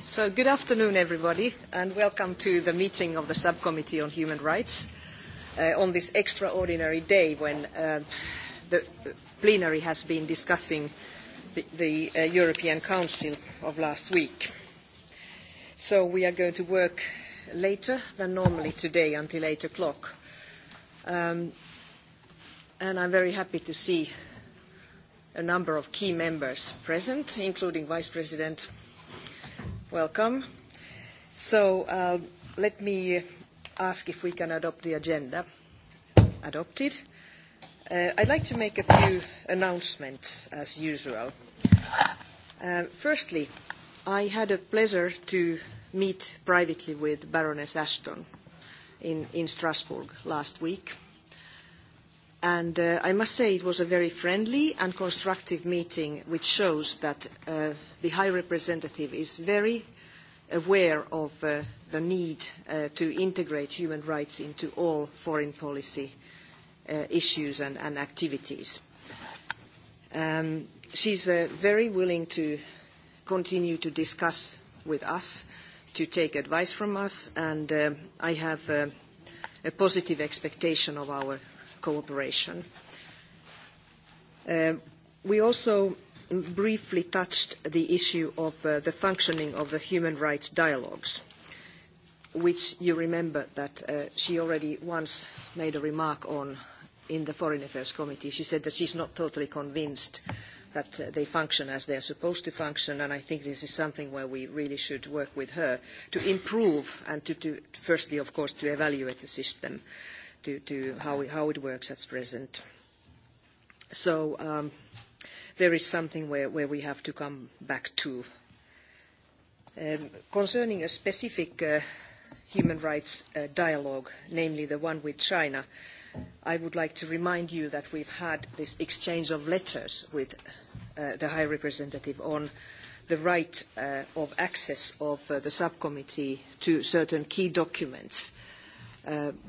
So good afternoon, everybody, and welcome to the meeting of the Subcommittee on Human Rights on this extraordinary day when the plenary has been discussing the, European Council of last week. So we are going to work later than normally today until eight o'clock. and I'm very happy to see a number of key members present, including Vice President. Welcome. So let me ask if we can adopt the agenda. Adopted. I would like to make a few announcements as usual. Firstly, I had a pleasure to meet privately with Baroness Ashton in Strasbourg last week And I must say it was a very friendly and constructive meeting, which shows that the High Representative is very aware of the need to integrate human rights into all foreign policy issues and, activities. She is very willing to continue to discuss with us, to take advice from us, and I have a positive expectation of our cooperation. we also briefly touched the issue of the functioning of the human rights dialogues, which you remember that she already once made a remark on in the Foreign Affairs Committee. She said that she is not totally convinced that they function as they are supposed to function, and I think this is something where we really should work with her to improve and to, firstly, of course, to evaluate the system. Uh, to, how, it works at present. So there is something where, we have to come back to. concerning a specific human rights dialogue, namely the one with China, I would like to remind you that we've had this exchange of letters with the High Representative on the right of access of the subcommittee to certain key documents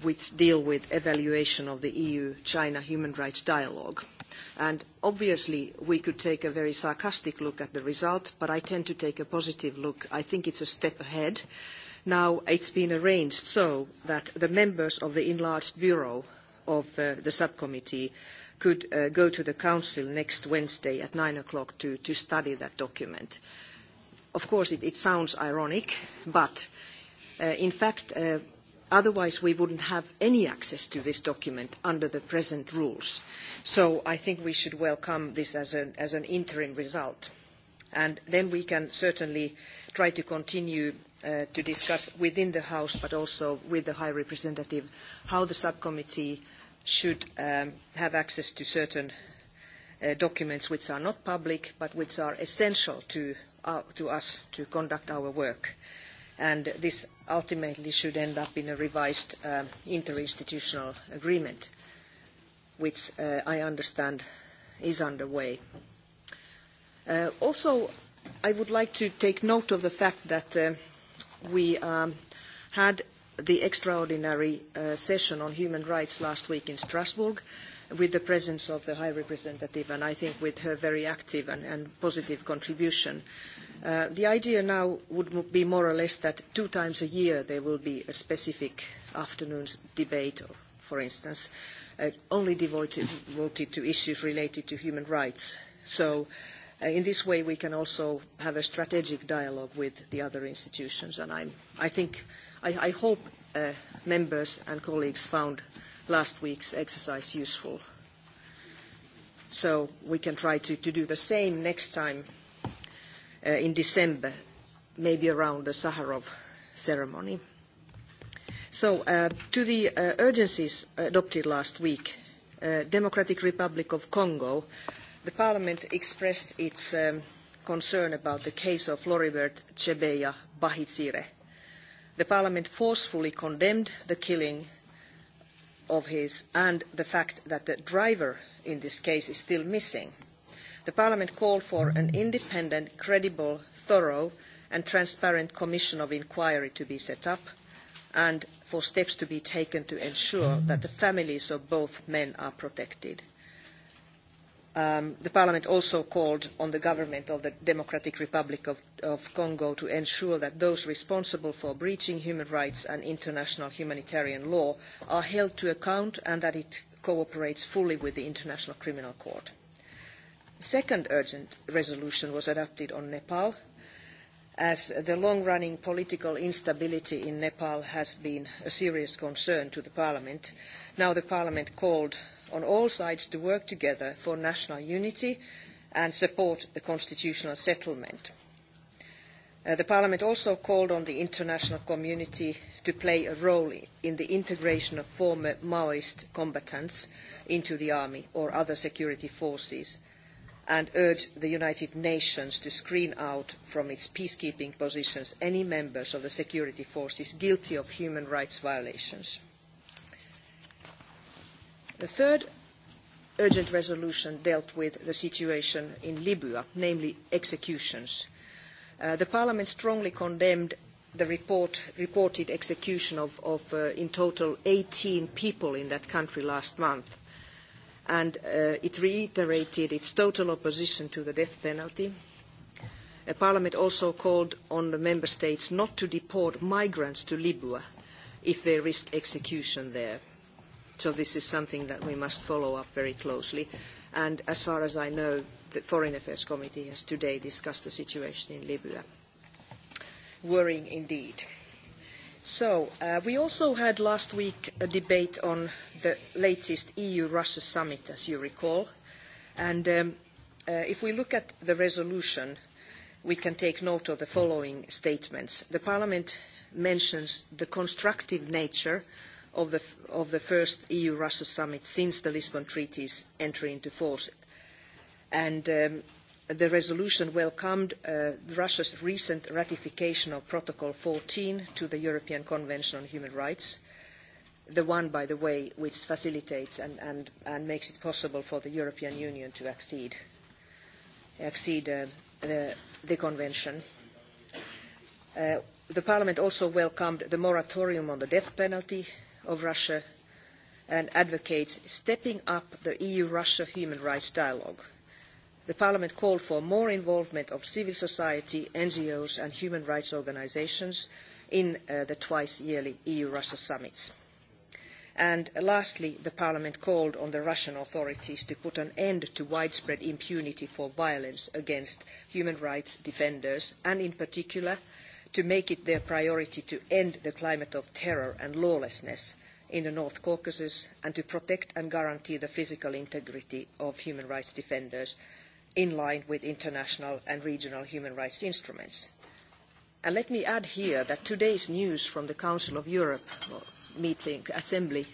which deal with evaluation of the EU-China human rights dialogue. And obviously, we could take a very sarcastic look at the result, but I tend to take a positive look. I think it's a step ahead. Now, it's been arranged so that the members of the enlarged bureau of the subcommittee could go to the council next Wednesday at nine o'clock to, to study that document. Of course, it, it sounds ironic, but in fact, Otherwise, we wouldn't have any access to this document under the present rules. So I think we should welcome this as an, interim result. And then we can certainly try to continue to discuss within the House, but also with the High Representative, how the subcommittee should have access to certain documents which are not public, but which are essential to us to conduct our work and this ultimately should end up in a revised interinstitutional agreement, which I understand is underway. also, I would like to take note of the fact that we had the extraordinary session on human rights last week in Strasbourg with the presence of the High Representative and I think with her very active and, positive contribution the idea now would be more or less that two times a year there will be a specific afternoon's debate, for instance, only devoted, to issues related to human rights. So in this way we can also have a strategic dialogue with the other institutions. And I'm, I think, I, I hope members and colleagues found last week's exercise useful. So we can try to, to do the same next time in December, maybe around the Sakharov ceremony. So to the urgencies adopted last week, uh, Democratic Republic of Congo, the Parliament expressed its concern about the case of Floribert Chebeya Bahitsire. The Parliament forcefully condemned the killing of his and the fact that the driver in this case is still missing. Parliament called for an independent, credible, thorough and transparent commission of inquiry to be set up and for steps to be taken to ensure that the families of both men are protected. Parliament also called on the government of the Democratic Republic of, Congo to ensure that those responsible for breaching human rights and international humanitarian law are held to account and that it cooperates fully with the International Criminal Court second urgent resolution was adopted on Nepal, as the long-running political instability in Nepal has been a serious concern to Parliament. Now the Parliament called on all sides to work together for national unity and support the constitutional settlement. the Parliament also called on the international community to play a role in the integration of former Maoist combatants into the army or other security forces and urged the United Nations to screen out from its peacekeeping positions any members of the security forces guilty of human rights violations. The third urgent resolution dealt with the situation in Libya, namely executions. the Parliament strongly condemned the reported execution of, in total eighteen people in that country last month and it reiterated its total opposition to the death penalty. Parliament also called on the member states not to deport migrants to Libya if they risk execution there. So this is something that we must follow up very closely. And as far as I know, the Foreign Affairs Committee has today discussed the situation in Libya. Worrying indeed. So, we also had last week a debate on the latest EU-Russia summit, as you recall. And if we look at the resolution, we can take note of the following statements. The Parliament mentions the constructive nature of the, first EU-Russia summit since the Lisbon Treaty's entry into force. And the resolution welcomed Russia's recent ratification of Protocol fourteen to the European Convention on Human Rights, the one, by the way, which facilitates and, makes it possible for the European Union to accede, the, Convention. the Parliament also welcomed the moratorium on the death penalty of Russia and advocates stepping up the EU-Russia human rights dialogue – parliament called for more involvement of civil society, NGOs and human rights organisations in the twice-yearly EU-Russia summits. And lastly, Parliament called on the Russian authorities to put an end to widespread impunity for violence against human rights defenders and, in particular, to make it their priority to end the climate of terror and lawlessness in the North Caucasus and to protect and guarantee the physical integrity of human rights defenders in line with international and regional human rights instruments. And let me add here that today's news from the Council of Europe meeting, assembly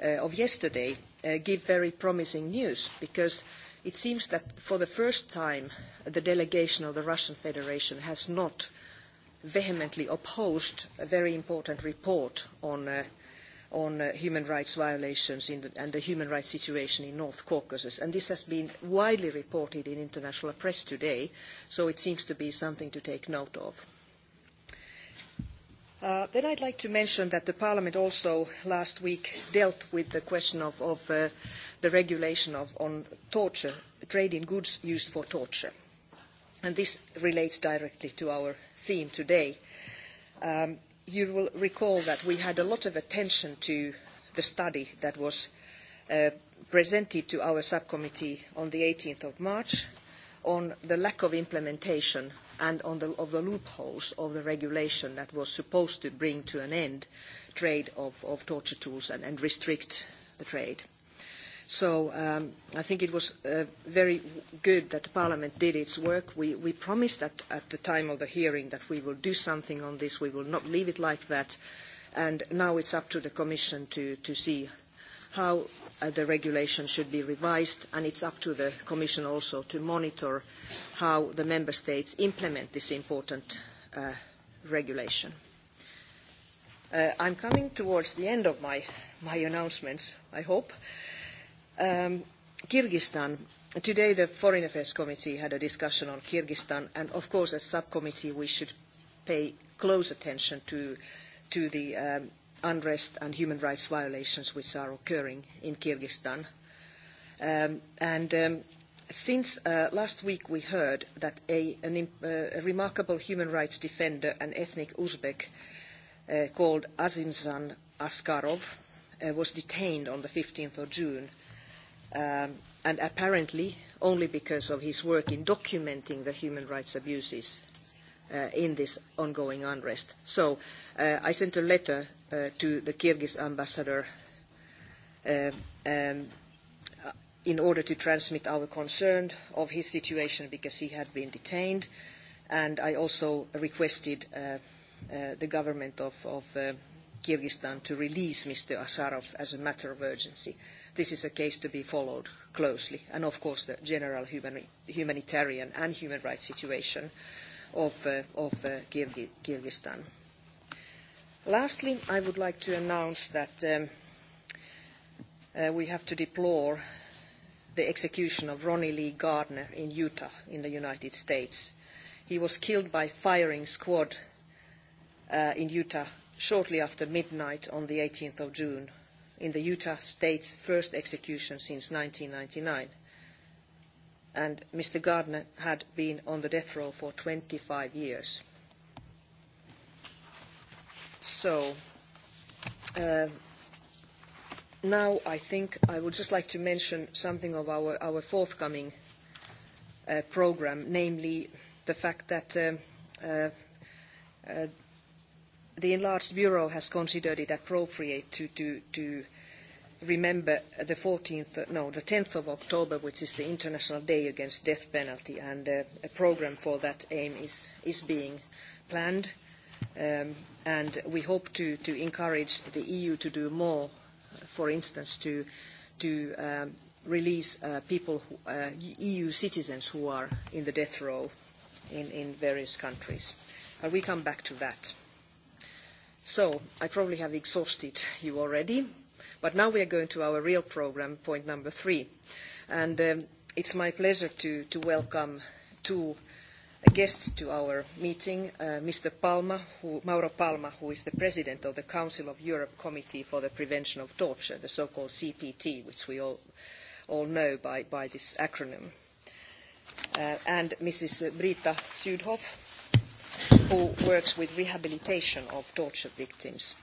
of yesterday, give very promising news because it seems that for the first time the delegation of the Russian Federation has not vehemently opposed a very important report on on human rights violations and the human rights situation in North Caucasus. And this has been widely reported in international press today, so it seems to be something to take note of. Then I would like to mention that Parliament also last week dealt with the question of, the regulation on torture, trade in goods used for torture. And this relates directly to our theme today you will recall that we had a lot of attention to the study that was presented to our subcommittee on the 18 of March on the lack of implementation and on the, of the loopholes of the regulation that was supposed to bring to an end trade of, torture tools and restrict the trade. So I think it was very good that Parliament did its work. We promised at the time of the hearing that we will do something on this. We will not leave it like that. And now it's up to the Commission to see how the regulation should be revised, and it's up to the Commission also to monitor how the member states implement this important regulation. I am coming towards the end of my announcements, I hope. Kyrgyzstan. Today the Foreign Affairs Committee had a discussion on Kyrgyzstan and of course as subcommittee we should pay close attention to, the unrest and human rights violations which are occurring in Kyrgyzstan. and since last week we heard that a, remarkable human rights defender, an ethnic Uzbek called Azimzan Askarov, was detained on the 15th of June – and apparently only because of his work in documenting the human rights abuses in this ongoing unrest. So I sent a letter to the Kyrgyz ambassador in order to transmit our concern of his situation because he had been detained. And I also requested the government of, Kyrgyzstan to release Mr. Asarov as a matter of urgency this is a case to be followed closely, and of course the general humanitarian and human rights situation of, Kyrgyzstan. Lastly, I would like to announce that we have to deplore the execution of Ronnie Lee Gardner in Utah in the United States. He was killed by firing squad in Utah shortly after midnight on the 18th of June in the Utah state's first execution since ninety nine, And Mr. Gardner had been on the death row for twenty five years. So now I think I would just like to mention something of our, our forthcoming programme, namely the fact that the enlarged Bureau has considered it appropriate to, to, to remember the 14th, no, the 10th of October, which is the International Day Against Death Penalty, and uh, a program for that aim is, is being planned. Um, and we hope to, to encourage the EU to do more, for instance, to, to um, release uh, people, who, uh, EU citizens who are in the death row in, in various countries. But we come back to that. So I probably have exhausted you already, but now we are going to our real program, point number three. And it's my pleasure to, welcome two guests to our meeting, Mr. Palma, Mauro Palma, who is the President of the Council of Europe Committee for the Prevention of Torture, the so-called CPT, which we all, all know by, this acronym, and Mrs. Britta Sudhoff, who works with rehabilitation of torture victims.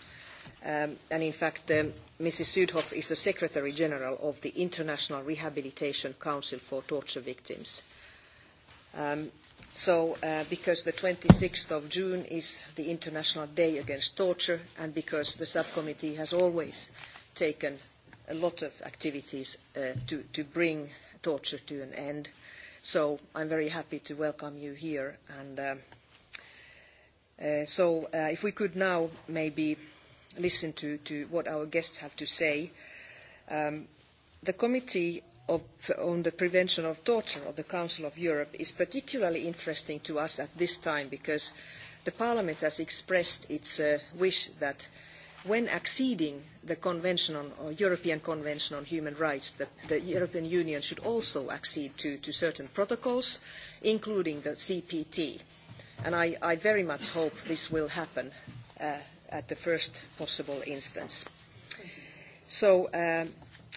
and in fact, Mrs. Sudhoff is the Secretary General of the International Rehabilitation Council for Torture Victims. So, because the 26th of June is the International Day Against Torture, and because the subcommittee has always taken a lot of activities to, bring torture to an end, so I am very happy to welcome you here and so if we could now maybe listen to, what our guests have to say. the Committee on the Prevention of Torture of the Council of Europe is particularly interesting to us at this time because the Parliament has expressed its wish that when acceding the convention on, or European Convention on Human Rights, the, the European Union should also accede to certain protocols, including the CPT and I, I very much hope this will happen at the first possible instance. So,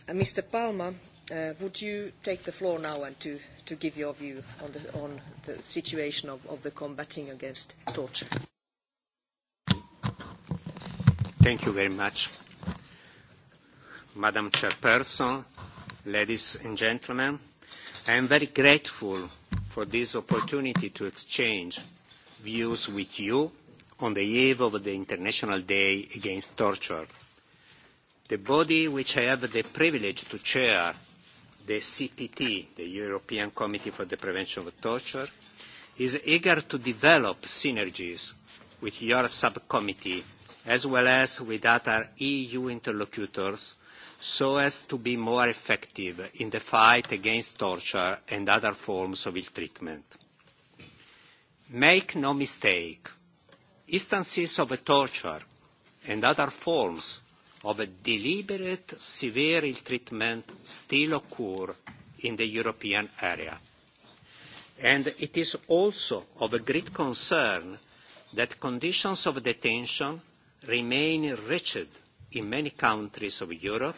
Mr. Palma, would you take the floor now and to, to give your view on the, on the situation of, of the combating against torture? Thank you very much. Madam Chairperson, ladies and gentlemen, I am very grateful for this opportunity to exchange views with you on the eve of the International Day Against Torture. The body which I have the privilege to chair, the CPT, the European Committee for the Prevention of Torture, is eager to develop synergies with your subcommittee as well as with other EU interlocutors so as to be more effective in the fight against torture and other forms of ill treatment Make no mistake, instances of torture and other forms of deliberate severe ill treatment still occur in the European area. And it is also of a great concern that conditions of detention remain wretched in many countries of Europe,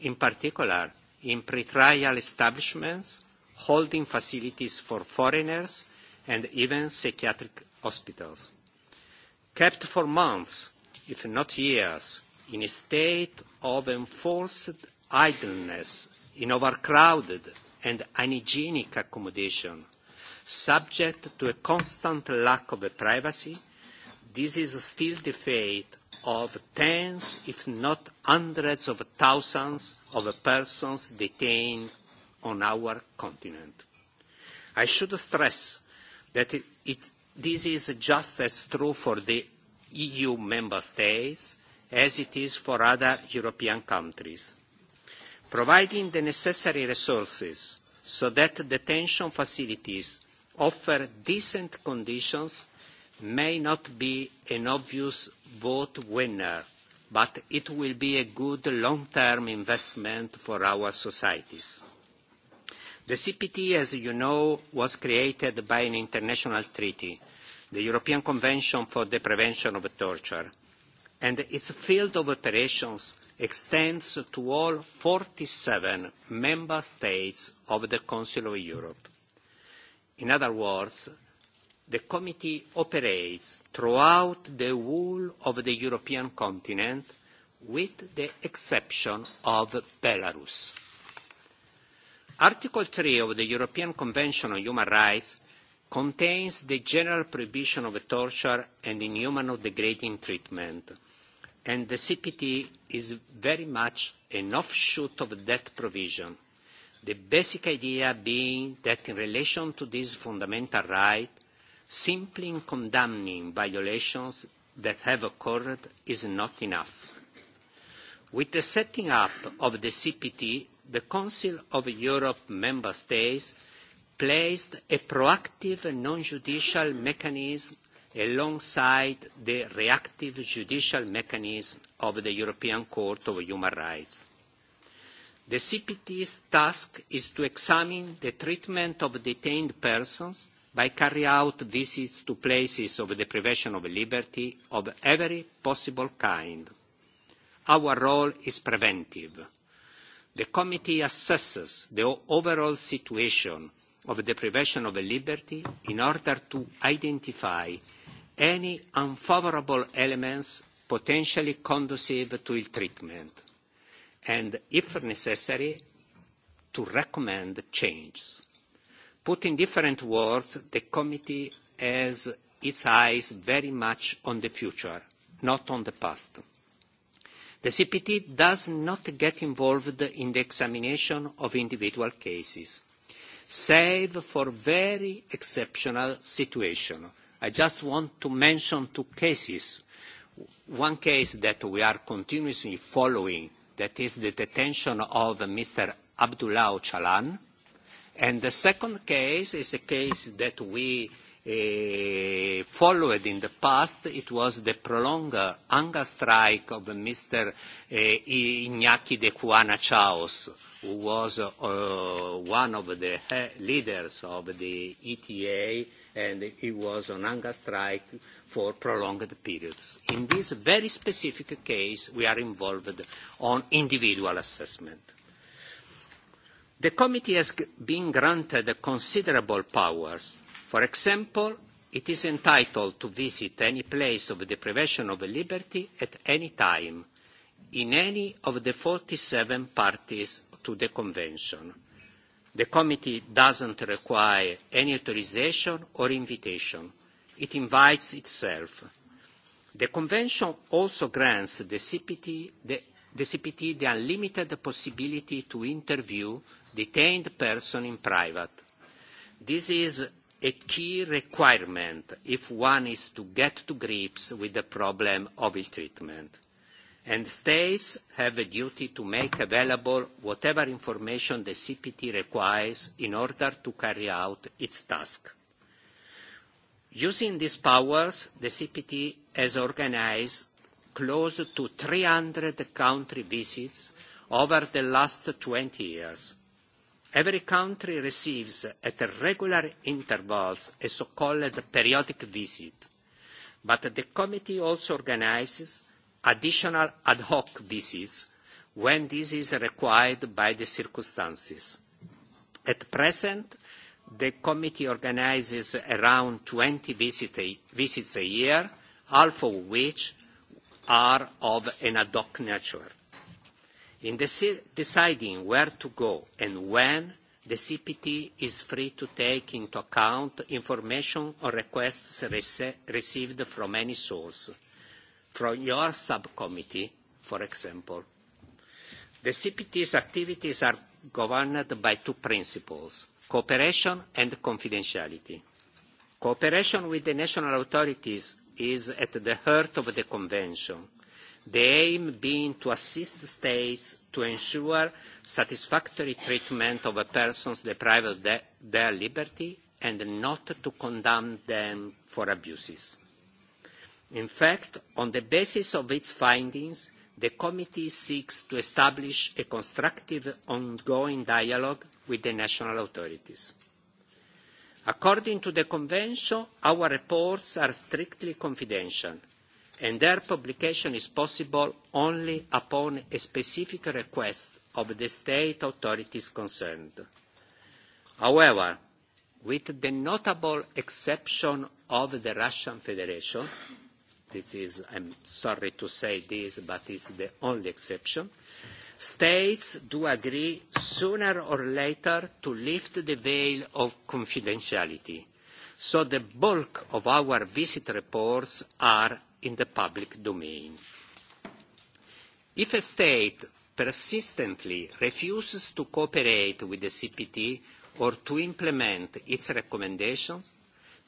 in particular in pretrial establishments, holding facilities for foreigners, and even psychiatric hospitals. Kept for months, if not years, in a state of enforced idleness, in overcrowded and unhygienic accommodation, subject to a constant lack of privacy, this is still the fate of tens, if not hundreds of thousands of persons detained on our continent. I should stress that it, it, this is just as true for the EU member states as it is for other European countries. Providing the necessary resources so that detention facilities offer decent conditions may not be an obvious vote winner, but it will be a good long-term investment for our societies. The CPT, as you know, was created by an international treaty, the European Convention for the Prevention of Torture, and its field of operations extends to all forty seven member states of the Council of Europe. In other words, the committee operates throughout the whole of the European continent with the exception of Belarus. Article 3 of the European Convention on Human Rights contains the general prohibition of torture and inhuman or degrading treatment, and the CPT is very much an offshoot of that provision. The basic idea being that in relation to this fundamental right, simply condemning violations that have occurred is not enough. With the setting up of the CPT, the Council of Europe member states placed a proactive non-judicial mechanism alongside the reactive judicial mechanism of the European Court of Human Rights. The CPT's task is to examine the treatment of detained persons by carrying out visits to places of deprivation of liberty of every possible kind. Our role is preventive The committee assesses the overall situation of deprivation of liberty in order to identify any unfavourable elements potentially conducive to ill treatment and, if necessary, to recommend changes. Put in different words, the committee has its eyes very much on the future, not on the past. The CPT does not get involved in the examination of individual cases, save for very exceptional situations. I just want to mention two cases. One case that we are continuously following, that is the detention of Mr. Abdullah Ocalan, and the second case is a case that we followed in the past, it was the prolonged hunger strike of Mr. Iñaki de Cuana Chaos, who was uh, one of the leaders of the ETA, and he was on hunger strike for prolonged periods. In this very specific case, we are involved on individual assessment. The committee has been granted considerable powers For example, it is entitled to visit any place of deprivation of liberty at any time in any of the 47 parties to the Convention. The committee doesn't require any authorization or invitation. It invites itself. The Convention also grants the CPT the, the, CPT the unlimited possibility to interview detained persons in private. This is a key requirement if one is to get to grips with the problem of ill-treatment. And states have a duty to make available whatever information the CPT requires in order to carry out its task. Using these powers, the CPT has organised close to three hundred country visits over the last twenty years Every country receives at regular intervals a so-called periodic visit, but the committee also organises additional ad hoc visits when this is required by the circumstances. At present, the committee organises around twenty visits a year, half of which are of an ad hoc nature. In deciding where to go and when, the CPT is free to take into account information or requests received from any source, from your subcommittee, for example. The CPT's activities are governed by two principles, cooperation and confidentiality. Cooperation with the national authorities is at the heart of the Convention the aim being to assist the states to ensure satisfactory treatment of persons deprived of their liberty and not to condemn them for abuses. In fact, on the basis of its findings, the committee seeks to establish a constructive ongoing dialogue with the national authorities. According to the Convention, our reports are strictly confidential – and their publication is possible only upon a specific request of the state authorities concerned. However, with the notable exception of the Russian Federation, this is, I'm sorry to say this, but it's the only exception, states do agree sooner or later to lift the veil of confidentiality. So the bulk of our visit reports are in the public domain. If a state persistently refuses to cooperate with the CPT or to implement its recommendations,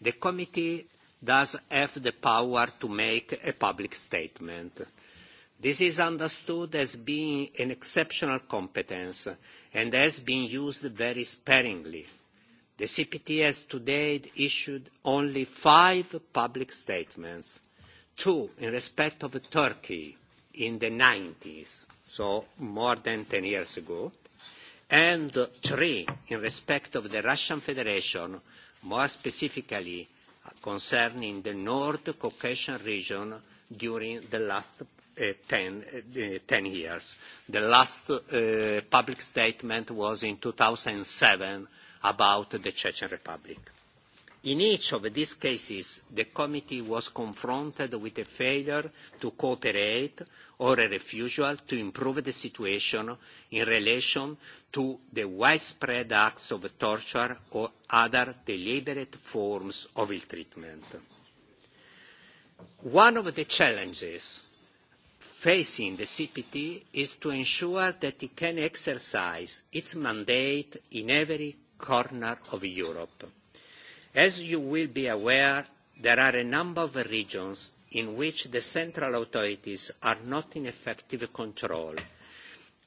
the committee does have the power to make a public statement. This is understood as being an exceptional competence and has been used very sparingly. The CPT has to date issued only five public statements two in respect of Turkey in the 90s, so more than 10 years ago, and three in respect of the Russian Federation, more specifically concerning the North Caucasian region during the last uh, uh, 10 years. The last uh, public statement was in 2007 about the Chechen Republic. In each of these cases, the committee was confronted with a failure to cooperate or a refusal to improve the situation in relation to the widespread acts of torture or other deliberate forms of ill treatment. One of the challenges facing the CPT is to ensure that it can exercise its mandate in every corner of Europe As you will be aware, there are a number of regions in which the central authorities are not in effective control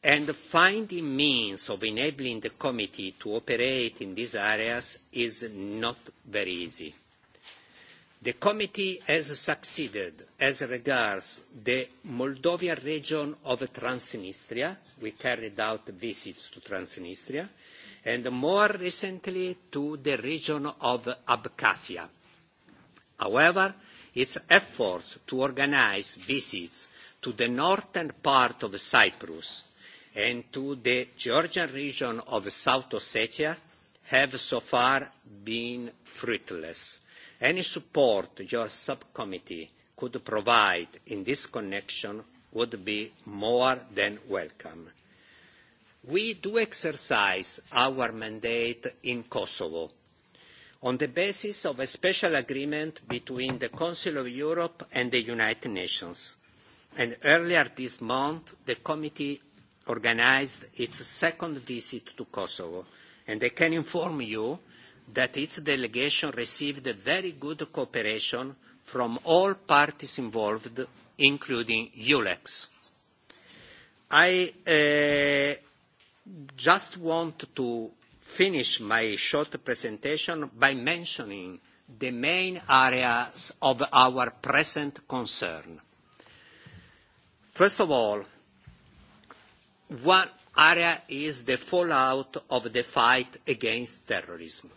and finding means of enabling the committee to operate in these areas is not very easy. The committee has succeeded as regards the Moldovan region of Transnistria. We carried out visits to Transnistria and more recently to the region of Abkhazia. However, its efforts to organise visits to the northern part of Cyprus and to the Georgian region of South Ossetia have so far been fruitless. Any support your subcommittee could provide in this connection would be more than welcome. We do exercise our mandate in Kosovo on the basis of a special agreement between the Council of Europe and the United Nations. And earlier this month, the committee organised its second visit to Kosovo. And I can inform you that its delegation received very good cooperation from all parties involved, including ULEX. I just want to finish my short presentation by mentioning the main areas of our present concern. First of all, one area is the fallout of the fight against terrorism.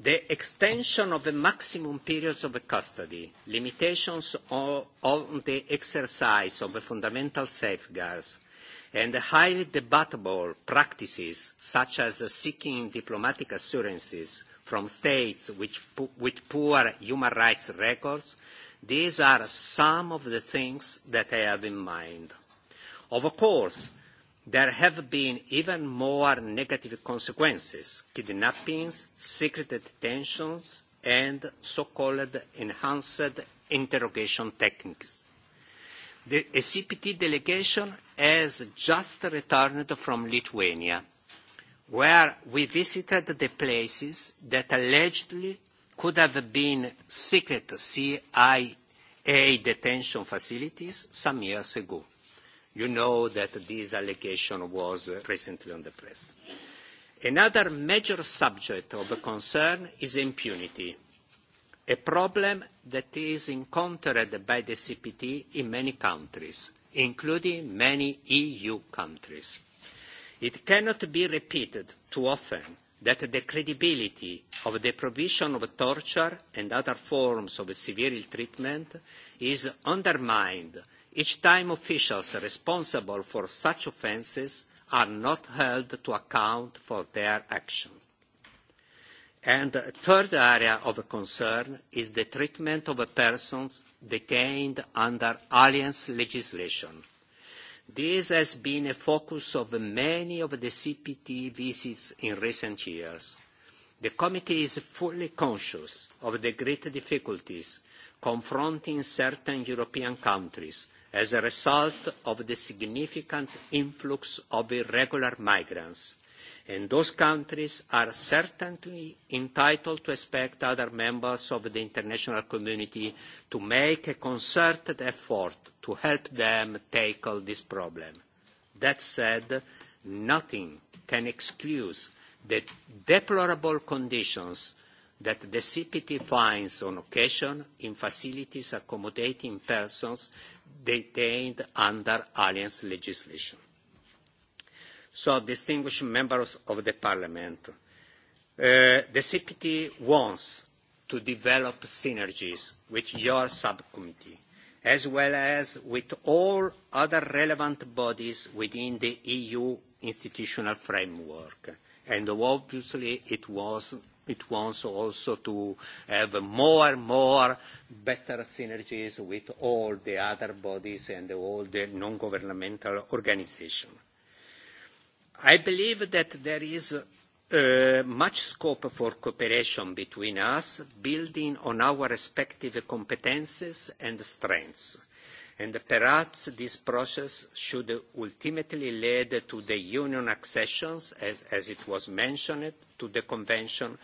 The extension of the maximum periods of custody, limitations on the exercise of the fundamental safeguards, and highly debatable practices such as seeking diplomatic assurances from states which, with poor human rights records, these are some of the things that I have in mind. Of course, there have been even more negative consequences, kidnappings, secret detentions, and so-called enhanced interrogation techniques The SCPT delegation has just returned from Lithuania, where we visited the places that allegedly could have been secret CIA detention facilities some years ago. You know that this allegation was recently on the press. Another major subject of concern is impunity a problem that is encountered by the CPT in many countries, including many EU countries. It cannot be repeated too often that the credibility of the provision of torture and other forms of severe ill treatment is undermined each time officials responsible for such offences are not held to account for their actions And the third area of concern is the treatment of persons detained under alliance legislation. This has been a focus of many of the CPT visits in recent years. The committee is fully conscious of the great difficulties confronting certain European countries as a result of the significant influx of irregular migrants and those countries are certainly entitled to expect other members of the international community to make a concerted effort to help them tackle this problem. That said, nothing can excuse the deplorable conditions that the CPT finds on occasion in facilities accommodating persons detained under alliance legislation so distinguished members of the parliament. the CPT wants to develop synergies with your subcommittee, as well as with all other relevant bodies within the EU institutional framework. And obviously it was it wants also to have more and more better synergies with all the other bodies and all the non-governmental organisations I believe that there is much scope for cooperation between us, building on our respective competences and strengths. And perhaps this process should ultimately lead to the Union accessions, as, as it was mentioned, to the Convention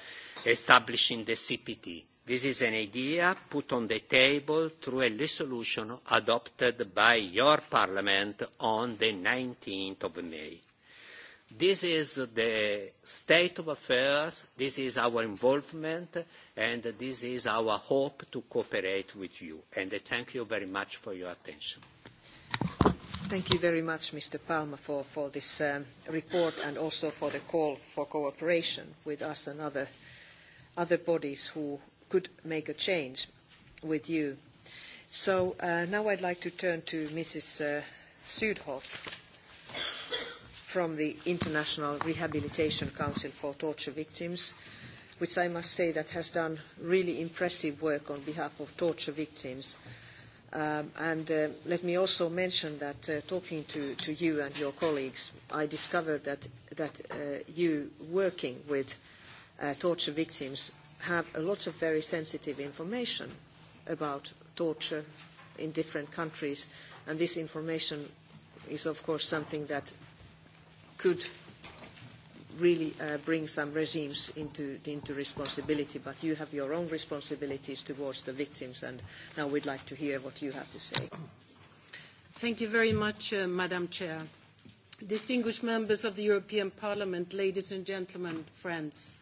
establishing the CPT. This is an idea put on the table through a resolution adopted by your Parliament on the 19th of May. This is the state of affairs, this is our involvement, and this is our hope to cooperate with you. And thank you very much for your attention. Thank you very much, Mr. Palmer, for, for this um, report and also for the call for cooperation with us and other, other bodies who could make a change with you. So uh, now I'd like to turn to Mrs. Uh, Sudhoff from the International Rehabilitation Council for Torture Victims, which I must say that has done really impressive work on behalf of torture victims. and let me also mention that talking to, you and your colleagues, I discovered that, you working with torture victims have a lot of very sensitive information about torture in different countries, and this information is of course something that could really uh, bring some regimes into, into responsibility, but you have your own responsibilities towards the victims, and now we'd like to hear what you have to say. Thank you very much, uh, Madam Chair. Distinguished members of the European Parliament, ladies and gentlemen, friends,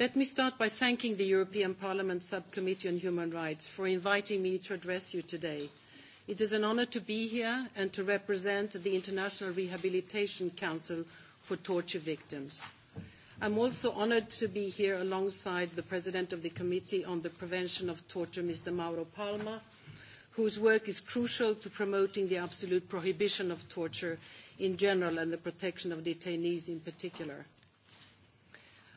let me start by thanking the European Parliament Subcommittee on Human Rights for inviting me to address you today – It is an honour to be here and to represent the International Rehabilitation Council for Torture Victims. I am also honoured to be here alongside the President of the Committee on the Prevention of Torture, Mr. Mauro Palma, whose work is crucial to promoting the absolute prohibition of torture in general and the protection of detainees in particular.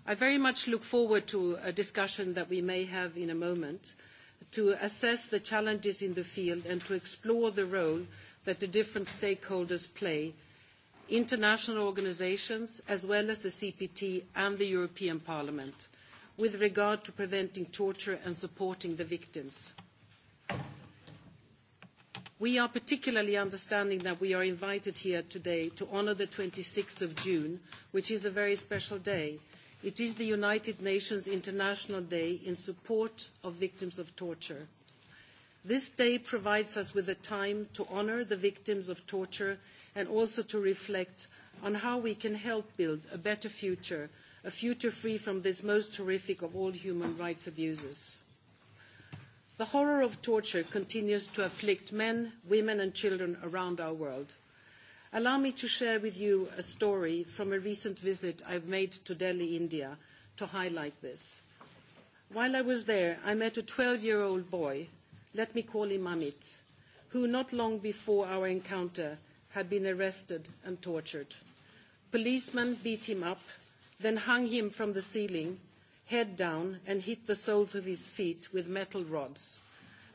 I very much look forward to a discussion that we may have in a moment to assess the challenges in the field and to explore the role that the different stakeholders play, international organisations as well as the CPT and the European Parliament, with regard to preventing torture and supporting the victims. We are particularly understanding that we are invited here today to honour the 26th of June, which is a very special day – It is the United Nations International Day in support of victims of torture. This day provides us with a time to honour the victims of torture and also to reflect on how we can help build a better future, a future free from this most horrific of all human rights abuses. The horror of torture continues to afflict men, women and children around our world – Allow me to share with you a story from a recent visit I've made to Delhi, India, to highlight this. While I was there, I met a 12-year-old boy, let me call him Amit, who not long before our encounter had been arrested and tortured. Policemen beat him up, then hung him from the ceiling, head down, and hit the soles of his feet with metal rods,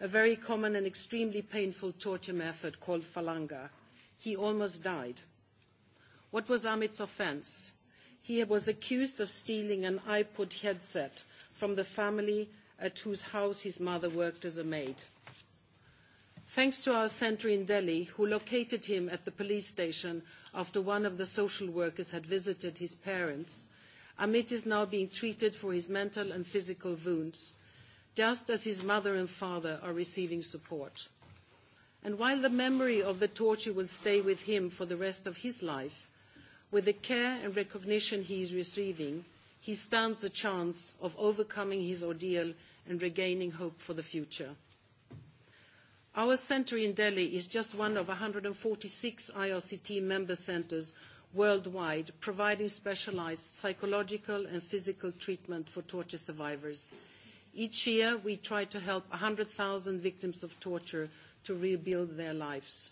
a very common and extremely painful torture method called falanga – He almost died. What was Amit's offence? He was accused of stealing an iPod headset from the family at whose house his mother worked as a maid. Thanks to our centre in Delhi, who located him at the police station after one of the social workers had visited his parents, Amit is now being treated for his mental and physical wounds, just as his mother and father are receiving support. And while the memory of the torture will stay with him for the rest of his life, with the care and recognition he is receiving, he stands a chance of overcoming his ordeal and regaining hope for the future. Our centre in Delhi is just one of one hundred and forty six IRCT member centres worldwide providing specialised psychological and physical treatment for torture survivors. Each year, we try to help hundred 100,000 victims of torture to rebuild their lives.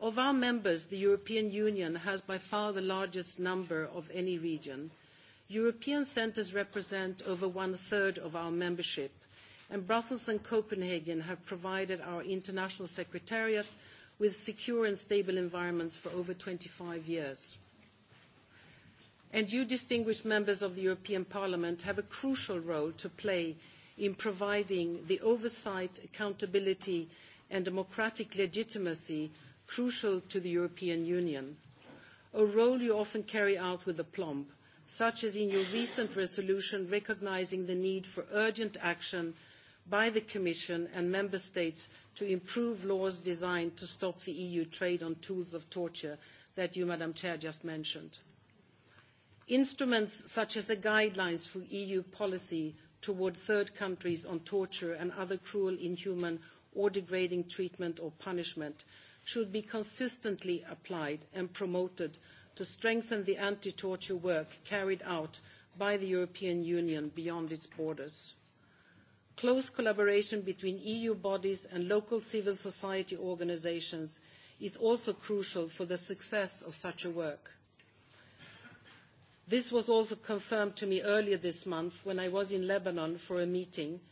Of our members, the European Union has by far the largest number of any region. European centres represent over one-third of our membership, and Brussels and Copenhagen have provided our international secretariat with secure and stable environments for over twenty five years. And you, distinguished members of the European Parliament, have a crucial role to play in providing the oversight, accountability, and democratic legitimacy crucial to the European Union, a role you often carry out with aplomb, such as in your recent resolution recognising the need for urgent action by the Commission and Member States to improve laws designed to stop the EU trade on tools of torture that you, Madam Chair, just mentioned. Instruments such as the guidelines for EU policy toward third countries on torture and other cruel, inhuman or degrading treatment or punishment should be consistently applied and promoted to strengthen the anti-torture work carried out by the European Union beyond its borders. Close collaboration between EU bodies and local civil society organisations is also crucial for the success of such a work. This was also confirmed to me earlier this month when I was in Lebanon for a meeting –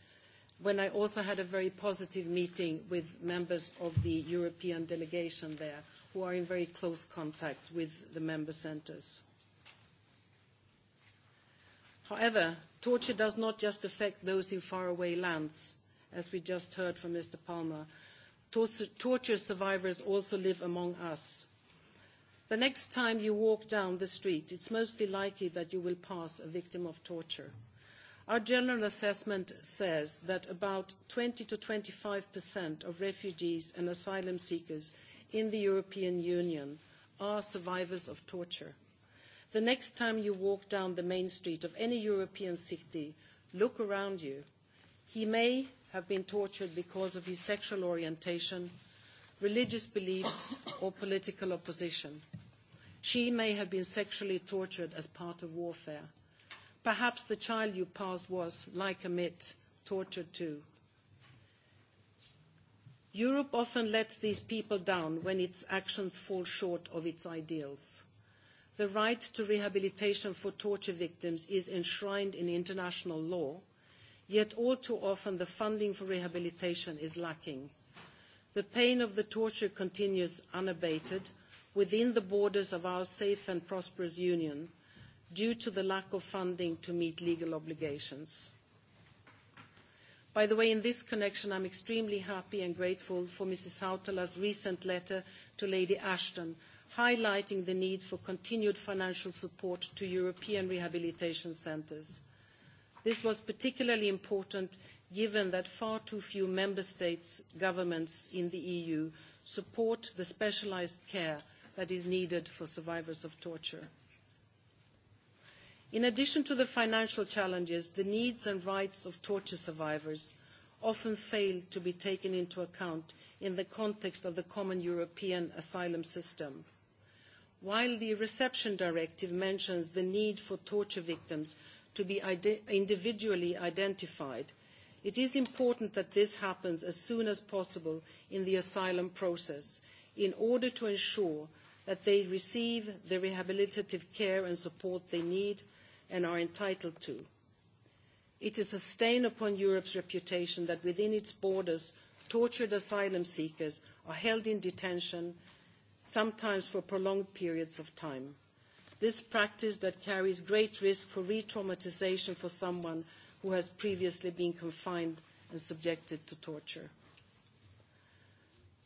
when I also had a very positive meeting with members of the European delegation there, who are in very close contact with the member centres. However, torture does not just affect those in faraway lands, as we just heard from Mr. Palmer. Torture survivors also live among us. The next time you walk down the street, it's mostly likely that you will pass a victim of torture. Our general assessment says that about 20 to 25% of refugees and asylum seekers in the European Union are survivors of torture. The next time you walk down the main street of any European city, look around you. He may have been tortured because of his sexual orientation, religious beliefs, or political opposition. She may have been sexually tortured as part of warfare Perhaps the child you passed was, like a myth, tortured too. Europe often lets these people down when its actions fall short of its ideals. The right to rehabilitation for torture victims is enshrined in international law, yet all too often the funding for rehabilitation is lacking. The pain of the torture continues unabated within the borders of our safe and prosperous union – due to the lack of funding to meet legal obligations. By the way, in this connection, I am extremely happy and grateful for Mrs. Hautala's recent letter to Lady Ashton, highlighting the need for continued financial support to European rehabilitation centres. This was particularly important given that far too few member states' governments in the EU support the specialised care that is needed for survivors of torture. In addition to the financial challenges, the needs and rights of torture survivors often fail to be taken into account in the context of the common European asylum system. While the Reception Directive mentions the need for torture victims to be individually identified, it is important that this happens as soon as possible in the asylum process in order to ensure that they receive the rehabilitative care and support they need and are entitled to. It is a stain upon Europe's reputation that within its borders, tortured asylum seekers are held in detention, sometimes for prolonged periods of time. This practice that carries great risk for re-traumatization for someone who has previously been confined and subjected to torture.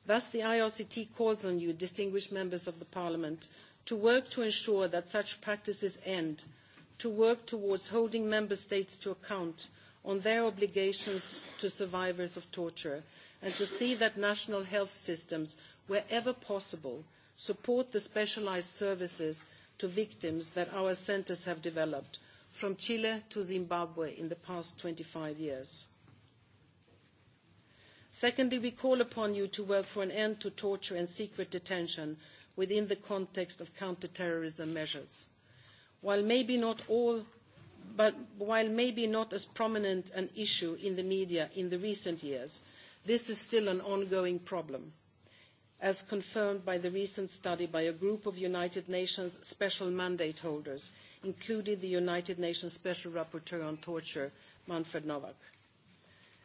Thus, the IRCT calls on you, distinguished members of the Parliament, to work to ensure that such practices end to work towards holding member states to account on their obligations to survivors of torture and to see that national health systems, wherever possible, support the specialised services to victims that our centres have developed from Chile to Zimbabwe in the past twenty five years. Secondly, we call upon you to work for an end to torture and secret detention within the context of counter terrorism measures while maybe not all but while maybe not as prominent an issue in the media in the recent years, this is still an ongoing problem, as confirmed by the recent study by a group of United Nations special mandate holders, including the United Nations Special Rapporteur on Torture, Manfred Novak.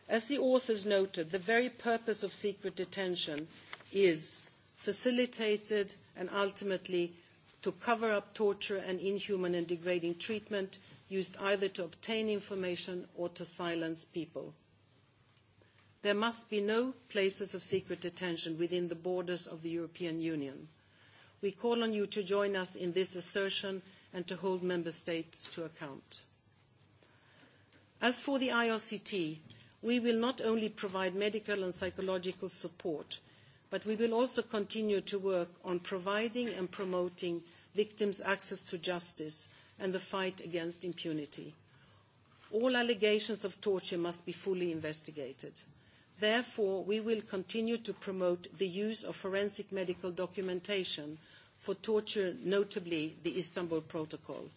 As the authors noted, the very purpose of secret detention is facilitated and ultimately to cover up torture and inhuman and degrading treatment used either to obtain information or to silence people. There must be no places of secret detention within the borders of the European Union. We call on you to join us in this assertion and to hold member states to account. As for the IRCT, we will not only provide medical and psychological support, but we will also continue to work on providing and promoting victims' access to justice and the fight against impunity. All allegations of torture must be fully investigated. Therefore, we will continue to promote the use of forensic medical documentation for torture, notably the Istanbul Protocol.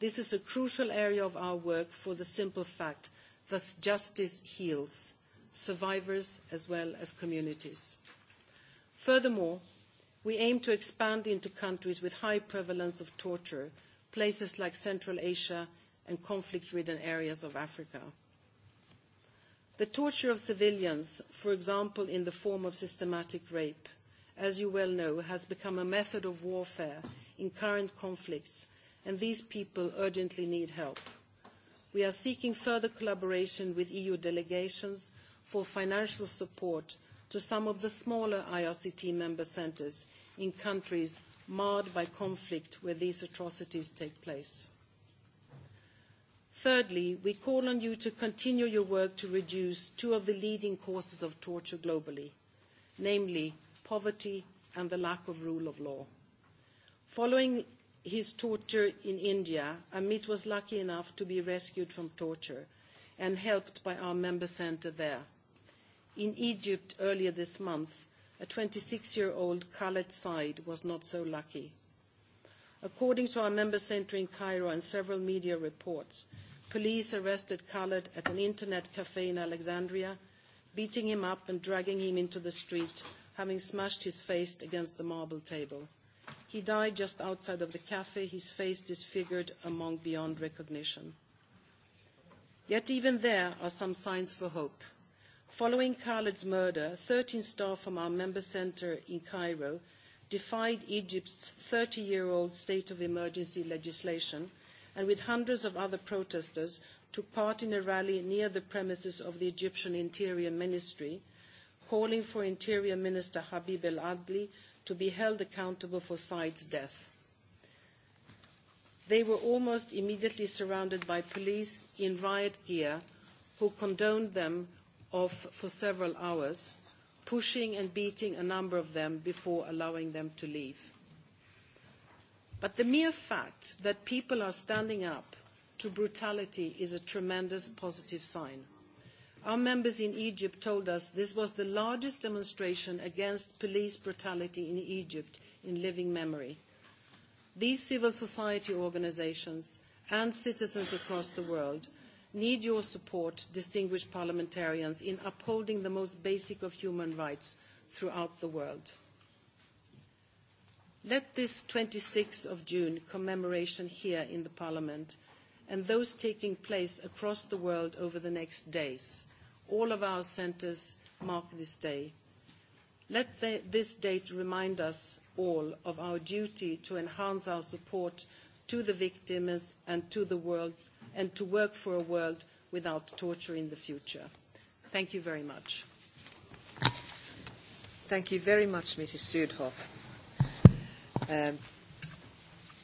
This is a crucial area of our work for the simple fact that justice heals survivors as well as communities. Furthermore, we aim to expand into countries with high prevalence of torture, places like Central Asia and conflict-ridden areas of Africa. The torture of civilians, for example in the form of systematic rape, as you well know, has become a method of warfare in current conflicts, and these people urgently need help. We are seeking further collaboration with EU delegations for financial support to some of the smaller IRCT member centres in countries marred by conflict where these atrocities take place. Thirdly, we call on you to continue your work to reduce two of the leading causes of torture globally, namely poverty and the lack of rule of law. Following his torture in India, Amit was lucky enough to be rescued from torture and helped by our member centre there In Egypt earlier this month, a twenty six year old Khaled Said was not so lucky. According to our member centre in Cairo and several media reports, police arrested Khaled at an internet cafe in Alexandria, beating him up and dragging him into the street, having smashed his face against the marble table. He died just outside of the cafe, his face disfigured among beyond recognition. Yet even there are some signs for hope. Following Khaled's murder, 13 staff from our member centre in Cairo defied Egypt's 30-year-old state of emergency legislation and with hundreds of other protesters took part in a rally near the premises of the Egyptian Interior Ministry, calling for Interior Minister Habib el-Adli to be held accountable for Said's death. They were almost immediately surrounded by police in riot gear who condoned them off for several hours, pushing and beating a number of them before allowing them to leave. But the mere fact that people are standing up to brutality is a tremendous positive sign. Our members in Egypt told us this was the largest demonstration against police brutality in Egypt in living memory. These civil society organisations and citizens across the world need your support, distinguished parliamentarians, in upholding the most basic of human rights throughout the world. Let this 26th of June commemoration here in the Parliament and those taking place across the world over the next days, all of our centres mark this day. Let this date remind us all of our duty to enhance our support to the victims and to the world and to work for a world without torture in the future. Thank you very much. Thank you very much, Mrs. Sudhoff.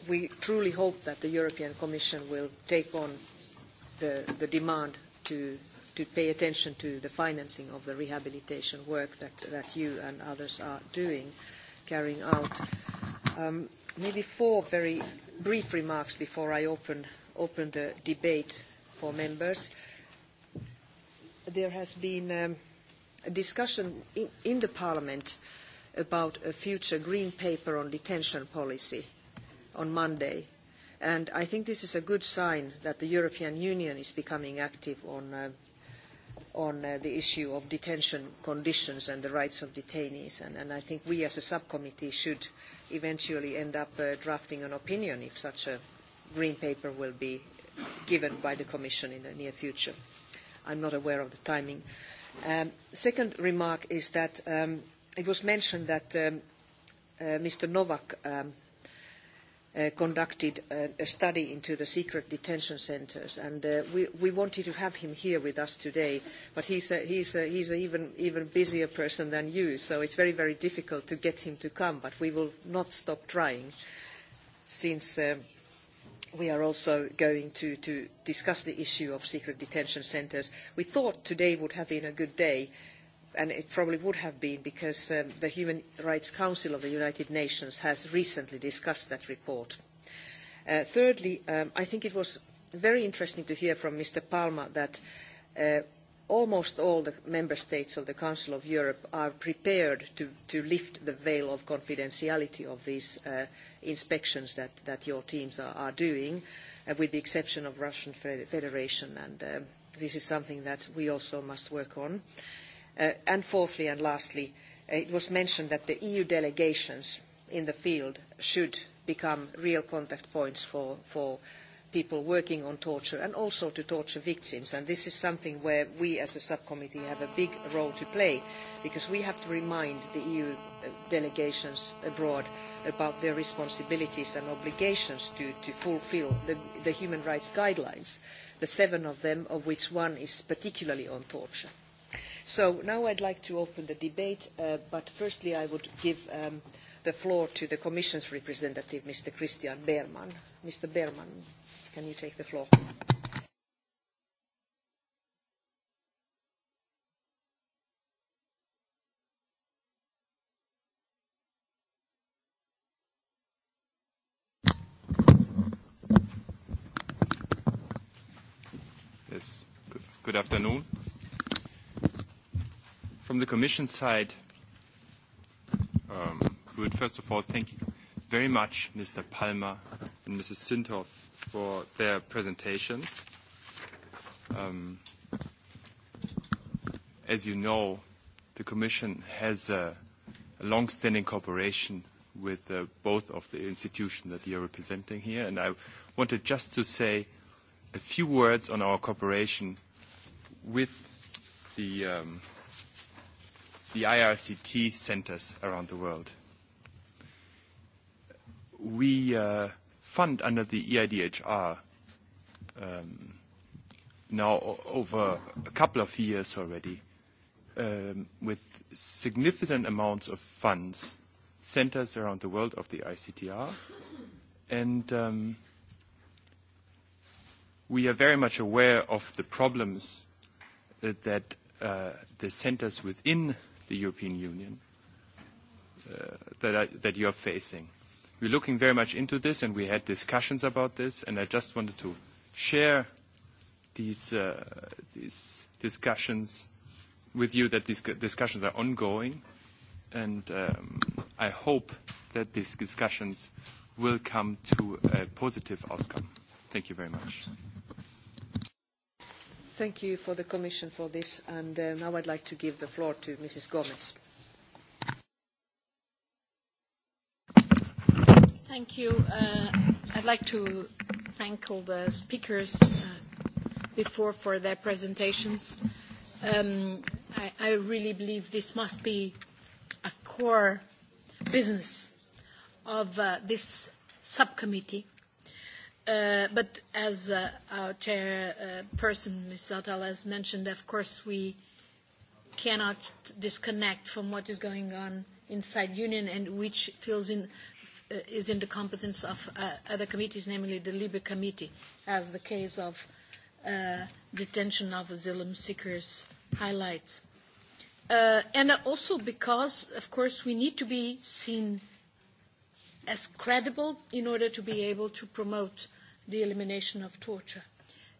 we truly hope that the European Commission will take on the, demand to, pay attention to the financing of the rehabilitation work that, you and others are doing, carrying out. maybe four very brief remarks before I open open the debate for members. There has been a discussion in, the Parliament about a future green paper on detention policy on Monday. And I think this is a good sign that the European Union is becoming active on, the issue of detention conditions and the rights of detainees. And, I think we as a subcommittee should eventually end up drafting an opinion if such a green paper will be given by the Commission in the near future. I'm not aware of the timing. Um, second remark is that um, it was mentioned that um, uh, Mr. Novak um, conducted a study into the secret detention centres and we, wanted to have him here with us today, but he's, a, he's, a, he's an even, even busier person than you, so it's very, very difficult to get him to come, but we will not stop trying since we are also going to, to discuss the issue of secret detention centres. We thought today would have been a good day, and it probably would have been because the Human Rights Council of the United Nations has recently discussed that report. thirdly, I think it was very interesting to hear from Mr. Palmer that almost all the member states of the Council of Europe are prepared to, lift the veil of confidentiality of these inspections that, your teams are, doing, with the exception of the Russian Federation, and this is something that we also must work on. and fourthly and lastly, it was mentioned that the EU delegations in the field should become real contact points for, people working on torture and also to torture victims. And this is something where we as a subcommittee have a big role to play because we have to remind the EU delegations abroad about their responsibilities and obligations to, to fulfill the, the human rights guidelines, the seven of them, of which one is particularly on torture. So now I'd like to open the debate, uh, but firstly I would give um, the floor to the Commission's representative, Mr. Christian Berman. Mr. Berman, Can you take the floor? Yes. Good afternoon. From the commission side, we would first of all thank you very much, Mr. Palmer, and Mrs. Sintov for their presentations. Um, as you know, the Commission has a, a long-standing cooperation with uh, both of the institutions that you're representing here, and I wanted just to say a few words on our cooperation with the, um, the IRCT centers around the world. We... Uh, fund under the EIDHR um, now over a couple of years already um, with significant amounts of funds centers around the world of the ICTR. And um, we are very much aware of the problems that uh, the centers within the European Union uh, that, are, that you're facing We're looking very much into this, and we had discussions about this, and I just wanted to share these discussions with you, that these discussions are ongoing, and I hope that these discussions will come to a positive outcome. Thank you very much. Thank you for the Commission for this, and now I'd like to give the floor to Mrs. Gomez. Thank you. I'd like to thank all the speakers before for their presentations. I really believe this must be a core business of this subcommittee. But as our chairperson, Ms. Atal, has mentioned, of course, we cannot disconnect from what is going on inside Union and which fills in is in the competence of other committees, namely the LIBE committee, as the case of detention of asylum seekers highlights. and also because, of course, we need to be seen as credible in order to be able to promote the elimination of torture.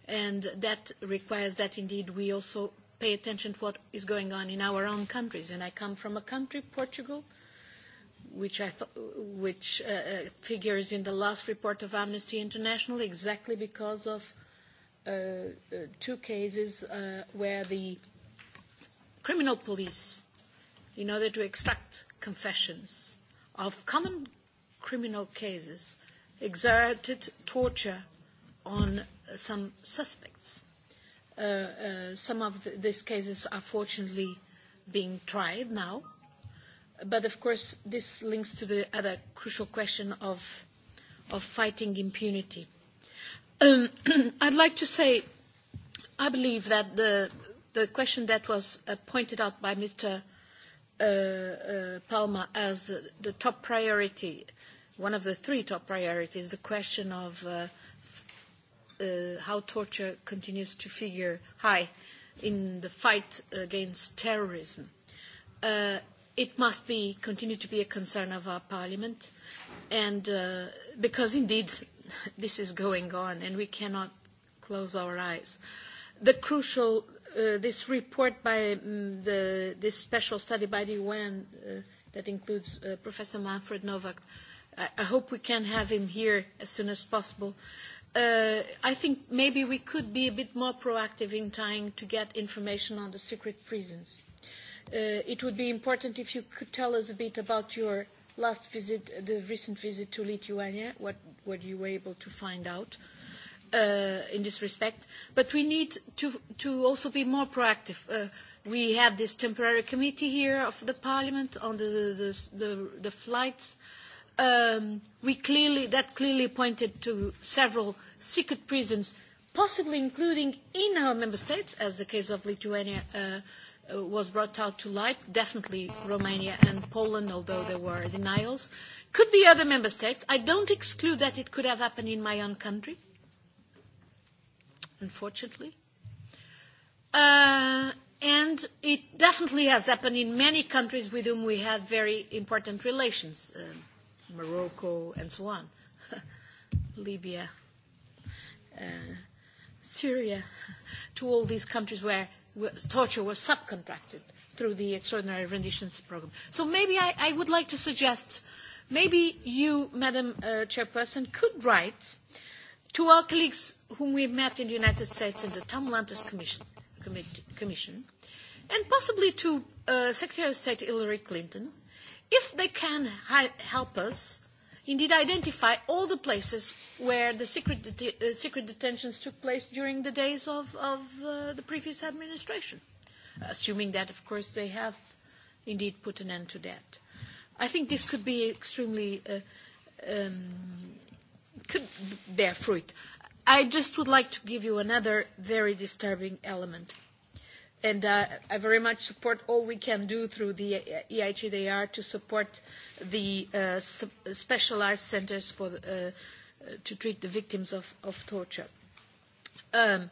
And that requires that indeed we also pay attention to what is going on in our own countries. And I come from a country, Portugal, uh, which, I th- which uh, figures in the last report of Amnesty International exactly because of uh, uh, two cases uh, where the criminal police, in order to extract confessions of common criminal cases, exerted torture on some suspects. Uh, uh, some of the, these cases are fortunately being tried now But of course, this links to the other crucial question of, of fighting impunity. Um, I'd like to say I believe that the, the question that was uh, pointed out by Mr. Uh, uh, Palma as uh, the top priority, one of the three top priorities, the question of uh, uh, how torture continues to figure high in the fight against terrorism. Uh, it must be continue to be a concern of our parliament, and uh, because indeed this is going on, and we cannot close our eyes. The crucial uh, this report by um, the this special study by the UN uh, that includes uh, Professor Manfred Novak. I, I hope we can have him here as soon as possible. Uh, I think maybe we could be a bit more proactive in trying to get information on the secret prisons it would be important if you could tell us a bit about your last visit, the recent visit to Lithuania, what were you able to find out in this respect? But we need to also be more proactive. We have this temporary committee here of the parliament on the flights. We clearly That clearly pointed to several secret prisons, possibly including in our member states, as the case of Lithuania, was brought out to light, definitely Romania and Poland, although there were denials. Could be other member states. I don't exclude that it could have happened in my own country, unfortunately. Uh, and it definitely has happened in many countries with whom we have very important relations, uh, Morocco and so on, Libya, uh, Syria, to all these countries where torture was subcontracted through the extraordinary renditions program. So maybe I, I would like to suggest, maybe you, Madam Chairperson, could write to our colleagues whom we met in the United States in the Tom Lantis Commission, Commission and possibly to Secretary of State Hillary Clinton, if they can help us indeed identify all the places where the secret, det- uh, secret detentions took place during the days of, of uh, the previous administration, assuming that, of course, they have indeed put an end to that. I think this could be extremely, uh, um, could bear fruit. I just would like to give you another very disturbing element and uh, I very much support all we can do through the EIGDR to support the uh, specialized centers for, uh, to treat the victims of, of torture. Um,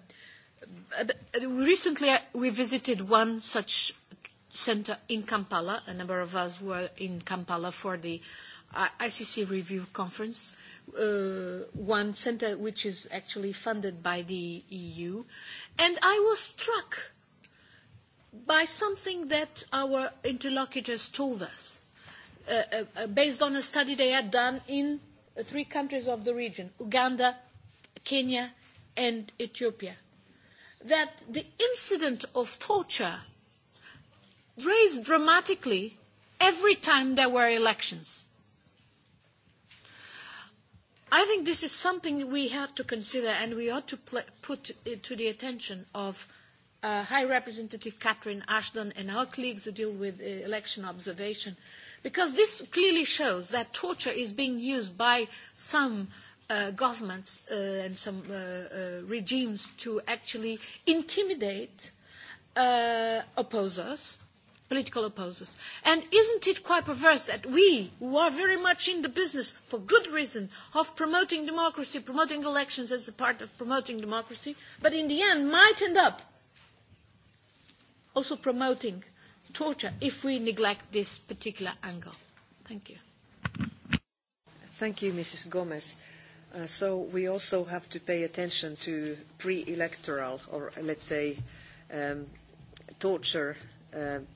recently, we visited one such center in Kampala. A number of us were in Kampala for the ICC review conference, one center which is actually funded by the EU. And I was struck by something that our interlocutors told us, based on a study they had done in three countries of the region, Uganda, Kenya, and Ethiopia, that the incident of torture raised dramatically every time there were elections. I think this is something we have to consider and we ought to put it to the attention of High Representative Catherine Ashton and her colleagues who deal with election observation, because this clearly shows that torture is being used by some governments and some regimes to actually intimidate opposers, political opposers. And isn't it quite perverse that we, who are very much in the business, for good reason, of promoting democracy, promoting elections as a part of promoting democracy, but in the end might end up also promoting torture if we neglect this particular angle. Thank you. Thank you, Mrs. Gomez. so we also have to pay attention to pre-electoral, or let's say, torture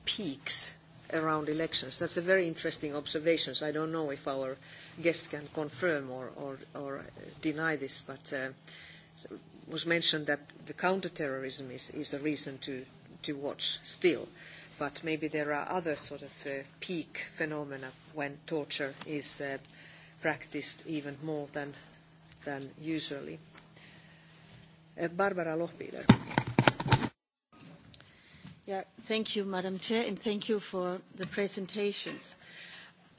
peaks around elections. That's a very interesting observation. I don't know if our guests can confirm or, or, or deny this, but uh, it was mentioned that the counterterrorism is, is a reason to to watch still. But maybe there are other sort of uh, peak phenomena when torture is uh, practiced even more than, than usually. Uh, Barbara Lochbieler. Yeah, thank you, Madam Chair, and thank you for the presentations.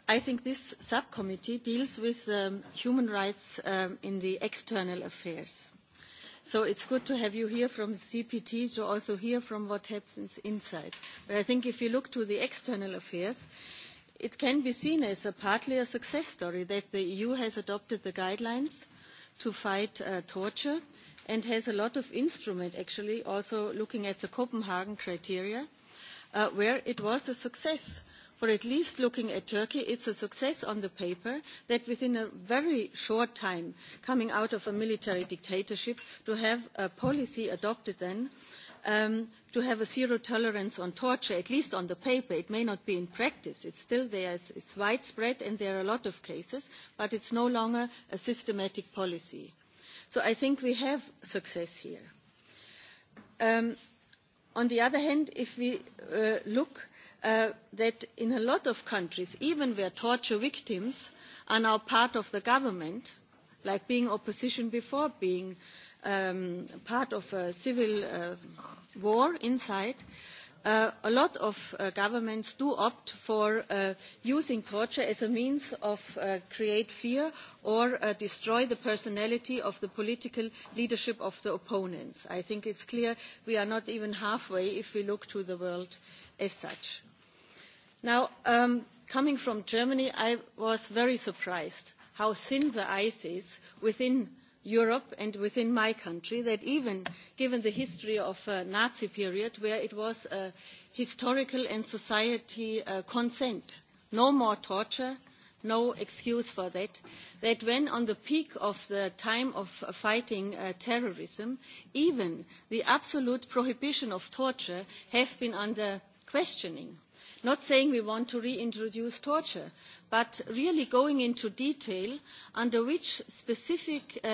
I think this subcommittee deals with um, human rights um, in the external affairs So it's good to have you here from the CPT to also hear from what happens inside. But I think if you look to the external affairs, it can be seen as a partly a success story that the EU has adopted the guidelines to fight torture and has a lot of instrument actually also looking at the Copenhagen criteria where it was a success for at least looking at Turkey, it's a success on the paper that within a very short time, coming out of a military dictatorship, to have a policy adopted then to have a zero tolerance on torture, at least on the paper. It may not be in practice. It's still there. It's, it's widespread, and there are a lot of cases, but it's no longer a systematic policy. So I think we have success here. on the other hand, if we look that in a lot of countries, even where torture victims are now part of the government, like being opposition before, being part of a civil war inside, a lot of governments do opt for using torture as a means of create fear or destroy the personality of the political leadership of the opponents. I think it is clear we are not even halfway if we look to the world as such Now, coming from Germany, I was very surprised how thin the ice is within Europe and within my country, that even given the history of the Nazi period, where it was a historical and society consent, no more torture, no excuse for that, that when on the peak of the time of fighting terrorism, even the absolute prohibition of torture have been under questioning Not saying we want to reintroduce torture, but really going into detail under which specific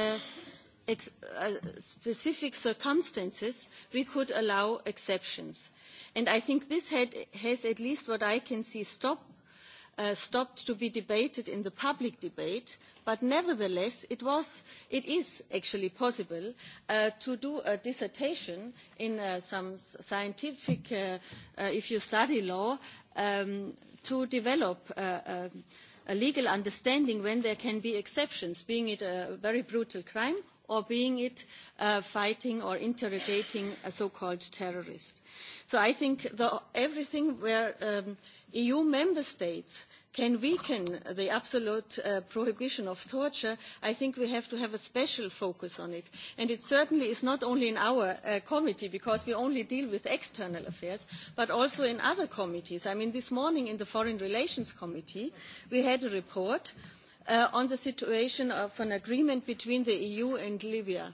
specific circumstances we could allow exceptions. And I think this has, at least what I can see, stopped to be debated in the public debate, but nevertheless it, was, it is actually possible to do a dissertation in some scientific, if you study law, to develop a legal understanding when there can be exceptions, being it a very brutal crime or being it fighting or interrogating a so-called terrorist. So I think everything where EU member states can weaken the absolute prohibition of torture, I think we have to have a special focus on it. And it certainly is not only in our committee, because we only deal with external affairs, but also in other committees. I mean, this morning in the Foreign Relations Committee, we had a report on the situation of an agreement between the EU and Libya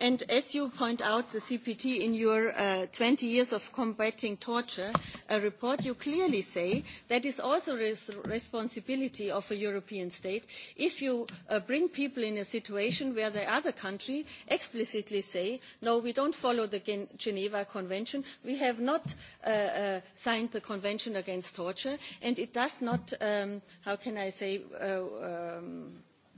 And as you point out, the CPT, in your twenty years of combating torture report, you clearly say that is also the responsibility of a European state if you bring people in a situation where the other country explicitly say, no, we don't follow the Geneva Convention, we have not signed the Convention against torture, and it does not, how can I say,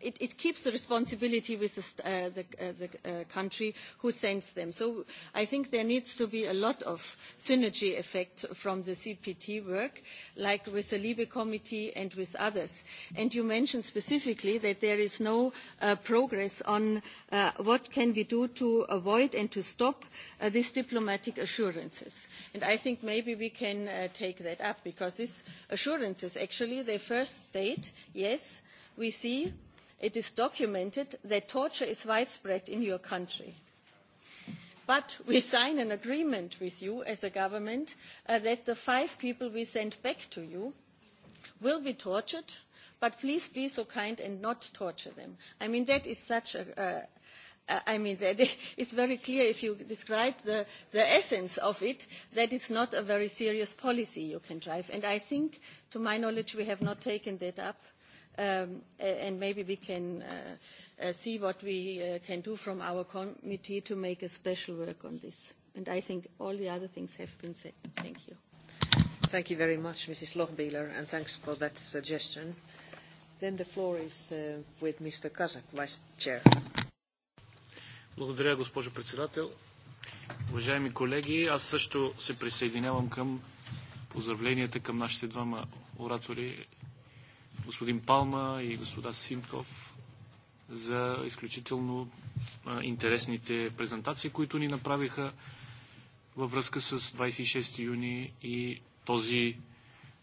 it, it keeps the responsibility with the, uh, the, uh, the uh, country who sends them. So I think there needs to be a lot of synergy effect from the CPT work, like with the Libe Committee and with others. And you mentioned specifically that there is no uh, progress on uh, what can we do to avoid and to stop uh, these diplomatic assurances. And I think maybe we can uh, take that up because these assurances actually they first state yes we see it is documented that torture is widespread in your country. But we sign an agreement with you as a government that the five people we send back to you will be tortured, but please be so kind and not torture them. I mean, that is such a, I mean, that is very clear if you describe the, the essence of it that is not a very serious policy you can drive. And I think, to my knowledge, we have not taken that up um, and maybe we can uh, see what we uh, can do from our committee to make a special work on this. And I think all the other things have been said. Thank you. Thank you very much, Mrs. Lochbieler, and thanks for that suggestion. Then the floor is uh, with Mr. Kazak, Vice Chair. Благодаря, госпожо председател. Уважаеми колеги, аз също се присъединявам към поздравленията към нашите двама оратори, господин Палма и господа Симков за изключително интересните презентации, които ни направиха във връзка с 26 юни и този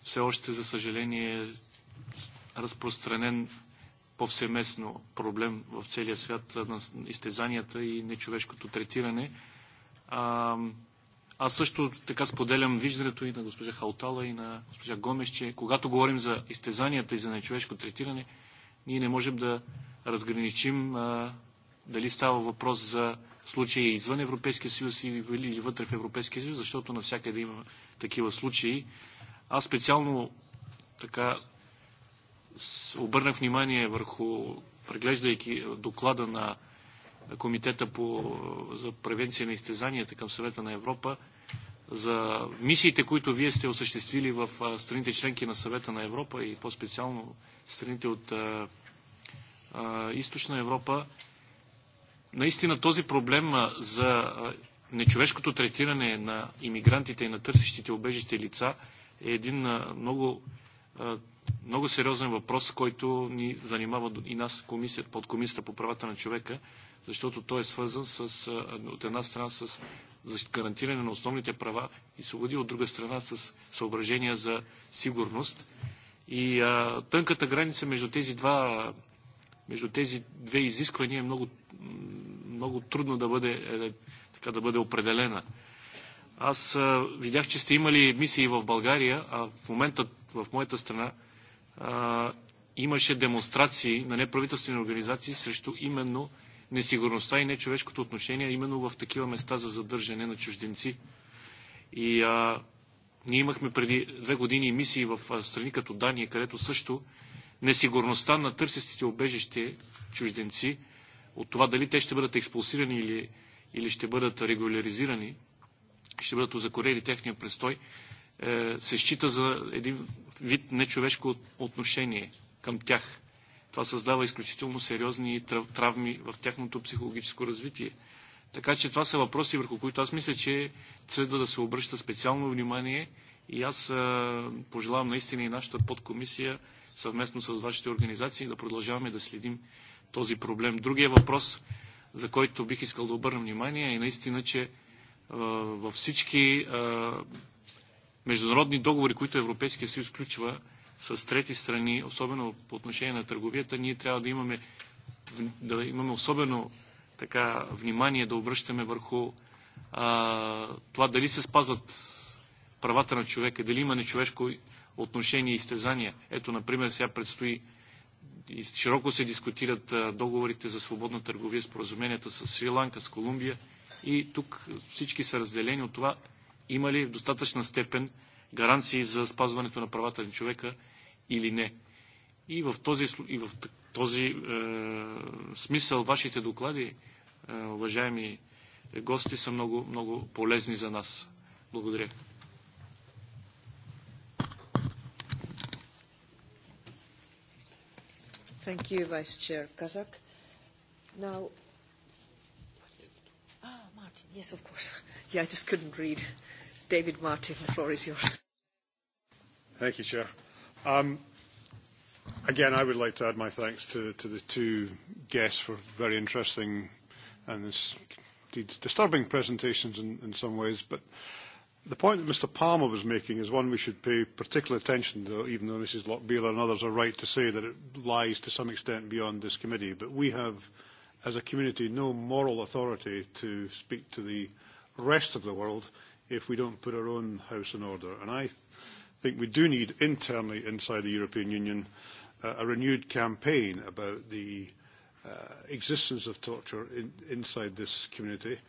все още, за съжаление, разпространен повсеместно проблем в целия свят на изтезанията и нечовешкото третиране. Аз също така споделям виждането и на госпожа Халтала, и на госпожа Гомеш, че когато говорим за изтезанията и за нечовешко третиране, ние не можем да разграничим а, дали става въпрос за случаи извън Европейския съюз или вътре в Европейския съюз, защото навсякъде има такива случаи. Аз специално така обърнах внимание върху, преглеждайки доклада на Комитета по, за превенция на изтезанията към съвета на Европа, за мисиите, които вие сте осъществили в страните членки на съвета на Европа и по-специално страните от а, а, източна Европа. Наистина този проблем за нечовешкото третиране на иммигрантите и на търсещите обежище лица е един много много сериозен въпрос, който ни занимава и нас комисия, под комисията по правата на човека, защото той е свързан с, от една страна с гарантиране на основните права и свободи, от друга страна с съображения за сигурност. И а, тънката граница между тези два между тези две изисквания е много, много трудно да бъде, е, така да бъде определена. Аз а, видях, че сте имали мисии в България, а в момента в моята страна имаше демонстрации на неправителствени организации срещу именно несигурността и нечовешкото отношение, именно в такива места за задържане на чужденци. И а, ние имахме преди две години мисии в страни като Дания, където също несигурността на търсещите обежище чужденци, от това дали те ще бъдат експулсирани или, или ще бъдат регуляризирани, ще бъдат озакорели техния престой, е, се счита за един вид нечовешко отношение към тях. Това създава изключително сериозни травми в тяхното психологическо развитие. Така че това са въпроси, върху които аз мисля, че следва да се обръща специално внимание и аз е, пожелавам наистина и нашата подкомисия съвместно с вашите организации да продължаваме да следим този проблем. Другия въпрос, за който бих искал да обърна внимание, е наистина, че е, във всички международни договори, които Европейския съюз включва с трети страни, особено по отношение на търговията, ние трябва да имаме, да имаме особено така внимание да обръщаме върху а, това дали се спазват правата на човека, дали има нечовешко отношение и изтезания. Ето, например, сега предстои и широко се дискутират договорите за свободна търговия, споразуменията с Шри-Ланка, с Колумбия и тук всички са разделени от това има ли в достатъчна степен гаранции за спазването на правата на човека или не. И в този, и в този е, смисъл вашите доклади, е, уважаеми гости, са много, много полезни за нас. Благодаря. Thank you, Vice Chair Kazak. Now, ah, Martin, yes, of course. Yeah, I just couldn't read. Uh, David Martin, the floor is yours. Thank you, Chair. Um, again, I would like to add my thanks to, to the two guests for very interesting and indeed disturbing presentations in, in some ways. But the point that Mr Palmer was making is one we should pay particular attention to, even though Mrs Lockbeeler and others are right to say that it lies to some extent beyond this committee. But we have, as a community, no moral authority to speak to the rest of the world if we don't put our own house in order. And I think we do need internally inside the European Union a renewed campaign about the existence of torture inside this community.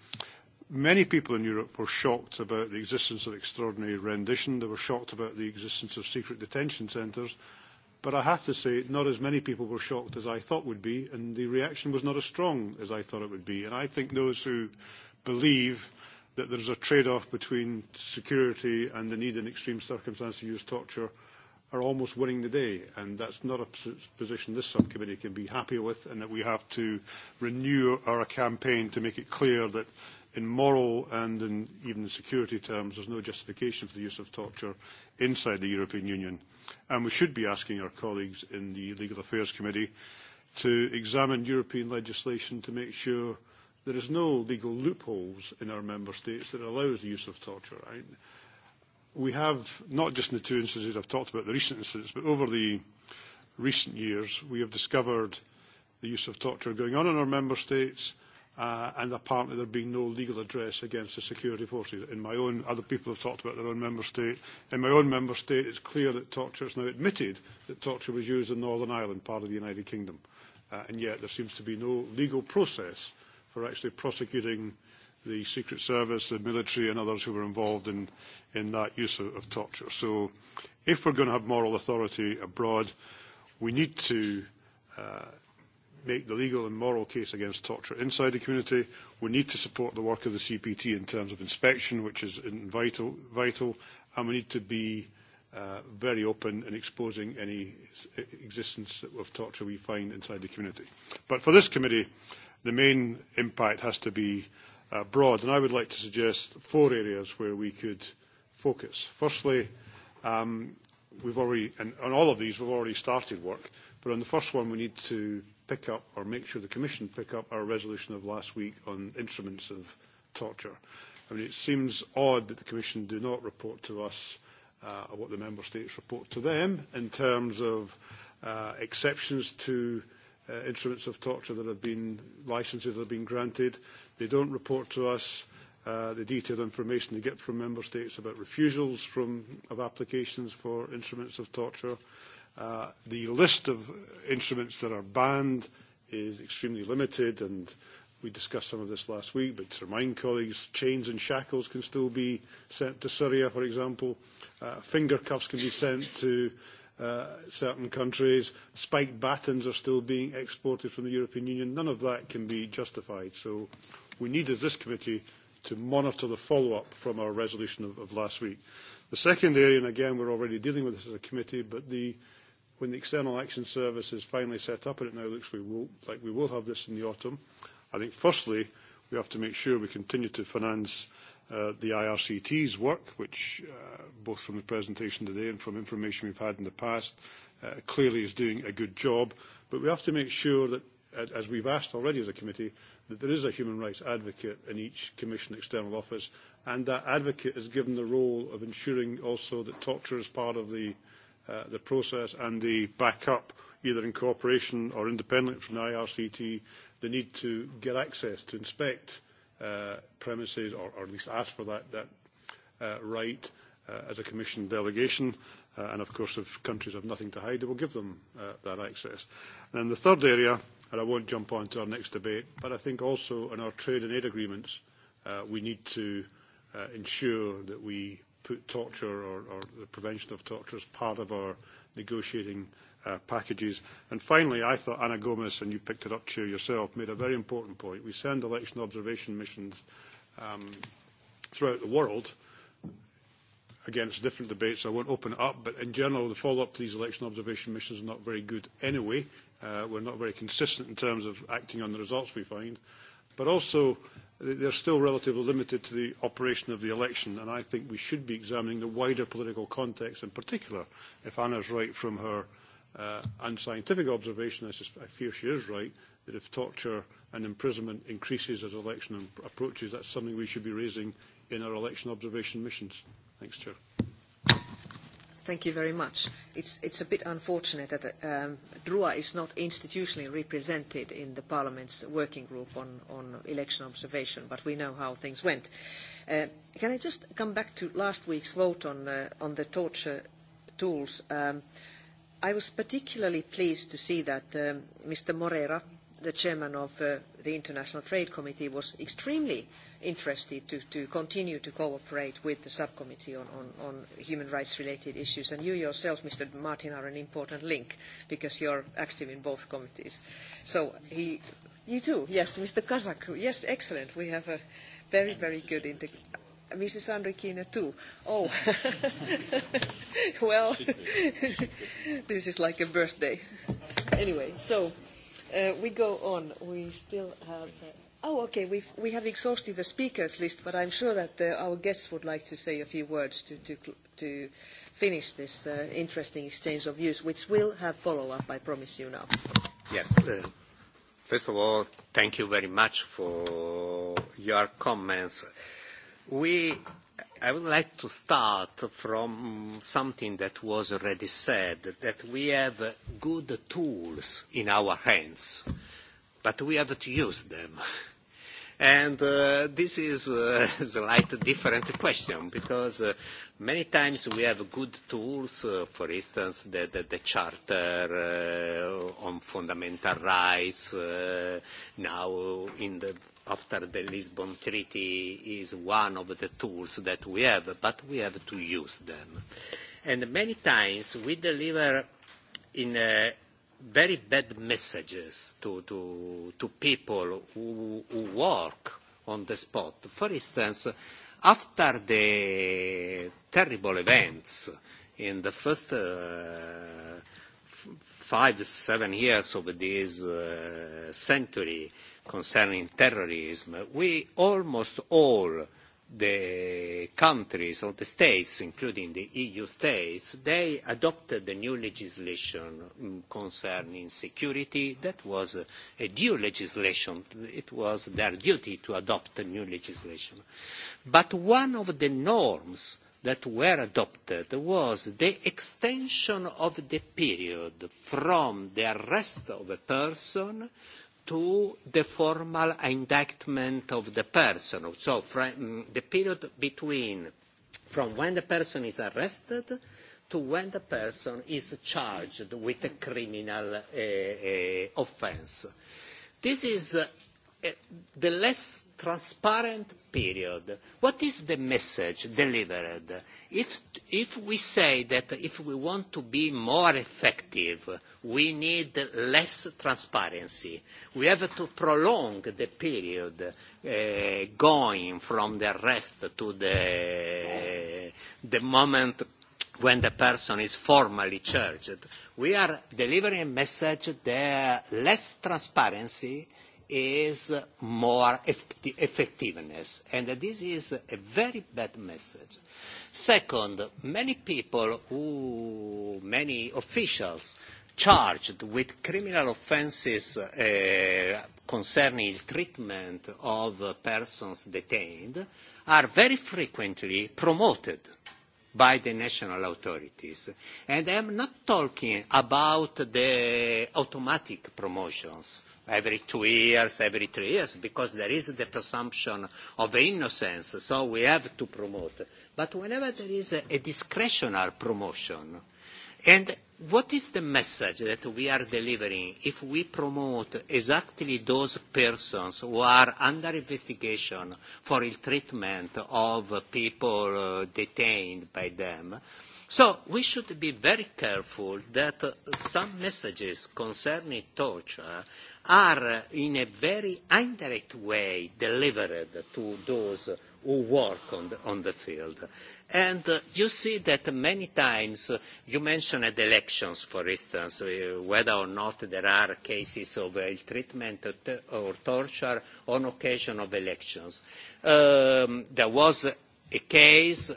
Many people in Europe were shocked about the existence of extraordinary rendition. They were shocked about the existence of secret detention centres. But I have to say, not as many people were shocked as I thought would be, and the reaction was not as strong as I thought it would be. And I think those who believe that there is a trade-off between security and the need in extreme circumstances to use torture are almost winning the day, and that's not a position this subcommittee can be happy with, and that we have to renew our campaign to make it clear that in moral and in even security terms, there's no justification for the use of torture inside the European Union. And we should be asking our colleagues in the Legal Affairs Committee to examine European legislation to make sure There is no legal loopholes in our member states that allows the use of torture. Right? We have, not just in the two instances I've talked about, the recent incidents, but over the recent years, we have discovered the use of torture going on in our member states, uh, and apparently there being no legal address against the security forces. In my own, other people have talked about their own member state. In my own member state, it's clear that torture is now admitted that torture was used in Northern Ireland, part of the United Kingdom. Uh, and yet there seems to be no legal process for actually prosecuting the Secret Service, the military and others who were involved in, in that use of, of torture. So if we're going to have moral authority abroad, we need to uh, make the legal and moral case against torture inside the community. We need to support the work of the CPT in terms of inspection, which is vital, vital and we need to be uh, very open in exposing any existence of torture we find inside the community. But for this committee, uh, the main impact has to be broad. And I would like to suggest four areas where we could focus. Firstly, we've already, and on all of these, we've already started work. But on the first one, we need to pick up or make sure the Commission pick up our resolution of last week on instruments of torture. I mean, it seems odd that the Commission do not report to us what the Member States report to them in terms of exceptions to instruments of torture that have been licenses that have been granted. They don't report to us the detailed information they get from member states about refusals from, of applications for instruments of torture. the list of instruments that are banned is extremely limited, and we discussed some of this last week, but to remind colleagues, chains and shackles can still be sent to Syria, for example. Uh, finger cuffs can be sent to certain countries. spike battens are still being exported from the European Union. None of that can be justified. So we need, as this committee, to monitor the follow-up from our resolution of, last week. The second area, and again, we're already dealing with this as a committee, but the, when the External Action Service is finally set up, and it now looks we will, like we will have this in the autumn, I think firstly, we have to make sure we continue to finance the IRCT's work, which both from the presentation today and from information we've had in the past, clearly is doing a good job. But we have to make sure that, as we've asked already as a committee, that there is a human rights advocate in each Commission external office, and that advocate is given the role of ensuring also that torture is part of the, the process and the backup, either in cooperation or independently from the IRCT, the need to get access to inspect uh, premises, or or at least ask for that uh right uh as a Commission delegation. And of course, if countries have nothing to hide, they will give them that access. And the third area, and I won't jump on to our next debate, but I think also in our trade and aid agreements, we need to ensure that we put torture or or the prevention of torture as part of our negotiating packages. And finally, I thought Ana Gomes, and you picked it up, Chair, yourself, made a very important point. We send election observation missions throughout the world. Again, it's different debates so I won't open it up, but in general, the follow-up to these election observation missions is not very good anyway. We're not very consistent in terms of acting on the results we find. But also, they're still relatively limited to the operation of the election, and I think we should be examining the wider political context, in particular, if Anna's right from her uh, unscientific observation, I, I fear she is right, that if torture and imprisonment increases as election approaches, that's something we should be raising in our election observation missions. Thanks, Chair. Thank you very much. It's, it's a bit unfortunate that um, DRUA is not institutionally represented in the Parliament's working group on, on election observation, but we know how things went. Uh, can I just come back to last week's vote on, uh, on the torture tools? Um, I was particularly pleased to see that um, Mr. Moreira, the chairman of the International Trade Committee was extremely interested to, continue to cooperate with the subcommittee on, human rights related issues. And you yourself, Mr. Martin, are an important link because you are active in both committees. So he, you too, yes, Mr. Kazak. Yes, excellent. We have a very, very good integration. Mrs. Andrikina too. Oh, well, this is like a birthday. Anyway, so we go on. We still have. oh, okay. We've, we have exhausted the speakers list, but I'm sure that our guests would like to say a few words to, to, to finish this interesting exchange of views, which will have follow up, I promise you now. Yes. first of all, thank you very much for your comments. We I would like to start from something that was already said, that we have good tools in our hands, but we have to use them. And uh, this is a slightly different question because uh, many times we have good tools, uh, for instance, the, the, the Charter uh, on Fundamental Rights, uh, now in the after the Lisbon Treaty is one of the tools that we have, but we have to use them. And many times we deliver in a very bad messages to, to, to people who, who work on the spot. For instance, after the terrible events in the first uh, five, seven years of this uh, century, concerning terrorism, we almost all the countries or the states, including the EU states, they adopted the new legislation concerning security. That was a due legislation. It was their duty to adopt the new legislation. But one of the norms that were adopted was the extension of the period from the arrest of a person to the formal indictment of the person. So from the period between from when the person is arrested to when the person is charged with a criminal uh, offense. This is uh, the less transparent period. What is the message delivered? If if we say that if we want to be more effective, we need less transparency. We have to prolong the period uh, going from the arrest to the, the moment when the person is formally charged. We are delivering a message that less transparency uh, is more effectiveness. And this is a very bad message. Second, many people who, many officials charged with criminal offences concerning the treatment of persons detained are very frequently promoted by the national authorities. And I am not talking about the automatic promotions every two years, every three years, because there is the presumption of innocence, so we have to promote. But whenever there is a, a discretionary promotion, and what is the message that we are delivering if we promote exactly those persons who are under investigation for ill treatment of people detained by them? So we should be very careful that some messages concerning torture are in a very indirect way delivered to those who work on the, on the field. And uh, you see that many times uh, you mentioned elections, for instance, uh, whether or not there are cases of ill treatment or, or torture on occasion of elections. Um, there was a case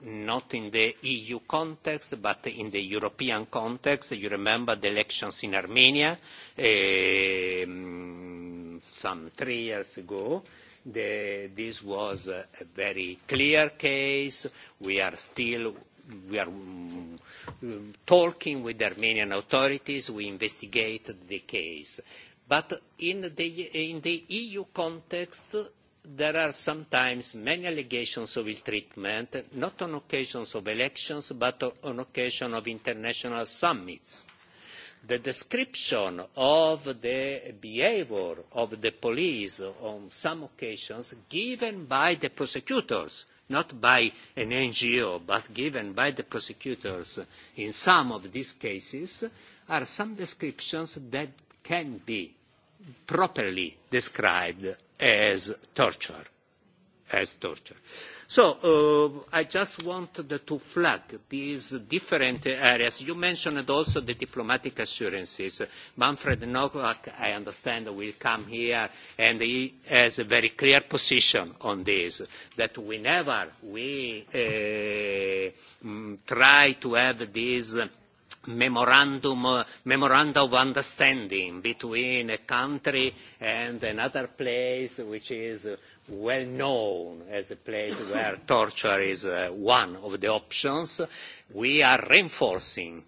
not in the EU context, but in the European context. You remember the elections in Armenia some three years ago. This was a very clear case. We are still we are talking with the Armenian authorities. We investigate the case. But in the in the EU context, there are sometimes many allegations of ill treatment, not on occasions of elections, but on occasion of international summits. The description of the behaviour of the police on some occasions given by the prosecutors, not by an NGO, but given by the prosecutors in some of these cases, are some descriptions that can be properly described as torture. As torture. So I just wanted to flag these different areas. You mentioned also the diplomatic assurances. Manfred Novak, I understand, will come here, and he has a very clear position on this, that whenever we try to have these memorandum, memorandum of understanding between a country and another place which is well known as a place where torture is uh, one of the options. We are reinforcing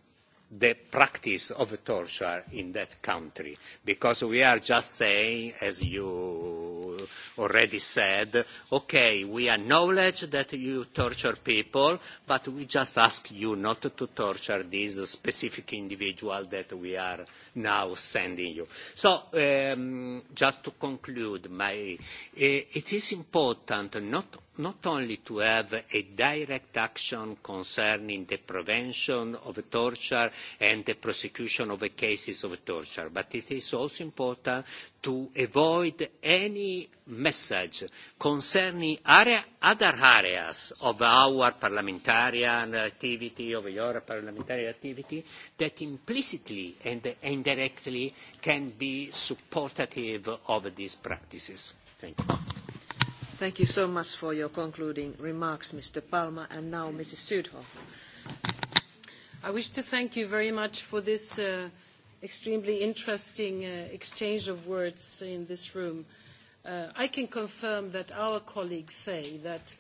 the practice of torture in that country because we are just saying as you already said okay we acknowledge that you torture people but we just ask you not to torture this specific individual that we are now sending you so um, just to conclude my it is important not not only to have a direct action concerning the prevention of torture and the prosecution of cases of torture, but it is also important to avoid any message concerning area, other areas of our parliamentarian activity, of your parliamentary activity, that implicitly and indirectly can be supportive of these practices. Thank you. Thank you so much for your concluding remarks, Mr. Palmer. And now, Mrs. Sudhoff. I wish to thank you very much for this extremely interesting exchange of words in this room. I can confirm that our colleagues say that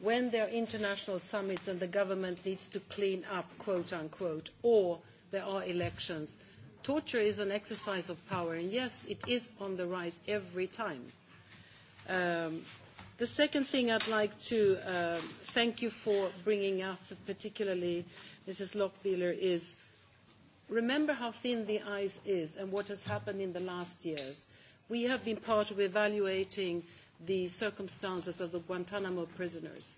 when there are international summits and the government needs to clean up, quote unquote, or there are elections, torture is an exercise of power. And yes, it is on the rise every time. The second thing I'd like to thank you for bringing up, particularly Mrs. Lochbihler, is remember how thin the ice is and what has happened in the last years. We have been part of evaluating the circumstances of the Guantanamo prisoners.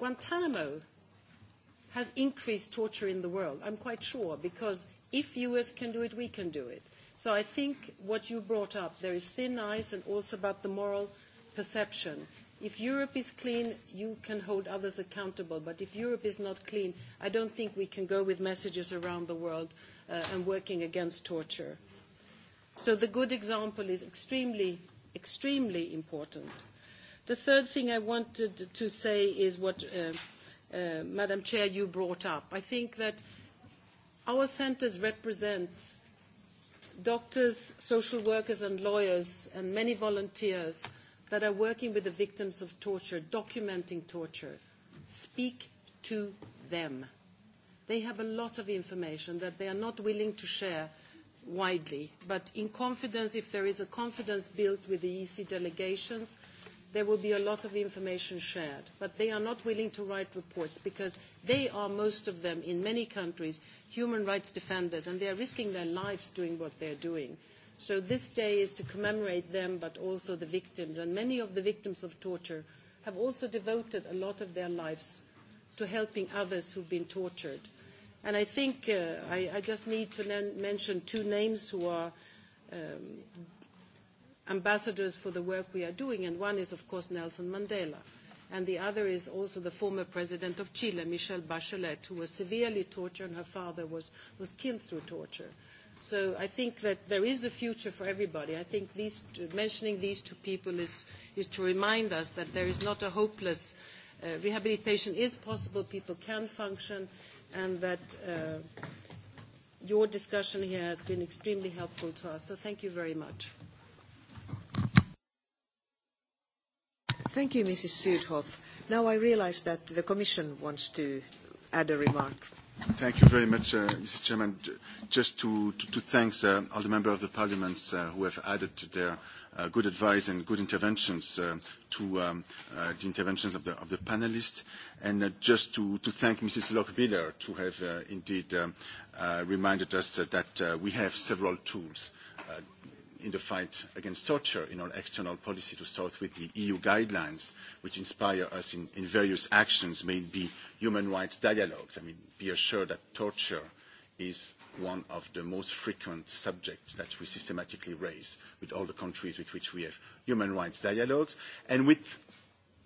Guantanamo has increased torture in the world, I'm quite sure, because if US can do it, we can do it. So I think what you brought up, there is thin ice and also about the moral perception. If Europe is clean, you can hold others accountable. But if Europe is not clean, I don't think we can go with messages around the world and working against torture. So the good example is extremely, extremely important. The third thing I wanted to say is what, Madam Chair, you brought up. I think that our centres represent doctors, social workers and lawyers and many volunteers – that are working with the victims of torture, documenting torture. Speak to them. They have a lot of information that they are not willing to share widely, but in confidence, if there is a confidence built with the EC delegations, there will be a lot of information shared. But they are not willing to write reports because they are, most of them, in many countries, human rights defenders, and they are risking their lives doing what they are doing So this day is to commemorate them, but also the victims. And many of the victims of torture have also devoted a lot of their lives to helping others who have been tortured. And I think I, I just need to mention two names who are ambassadors for the work we are doing, and one is, of course, Nelson Mandela. And the other is also the former president of Chile, Michelle Bachelet, who was severely tortured, and her father was, was killed through torture. So I think that there is a future for everybody. I think these, mentioning these two people is, is to remind us that there is not a hopeless uh, rehabilitation is possible, people can function, and that uh, your discussion here has been extremely helpful to us. So thank you very much. Thank you, Mrs. Sudhoff. Now I realise that the Commission wants to add a remark. Thank you very much, Mr. Chairman. Just to, to, to thank uh, all the members of the Parliament uh, who have added to their uh, good advice and good interventions uh, to um, uh, the interventions of the, of the panelists. And uh, just to, to thank Mrs. Lockbiller to have uh, indeed um, uh, reminded us that uh, we have several tools in the fight against torture in our external policy to start with the EU guidelines, which inspire us in, various actions, may it be human rights dialogues. I mean, be assured that torture is one of the most frequent subjects that we systematically raise with all the countries with which we have human rights dialogues, and with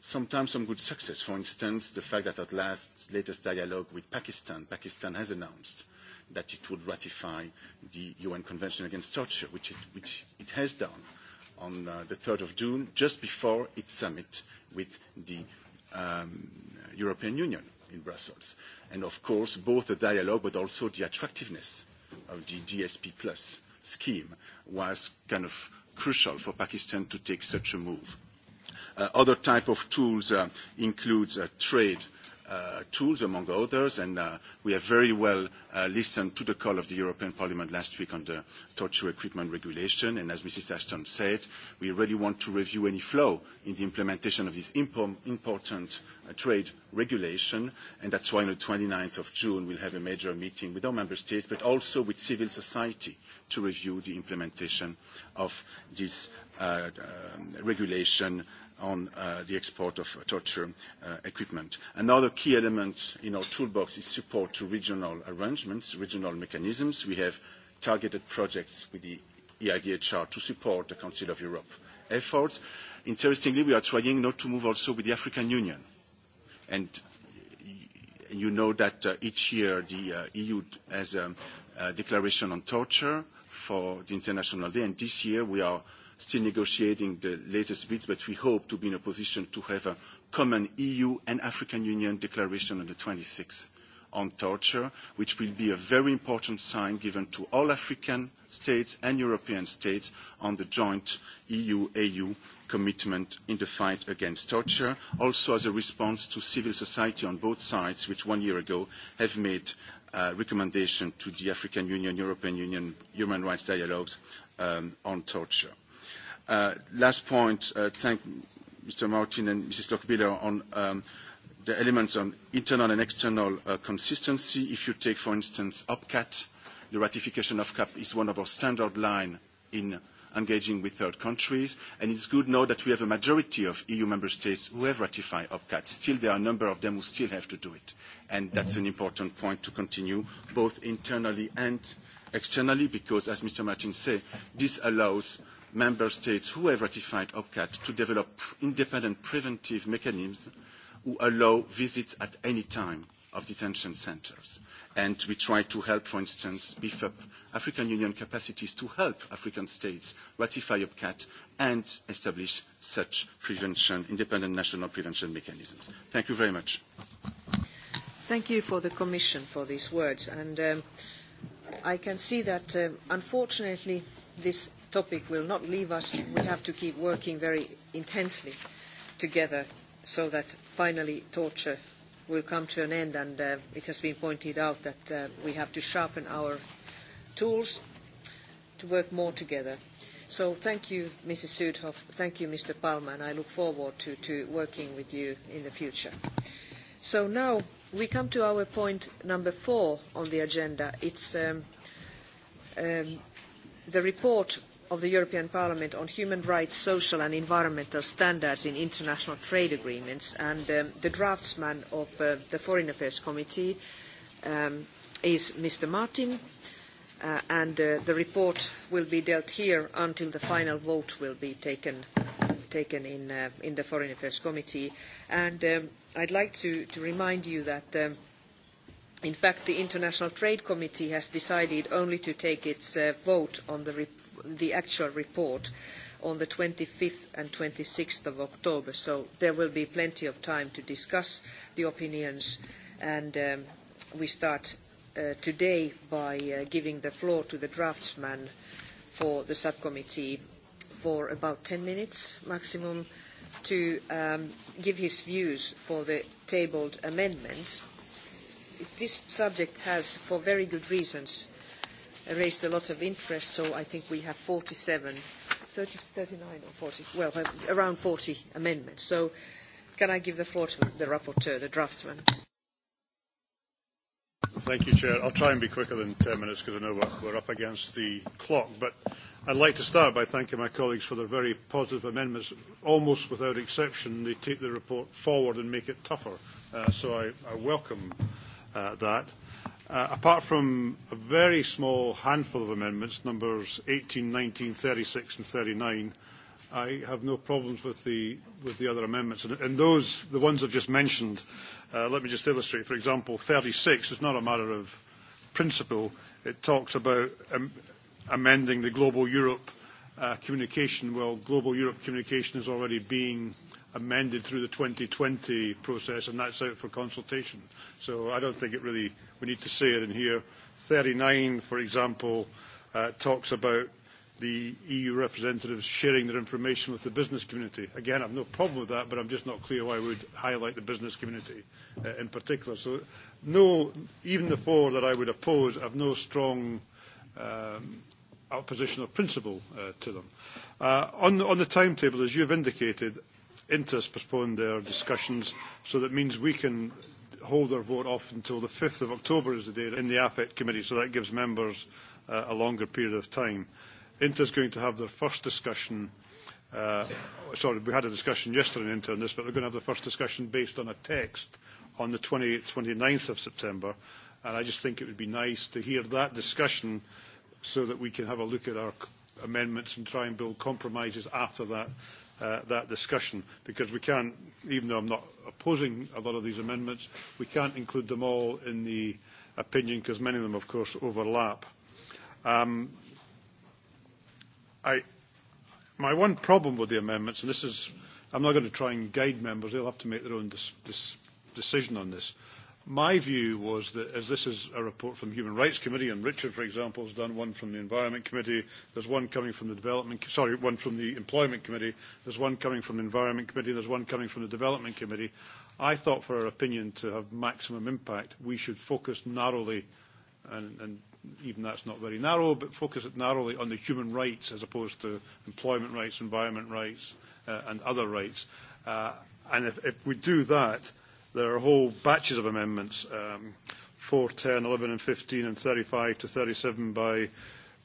sometimes some good success. For instance, the fact that at last latest dialogue with Pakistan, Pakistan has announced that it would ratify the UN Convention Against Torture, which it, which it has done on uh, the 3rd of June, just before its summit with the um, European Union in Brussels. And of course, both the dialogue but also the attractiveness of the GSP Plus scheme was kind of crucial for Pakistan to take such a move. other type of tools includes trade tools, among others, and we have very well listened to the call of the European Parliament last week on the torture equipment regulation, and as Mrs. Ashton said, we really want to review any flaw in the implementation of this important trade regulation, and that's why on the 29th of June we'll have a major meeting with our member states, but also with civil society to review the implementation of this regulation on the export of torture equipment. Another key element in our toolbox is support to regional arrangements, regional mechanisms. We have targeted projects with the EIDHR to support the Council of Europe efforts. Interestingly, we are trying not to move also with the African Union. And you know that each year the EU has a declaration on torture for the International Day, and this year we are still negotiating the latest bits, but we hope to be in a position to have a common EU and African Union declaration on the 26th on torture, which will be a very important sign given to all African states and European states on the joint EU-AU commitment in the fight against torture, also as a response to civil society on both sides, which one year ago have made a recommendation to the African Union, European Union human rights dialogues on torture. Last point, thank Mr. Martin and Mrs. Lochbihler on the elements on internal and external consistency. If you take, for instance, OPCAT, the ratification of CAP is one of our standard line in engaging with third countries. And it's good now that we have a majority of EU member states who have ratified OPCAT. Still, there are a number of them who still have to do it. And that's an important point to continue, both internally and externally, because, as Mr. Martin said, this allows member states who have ratified OPCAT to develop independent preventive mechanisms who allow visits at any time of detention centres. And we try to help, for instance, beef up African Union capacities to help African states ratify OPCAT and establish such prevention, independent national prevention mechanisms. Thank you very much. Thank you for the Commission for these words. And I can see that, unfortunately, this topic will not leave us. We have to keep working very intensely together so that finally torture will come to an end. And uh, it has been pointed out that uh, we have to sharpen our tools to work more together. So thank you, Mrs. Sudhoff. Thank you, Mr. Palmer, and I look forward to, to working with you in the future. So now we come to our point number four on the agenda. It's um, um, the report of the European Parliament on human rights, social and environmental standards in international trade agreements. And the draftsman of the Foreign Affairs Committee is Mr. Martin, and the report will be dealt here until the final vote will be taken taken in, in the Foreign Affairs Committee. And um, I'd like to, to remind you that In fact, the International Trade Committee has decided only to take its vote on the, actual report on the 25th and 26th of October, so there will be plenty of time to discuss the opinions, and we start today by giving the floor to the draftsman for the subcommittee for about 10 minutes maximum to give his views for the tabled amendments this subject has, for very good reasons, raised a lot of interest, so I think we have 47, 30, 39 or 40, well, around 40 amendments. So can I give the floor to the rapporteur, the draftsman? Thank you, Chair. I'll try and be quicker than 10 minutes because I know we're, we're up against the clock. But I'd like to start by thanking my colleagues for their very positive amendments. Almost without exception, they take the report forward and make it tougher. Uh, so I, I welcome uh, that. apart from a very small handful of amendments, numbers 18, 19, 36 and 39, I have no problems with the, with the other amendments. And, and those, the ones I've just mentioned, uh, let me just illustrate. For example, 36 is not a matter of principle. It talks about um, amending the Global Europe uh, communication. Well, Global Europe communication is already being amended through the 2020 process, and that's out for consultation. So I don't think it really, we need to say it in here. 39, for example, uh, talks about the EU representatives sharing their information with the business community. Again, I have no problem with that, but I'm just not clear why we would highlight the business community uh, in particular. So no, even the four that I would oppose have no strong um, opposition or principle uh, to them. Uh, on, on the timetable, as you've indicated, INTAS postponed their discussions, so that means we can hold our vote off until the 5th of October is the date in the AFET committee, so that gives members uh, a longer period of time. INTA is going to have their first discussion. Uh, sorry, we had a discussion yesterday in INTA on this, but they're going to have the first discussion based on a text on the 28th, 29th of September. And I just think it would be nice to hear that discussion so that we can have a look at our amendments and try and build compromises after that that discussion because we can't, even though I'm not opposing a lot of these amendments, we can't include them all in the opinion because many of them, of course, overlap. my one problem with the amendments, and this is, I'm not going to try and guide members, they'll have to make their own decision on this. My view was that, as this is a report from the Human Rights Committee, and Richard, for example, has done one from the Environment Committee, there's one coming from the Development, sorry, one from the Employment Committee, there's one coming from the Environment Committee, there's one coming from the Development Committee. I thought for our opinion to have maximum impact, we should focus narrowly, and, and even that's not very narrow, but focus it narrowly on the human rights as opposed to employment rights, environment rights, uh, and other rights. Uh, and if, if we do that, There are whole batches of amendments, um, 4, 10, 11 and 15 and 35 to 37 by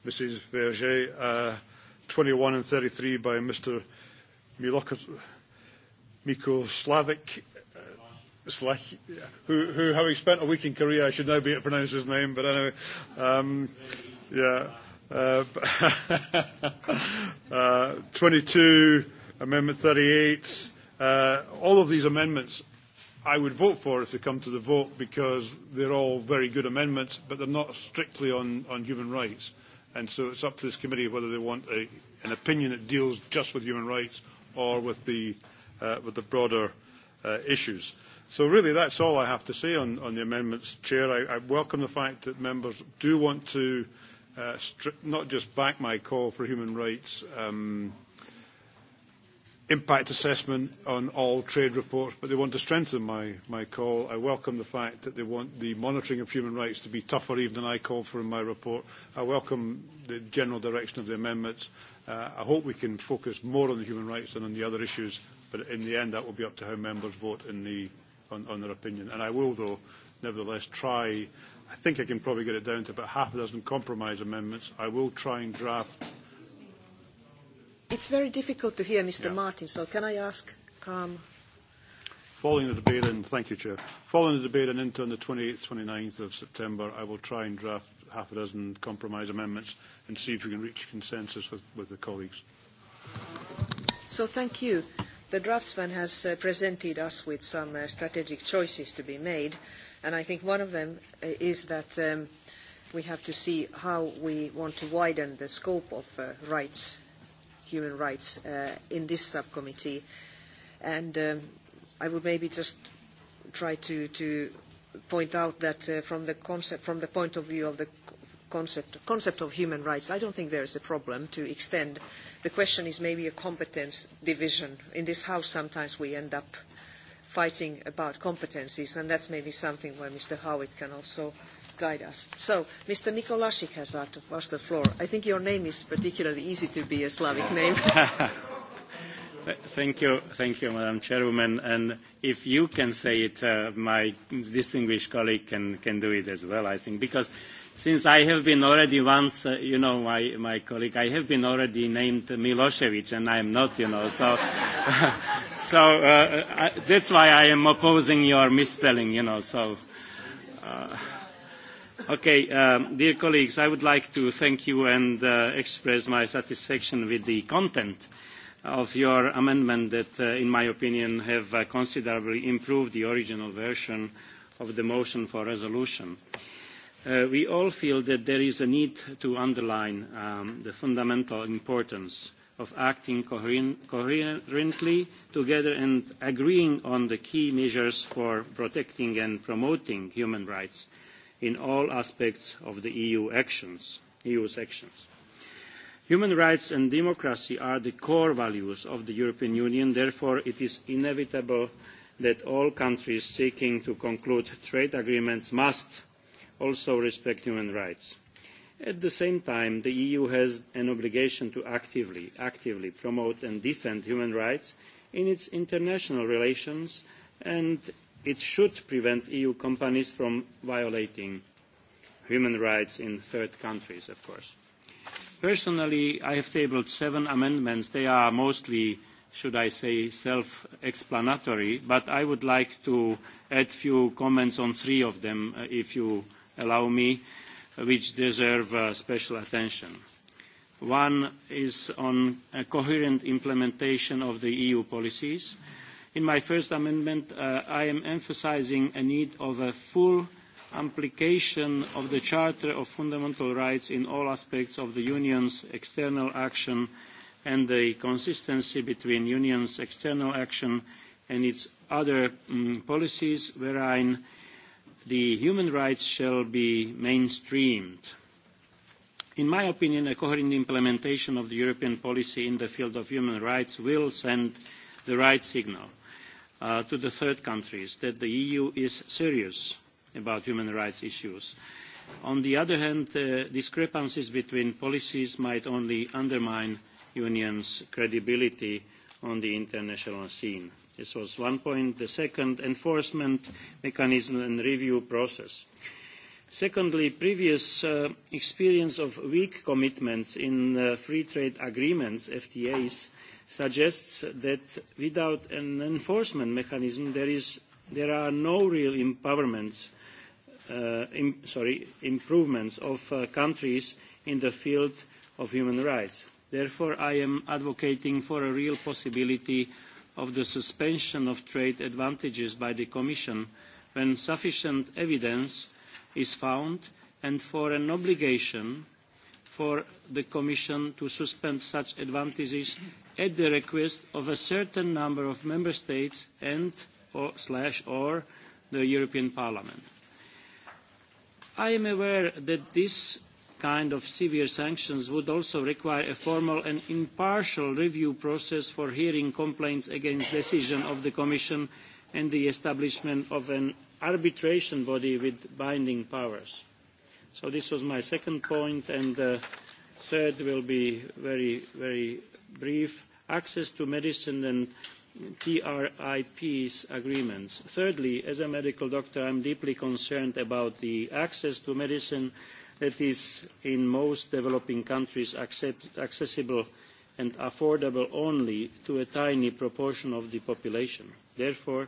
Mrs. Verger, uh, 21 and 33 by Mr. Miko uh, Mikoslavic, yeah, who, who, having spent a week in Korea, I should now be able to pronounce his name, but anyway, um, yeah. Uh, uh, 22, Amendment 38, uh, all of these amendments I would vote for if they come to the vote because they're all very good amendments, but they're not strictly on, on human rights. And so it's up to this committee whether they want a, an opinion that deals just with human rights or with the, uh, with the broader uh, issues. So really that's all I have to say on, on the amendments, Chair. I, I welcome the fact that members do want to uh, stri- not just back my call for human rights um, impact assessment on all trade reports, but they want to strengthen my, my call. I welcome the fact that they want the monitoring of human rights to be tougher even than I called for in my report. I welcome the general direction of the amendments. I hope we can focus more on the human rights than on the other issues, but in the end that will be up to how members vote in the, on, on their opinion. And I will, though, nevertheless try, I think I can probably get it down to about half a dozen compromise amendments. I will try and draft It's very difficult to hear Mr. Martin, so can I ask calm? Following the debate, and thank you, Chair. Following the debate and into on the 28th, 29th of September, I will try and draft half a dozen compromise amendments and see if we can reach consensus with, with the colleagues. So thank you. The draftsman has presented us with some strategic choices to be made, and I think one of them is that we have to see how we want to widen the scope of rights human rights in this subcommittee. And I would maybe just try to, point out that from, the concept, from the point of view of the concept, of human rights, I don't think there is a problem to extend. The question is maybe a competence division. In this House, sometimes we end up fighting about competencies, and that's maybe something where Mr. Howitt can also guide us. So, Mr. Mikolasik has asked the floor. I think your name is particularly easy to be a Slavic name. Thank you, thank you, Madam Chairwoman. And if you can say it, uh, my distinguished colleague can, can do it as well, I think, because since I have been already once, uh, you know, my, my colleague, I have been already named Milosevic, and I am not, you know, so, so uh, I, that's why I am opposing your misspelling, you know, so. Uh, Okay, dear colleagues, I would like to thank you and express my satisfaction with the content of your amendment that, in my opinion, have considerably improved the original version of the motion for resolution. we all feel that there is a need to underline the fundamental importance of acting coherently together and agreeing on the key measures for protecting and promoting human rights in all aspects of the EU's actions. Human rights and democracy are the core values of the European Union. Therefore, it is inevitable that all countries seeking to conclude trade agreements must also respect human rights. At the same time, the EU has an obligation to actively, promote and defend human rights in its international relations and It should prevent EU companies from violating human rights in third countries, of course. Personally, I have tabled seven amendments. They are mostly, should I say, self-explanatory, but I would like to add a few comments on three of them, if you allow me, which deserve special attention. One is on a coherent implementation of the EU policies. In my first amendment, I am emphasising a need of a full application of the Charter of Fundamental Rights in all aspects of the Union's external action and the consistency between the Union's external action and its other policies wherein the human rights shall be mainstreamed. In my opinion, a coherent implementation of the European policy in the field of human rights will send the right signal to the third countries that the EU is serious about human rights issues. On the other hand, discrepancies between policies might only undermine the Union's credibility on the international scene. This was one point. The second, enforcement mechanism and review process. Secondly, previous experience of weak commitments in free trade agreements, FTAs, suggests that without an enforcement mechanism, there, are no real empowerments, sorry, improvements of countries in the field of human rights. Therefore, I am advocating for a real possibility of the suspension of trade advantages by the Commission when sufficient evidence is found and for an obligation for the Commission to suspend such advantages at the request of a certain number of member states and or, slash or the European Parliament. I am aware that this kind of severe sanctions would also require a formal and impartial review process for hearing complaints against decisions of the Commission and the establishment of an arbitration body with binding powers. So this was my second point, and the third will be very, very brief access to medicine and TRIPs agreements. Thirdly, as a medical doctor, I am deeply concerned about the access to medicine that is in most developing countries accessible and affordable only to a tiny proportion of the population. Therefore,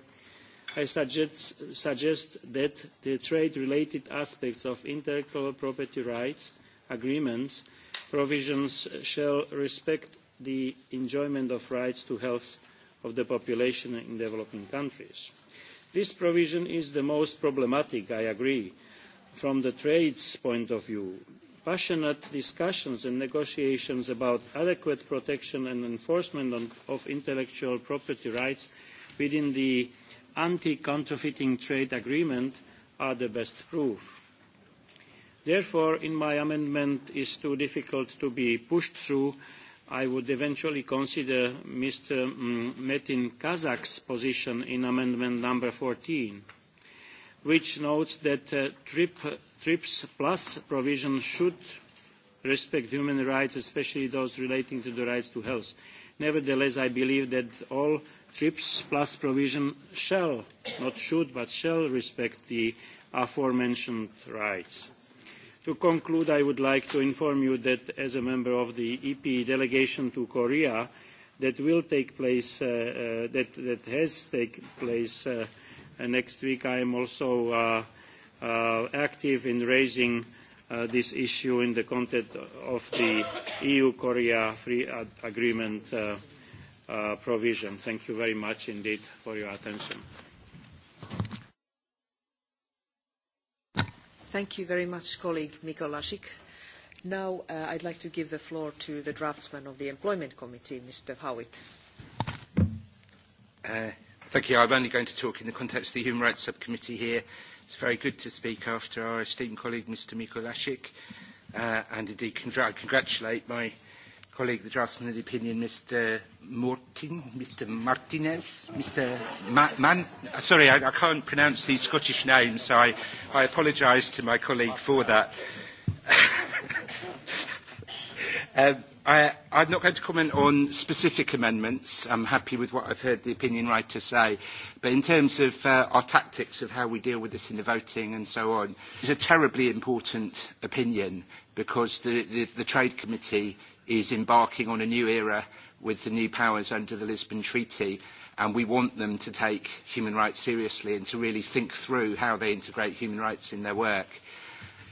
I suggest, that the trade-related aspects of intellectual property rights agreements provisions shall respect the enjoyment of rights to health of the population in developing countries. This provision is the most problematic, I agree, from the trade's point of view. Passionate discussions and negotiations about adequate protection and enforcement of intellectual property rights within the anti-counterfeiting trade agreement are the best proof. Therefore, in my amendment, it is too difficult to be pushed through I would eventually consider Mr. Metin Kazak's position in amendment number fourteen, which notes that TRIPS plus provision should respect human rights, especially those relating to the rights to health. Nevertheless, I believe that all TRIPS plus provision shall, not should, but shall respect the aforementioned rights. To conclude, I would like to inform you that as a member of the EP delegation to Korea, that will take place, that, has taken place next week, I am also active in raising this issue in the context of the EU-Korea Free Agreement provision. Thank you very much indeed for your attention. Thank you very much, colleague Mikolasik. Now uh, I'd like to give the floor to the draftsman of the Employment Committee, Mr. Howitt. Uh, thank you. I'm only going to talk in the context of the Human Rights Subcommittee here. It's very good to speak after our esteemed colleague, Mr. Mikolasik, uh, and indeed congr- congratulate my colleague, the draftsman of the opinion, Mr. Mortin, Mr. Martinez, Mr. Ma- Man. Sorry, I, I can't pronounce these Scottish names, so I, I apologise to my colleague for that. um, I, I'm not going to comment on specific amendments. I'm happy with what I've heard the opinion writer say. But in terms of uh, our tactics of how we deal with this in the voting and so on, it's a terribly important opinion because the, the, the Trade Committee is embarking on a new era with the new powers under the Lisbon Treaty, and we want them to take human rights seriously and to really think through how they integrate human rights in their work.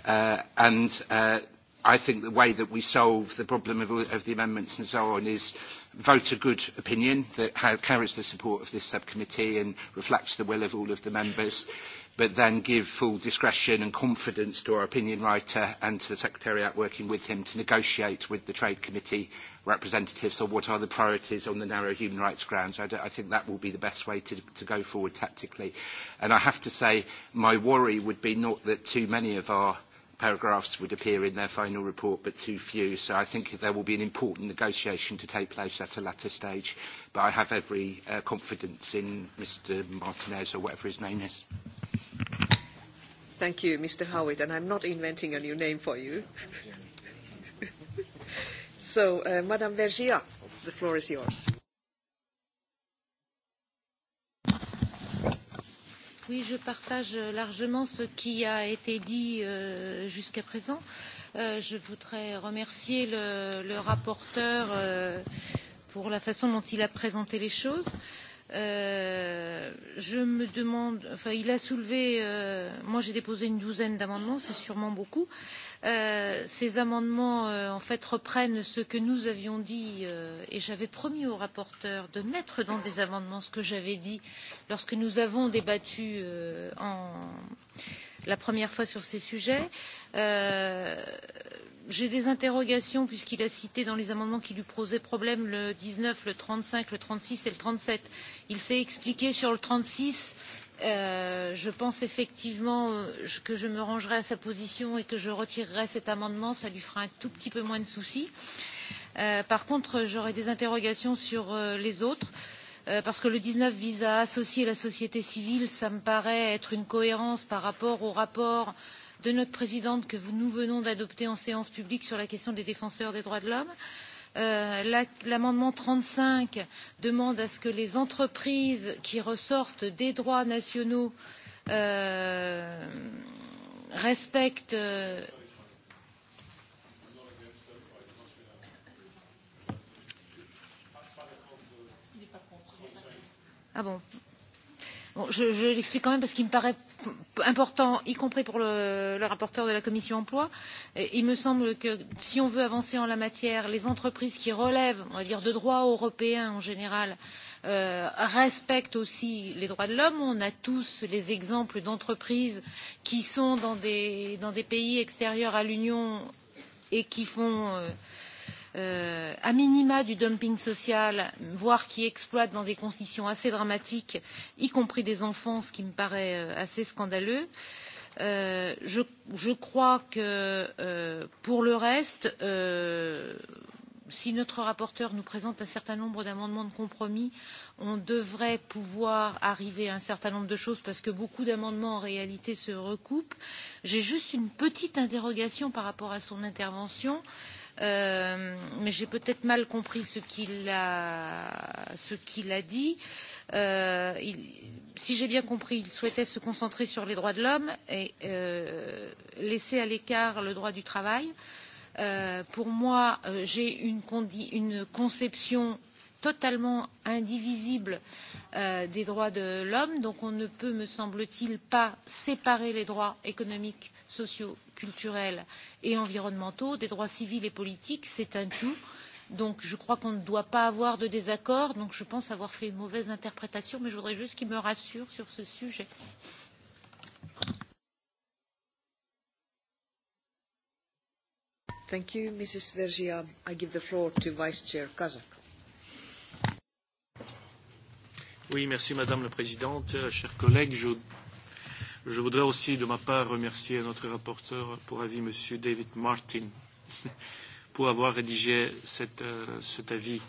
Uh, and uh, I think the way that we solve the problem of, of the amendments and so on is vote a good opinion that carries the support of this subcommittee and reflects the will of all of the members, but then give full discretion and confidence to our opinion writer and to the Secretariat working with him to negotiate with the Trade Committee representatives on what are the priorities on the narrow human rights grounds. I, I think that will be the best way to, to go forward tactically. And I have to say, my worry would be not that too many of our paragraphs would appear in their final report, but too few. So I think there will be an important negotiation to take place at a latter stage. But I have every uh, confidence in Mr. Martinez or whatever his name is. Thank you, Mr. Howitt, and I'm not inventing a new name for you. so, uh, Madame Vergia, the floor is yours. Oui, je partage largement ce qui a été dit jusqu'à présent. je voudrais remercier le, rapporteur pour la façon dont il a présenté les choses. Euh, je me demande, enfin, il a soulevé, euh, moi j'ai déposé une douzaine d'amendements, c'est sûrement beaucoup. Euh, ces amendements, euh, en fait, reprennent ce que nous avions dit, euh, et j'avais promis au rapporteur de mettre dans des amendements ce que j'avais dit lorsque nous avons débattu euh, en. Euh, la première fois sur ces sujets. J'ai des interrogations puisqu'il a cité dans les amendements qui lui posaient problème le dix neuf, le trente cinq, le trente six et le trente sept. Il s'est expliqué sur le trente six. je pense effectivement que je me rangerai à sa position et que je retirerai cet amendement. Cela lui fera un tout petit peu moins de soucis. par contre, j'aurai des interrogations sur les autres parce que le dix neuf vise à associer la société civile cela me paraît être une cohérence par rapport au rapport de notre présidente que nous venons d'adopter en séance publique sur la question des défenseurs des droits de l'homme. L'amendement trente cinq demande à ce que les entreprises qui ressortent des droits nationaux respectent Ah bon Bon, je, je l'explique quand même parce qu'il me paraît important, y compris pour le, le rapporteur de la commission emploi. Et il me semble que si on veut avancer en la matière, les entreprises qui relèvent, on va dire, de droits européens en général, euh, respectent aussi les droits de l'homme. On a tous les exemples d'entreprises qui sont dans des, dans des pays extérieurs à l'Union et qui font. Euh, a minima du dumping social voire qui exploite dans des conditions assez dramatiques y compris des enfants ce qui me paraît assez scandaleux. je crois que pour le reste si notre rapporteur nous présente un certain nombre d'amendements de compromis, on devrait pouvoir arriver à un certain nombre de choses parce que beaucoup d'amendements en réalité se recoupent. J'ai juste une petite interrogation par rapport à son intervention. Euh, mais j'ai peut-être mal compris ce qu'il a, dit. si j'ai bien compris, il souhaitait se concentrer sur les droits de l'homme et laisser à l'écart le droit du travail. pour moi, j'ai une, conception totalement indivisible des droits de l'homme. Donc on ne peut, me semble-t-il, pas séparer les droits économiques, sociaux, culturels et environnementaux des droits civils et politiques. C'est un tout. Donc je crois qu'on ne doit pas avoir de désaccord. Donc je pense avoir fait une mauvaise interprétation, mais je voudrais juste qu'il me rassure sur ce sujet. Thank you, Mrs. Vergia. I give the floor to Vice Chair Kazak. Oui, merci Madame la Présidente. Chers collègues, je, je voudrais aussi de ma part remercier notre rapporteur pour avis, Monsieur David Martin, pour avoir rédigé cette, cet avis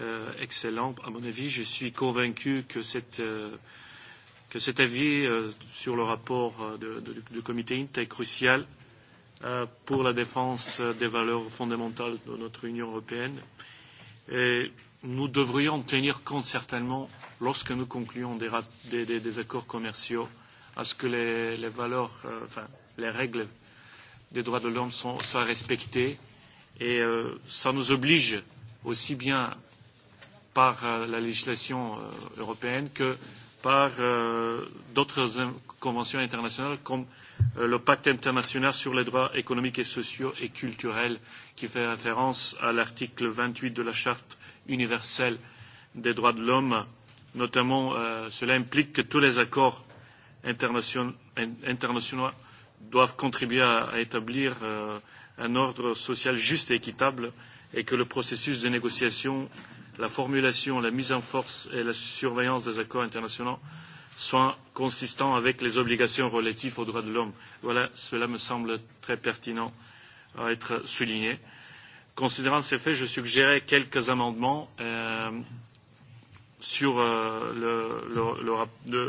euh, excellent. À mon avis, je suis convaincu que, cette, euh, que cet avis euh, sur le rapport du comité INT est crucial pour la défense des valeurs fondamentales de notre Union européenne. Et nous devrions tenir compte certainement, lorsque nous concluons des, des, des, des accords commerciaux, à ce que les, les valeurs, euh, enfin, les règles des droits de l'homme soient respectées. Et euh, ça nous oblige aussi bien par euh, la législation euh, européenne que par euh, d'autres conventions internationales comme euh, le pacte international sur les droits économiques et sociaux et culturels qui fait référence à l'article 28 de la charte universelle des droits de l'homme. Notamment, euh, cela implique que tous les accords internationaux, internationaux doivent contribuer à, à établir euh, un ordre social juste et équitable et que le processus de négociation, la formulation, la mise en force et la surveillance des accords internationaux soient consistants avec les obligations relatives aux droits de l'homme. Voilà, cela me semble très pertinent à être souligné. Euh, Considérant ces faits, je suggérais quelques amendements sur,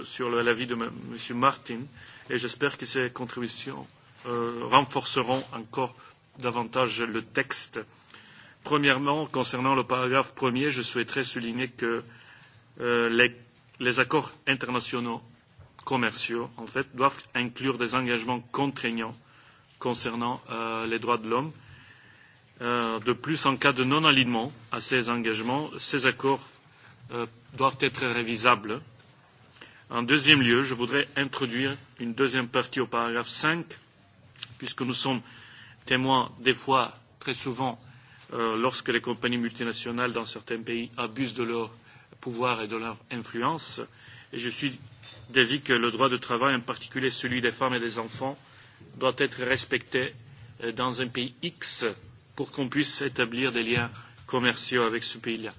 sur l'avis de M. Martin et j'espère que ces contributions euh, renforceront encore davantage le texte. Premièrement, concernant le paragraphe premier, je souhaiterais souligner que euh, les, les accords internationaux commerciaux, en fait, doivent inclure des engagements contraignants concernant euh, les droits de l'homme de plus, en cas de non-alignement à ces engagements, ces accords doivent être révisables. En deuxième lieu, je voudrais introduire une deuxième partie au paragraphe 5, puisque nous sommes témoins des fois, très souvent, lorsque les compagnies multinationales dans certains pays abusent de leur pouvoir et de leur influence. Et je suis d'avis que le droit de travail, en particulier celui des femmes et des enfants, doit être respecté dans un pays X pour qu'on puisse établir des liens commerciaux avec ce pays-là.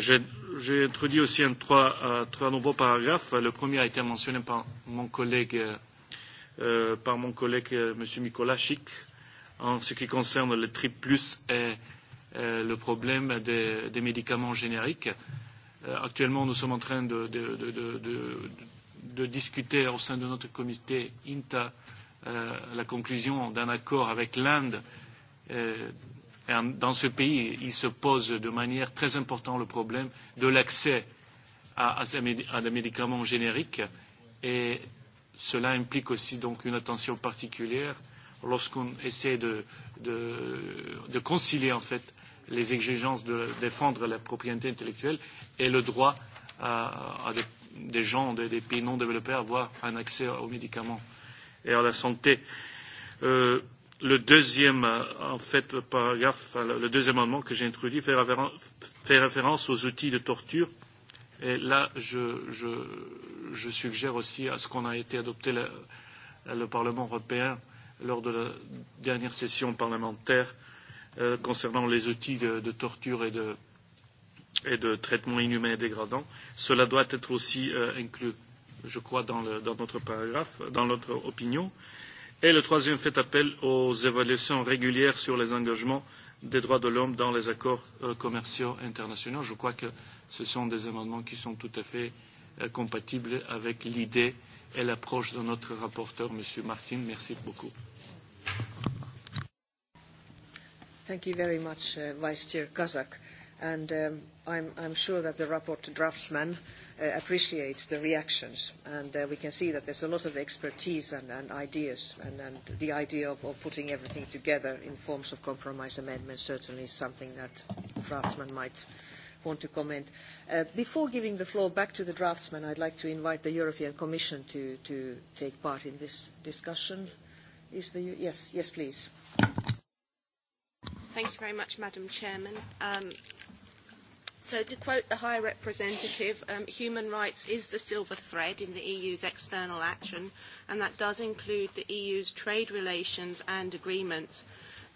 J'ai introduit aussi un, trois, euh, trois nouveaux paragraphes. Le premier a été mentionné par mon collègue, euh, par mon collègue euh, M. Mikolasik en ce qui concerne le TRIP plus et euh, le problème des, des médicaments génériques. Euh, actuellement, nous sommes en train de, de, de, de, de, de discuter au sein de notre comité INTA euh, la conclusion d'un accord avec l'Inde euh, dans ce pays, il se pose de manière très importante le problème de l'accès à, des médicaments génériques et cela implique aussi donc une attention particulière lorsqu'on essaie de, concilier en fait les exigences de défendre la propriété intellectuelle et le droit à, des, gens des, pays non développés à avoir un accès aux médicaments et à la santé le deuxième, en fait, paragraphe, le deuxième amendement que j'ai introduit fait, référence aux outils de torture. Et là, je, je, je suggère aussi à ce qu'on a été adopté le, le Parlement européen lors de la dernière session parlementaire euh, concernant les outils de, de torture et de, et de traitement inhumain et dégradant. Cela doit être aussi euh, inclus, je crois, dans, le, dans notre paragraphe, dans notre opinion. Euh, Et le troisième fait appel aux évaluations régulières sur les engagements des droits de l'homme dans les accords commerciaux internationaux. Je crois que ce sont des amendements qui sont tout à fait compatibles avec l'idée et l'approche de notre rapporteur, M. Martin. Merci beaucoup. Thank you very much, Vice Chair Kazak and um, I'm, I'm sure that the report draftsman uh, appreciates the reactions, and uh, we can see that there's a lot of expertise and, and ideas, and, and the idea of, of putting everything together in forms of compromise amendments certainly is something that draftsman might want to comment. Uh, before giving the floor back to the draftsman, I'd like to invite the European Commission to, to take part in this discussion. Is the, yes, yes, please. Thank you very much, Madam Chairman. Um, so to quote the High Representative, um, human rights is the silver thread in the EU's external action, and that does include the EU's trade relations and agreements.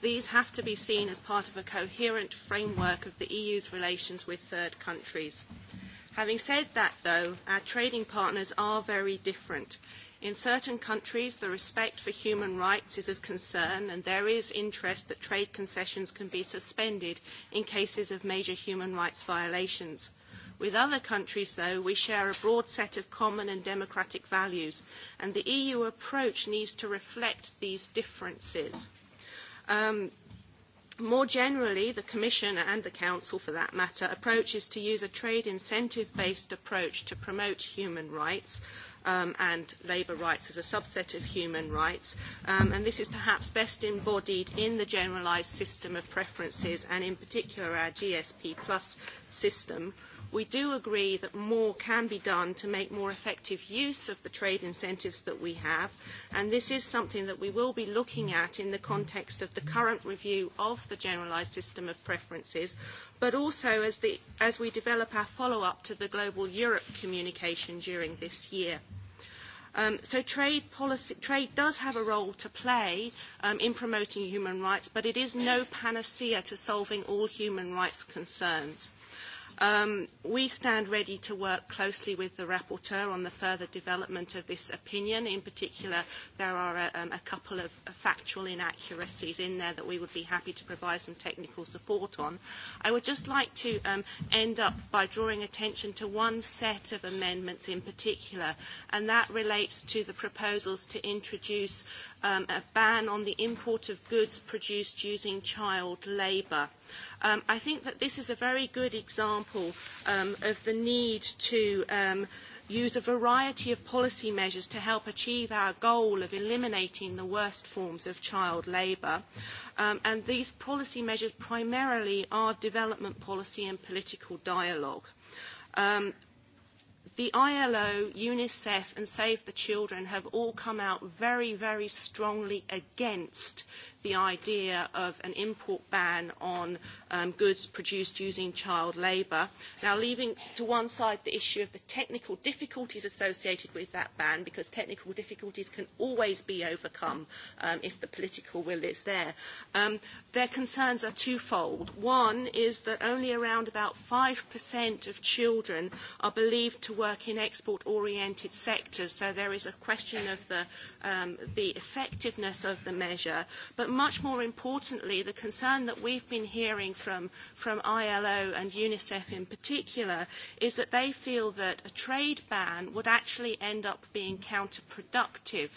These have to be seen as part of a coherent framework of the EU's relations with third countries. Having said that, though, our trading partners are very different. In certain countries, the respect for human rights is of concern, and there is interest that trade concessions can be suspended in cases of major human rights violations. With other countries, though, we share a broad set of common and democratic values, and the EU approach needs to reflect these differences. Um, more generally, the Commission and the Council, for that matter, approach is to use a trade incentive-based approach to promote human rights, um, and labour rights as a subset of human rights. Um, and this is perhaps best embodied in the generalised system of preferences and in particular our GSP plus system We do agree that more can be done to make more effective use of the trade incentives that we have, and this is something that we will be looking at in the context of the current review of the generalised system of preferences, but also as, the, as we develop our follow-up to the Global Europe communication during this year. Um, so trade policy, trade does have a role to play um, in promoting human rights, but it is no panacea to solving all human rights concerns. Um, we stand ready to work closely with the rapporteur on the further development of this opinion. In particular, there are a, um, a couple of factual inaccuracies in there that we would be happy to provide some technical support on. I would just like to um, end up by drawing attention to one set of amendments in particular, and that relates to the proposals to introduce um, a ban on the import of goods produced using child labour um, I think that this is a very good example um, of the need to um, use a variety of policy measures to help achieve our goal of eliminating the worst forms of child labour. and these policy measures primarily are development policy and political dialogue. the ILO, UNICEF and Save the Children have all come out very, very strongly against the idea of an import ban on um, goods produced using child labour. Now, leaving to one side the issue of the technical difficulties associated with that ban, because technical difficulties can always be overcome um, if the political will is there, um, their concerns are twofold. One is that only around about 5% of children are believed to work in export-oriented sectors, so there is a question of the um, the effectiveness of the measure, but much more importantly, the concern that we've been hearing from, from ILO and UNICEF in particular is that they feel that a trade ban would actually end up being counterproductive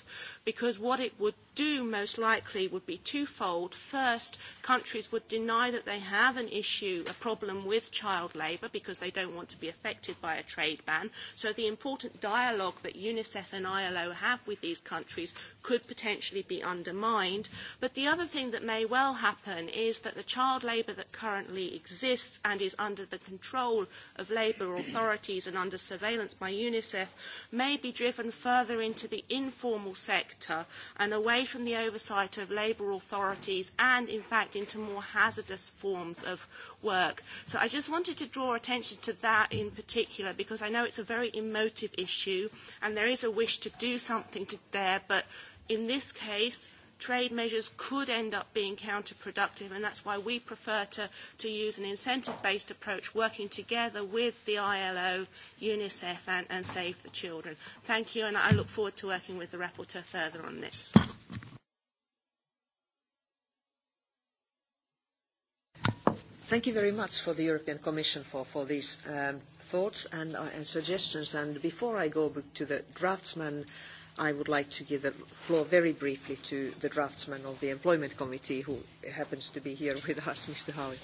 because what it would do most likely would be twofold. First, countries would deny that they have an issue, a problem with child labour because they don't want to be affected by a trade ban. So the important dialogue that UNICEF and ILO have with these countries could potentially be undermined. But the other thing that may well happen is that the child labour that currently exists and is under the control of labour authorities and under surveillance by UNICEF may be driven further into the informal sector sector and away from the oversight of labour authorities and, in fact, into more hazardous forms of work. So I just wanted to draw attention to that in particular because I know it's a very emotive issue and there is a wish to do something there, but in this case, trade measures could end up being counterproductive, and that's why we prefer to, to use an incentive-based approach, working together with the ILO, UNICEF, and, and Save the Children. Thank you, and I look forward to working with the rapporteur further on this. Thank you very much for the European Commission for, for these um, thoughts and, uh, and suggestions. And before I go to the draftsman, I would like to give the floor very briefly to the draftsman of the Employment Committee, who happens to be here with us, Mr. Howitt.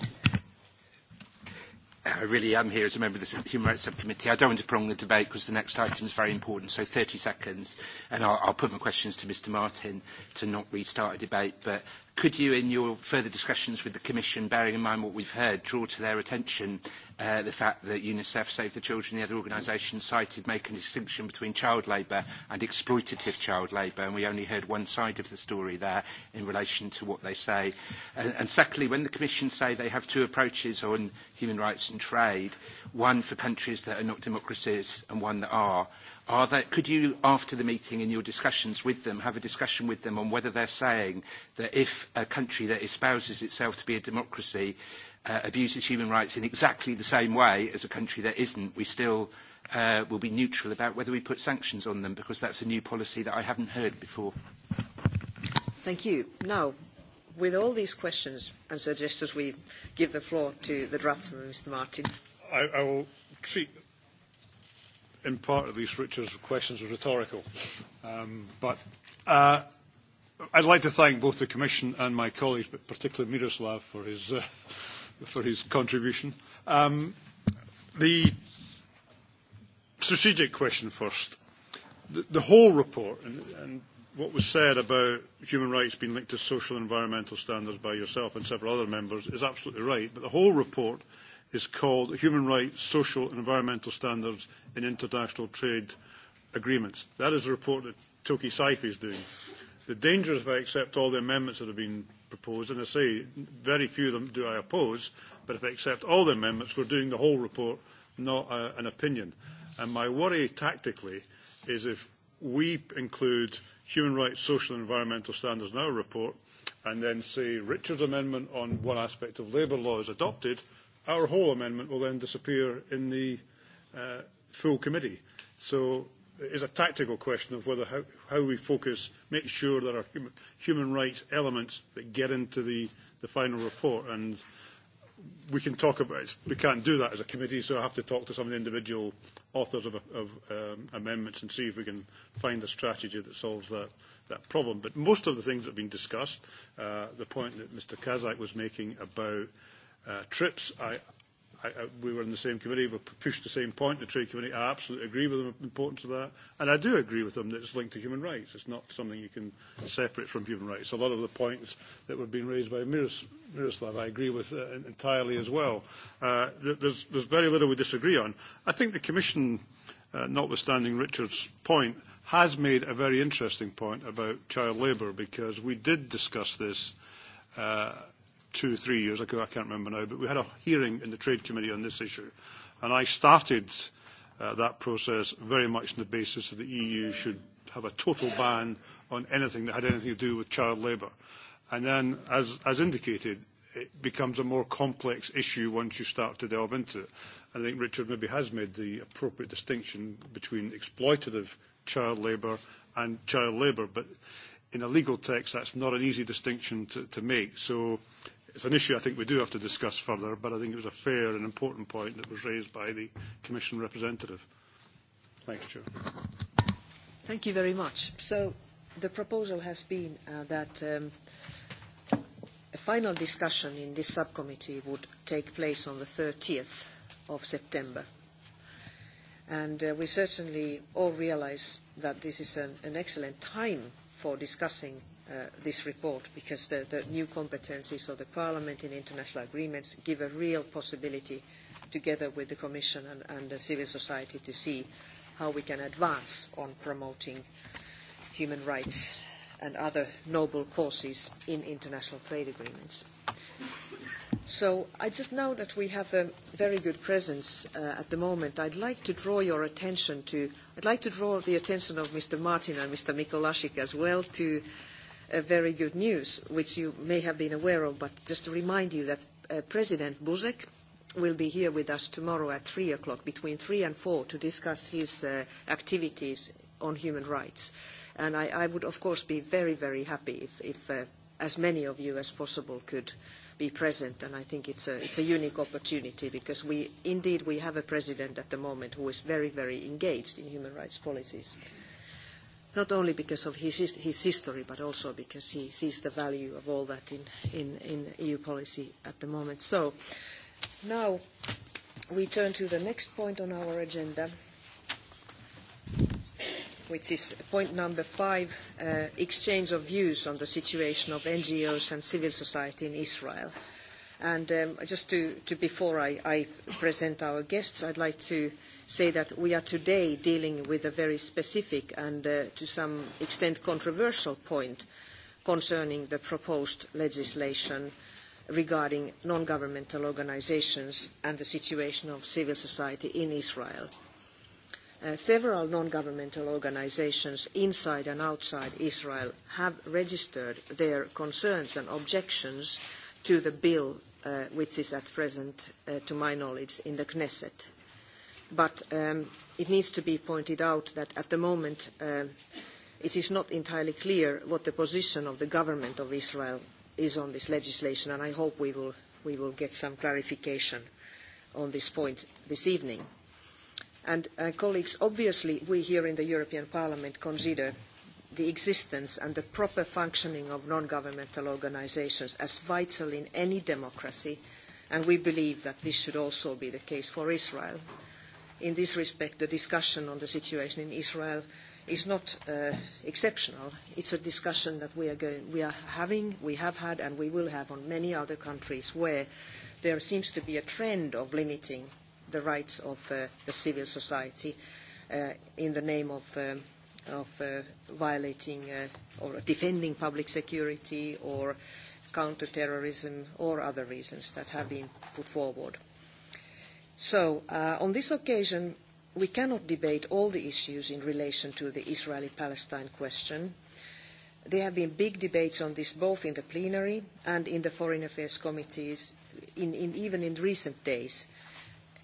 I really am here as a member of the Human Rights Subcommittee. I don't want to prolong the debate because the next item is very important, so 30 seconds, and I'll, I'll put my questions to Mr Martin to not restart a debate, but Could you, in your further discussions with the Commission, bearing in mind what we've heard, draw to their attention uh, the fact that UNICEF, Save the Children and the other organisations cited make a distinction between child labour and exploitative child labour, and we only heard one side of the story there in relation to what they say. And, and secondly, when the Commission say they have two approaches on human rights and trade, one for countries that are not democracies and one that are, Are could you, after the meeting, in your discussions with them, have a discussion with them on whether they're saying that if a country that espouses itself to be a democracy uh, abuses human rights in exactly the same way as a country that isn't, we still uh, will be neutral about whether we put sanctions on them, because that's a new policy that I haven't heard before. Thank you. Now, with all these questions and suggestions, we give the floor to the draftsman, Mr. Martin. I, I will treat in part at least, Richard's questions were rhetorical. Um, but uh, I'd like to thank both the Commission and my colleagues, but particularly Miroslav for his, uh, for his contribution. Um, the strategic question first. The, the whole report, and, and what was said about human rights being linked to social and environmental standards by yourself and several other members, is absolutely right. But the whole report – is called Human Rights, Social and Environmental Standards in International Trade Agreements. That is a report that Toki Saifi is doing. The danger if I accept all the amendments that have been proposed, and I say very few of them do I oppose, but if I accept all the amendments, we're doing the whole report, not a, an opinion. And my worry tactically is if we include human rights, social and environmental standards in our report, and then say Richard's amendment on one aspect of labour law is adopted, Our whole amendment will then disappear in the uh, full committee. So it is a tactical question of whether how, how we focus, make sure there are human, human rights elements that get into the, the final report. And we can talk about it. We can't do that as a committee, so I have to talk to some of the individual authors of, of um, amendments and see if we can find a strategy that solves that, that problem. But most of the things that have been discussed, uh, the point that Mr. Kazak was making about uh, trips. I, I, I, we were in the same committee, we pushed the same point, the Trade Committee. I absolutely agree with them on the importance of that. And I do agree with them that it's linked to human rights. It's not something you can separate from human rights. A lot of the points that were being raised by Miroslav, I agree with uh, entirely as well. Uh, there's, there's very little we disagree on. I think the Commission, uh, notwithstanding Richard's point, has made a very interesting point about child labour because we did discuss this uh, two, three years ago, I can't remember now, but we had a hearing in the Trade Committee on this issue. And I started that process very much on the basis that the EU should have a total ban on anything that had anything to do with child labour. And then, as, as indicated, it becomes a more complex issue once you start to delve into it. And I think Richard maybe has made the appropriate distinction between exploitative child labour and child labour, but in a legal text, that's not an easy distinction to, to make. So It's an issue I think we do have to discuss further, but I think it was a fair and important point that was raised by the Commission representative. Thanks, Chair. Thank you very much. So the proposal has been that a final discussion in this subcommittee would take place on the 30th of September. And we certainly all realise that this is an, excellent time for discussing this report because the, the new competencies of the Parliament in international agreements give a real possibility together with the Commission and, and the civil society to see how we can advance on promoting human rights and other noble causes in international trade agreements. So I just know that we have a very good presence at the moment. I'd like to draw your attention to, I'd like to draw the attention of Mr. Martin and Mr. Mikolasik as well to very good news, which you may have been aware of, but just to remind you that President Buzek will be here with us tomorrow at three o'clock, between three and four, to discuss his activities on human rights. And I, I would, of course, be very, very happy if, as many of you as possible could be present, and I think it's a, it's a unique opportunity because we, indeed, we have a president at the moment who is very, very engaged in human rights policies not only because of his, his history, but also because he sees the value of all that in, in, in EU policy at the moment. So now we turn to the next point on our agenda, which is point number five, uh, exchange of views on the situation of NGOs and civil society in Israel. And um, just to, to before I, I present our guests, I'd like to uh, say that we are today dealing with a very specific and to some extent controversial point concerning the proposed legislation regarding non-governmental organisations and the situation of civil society in Israel. several non-governmental organisations inside and outside Israel have registered their concerns and objections to the bill which is at present, to my knowledge, in the Knesset But it needs to be pointed out that at the moment it is not entirely clear what the position of the government of Israel is on this legislation, and I hope we will, we will get some clarification on this point this evening. And colleagues, obviously we here in the European Parliament consider the existence and the proper functioning of non-governmental organisations as vital in any democracy, and we believe that this should also be the case for Israel in this respect, the discussion on the situation in Israel is not exceptional. It is a discussion that we are, having, we have had, and we will have on many other countries where there seems to be a trend of limiting the rights of the civil society in the name of, violating or defending public security or counter terrorism or other reasons that have been put forward. So on this occasion, we cannot debate all the issues in relation to the Israeli-Palestine question. There have been big debates on this both in the plenary and in the Foreign Affairs committees, in, in, even in recent days.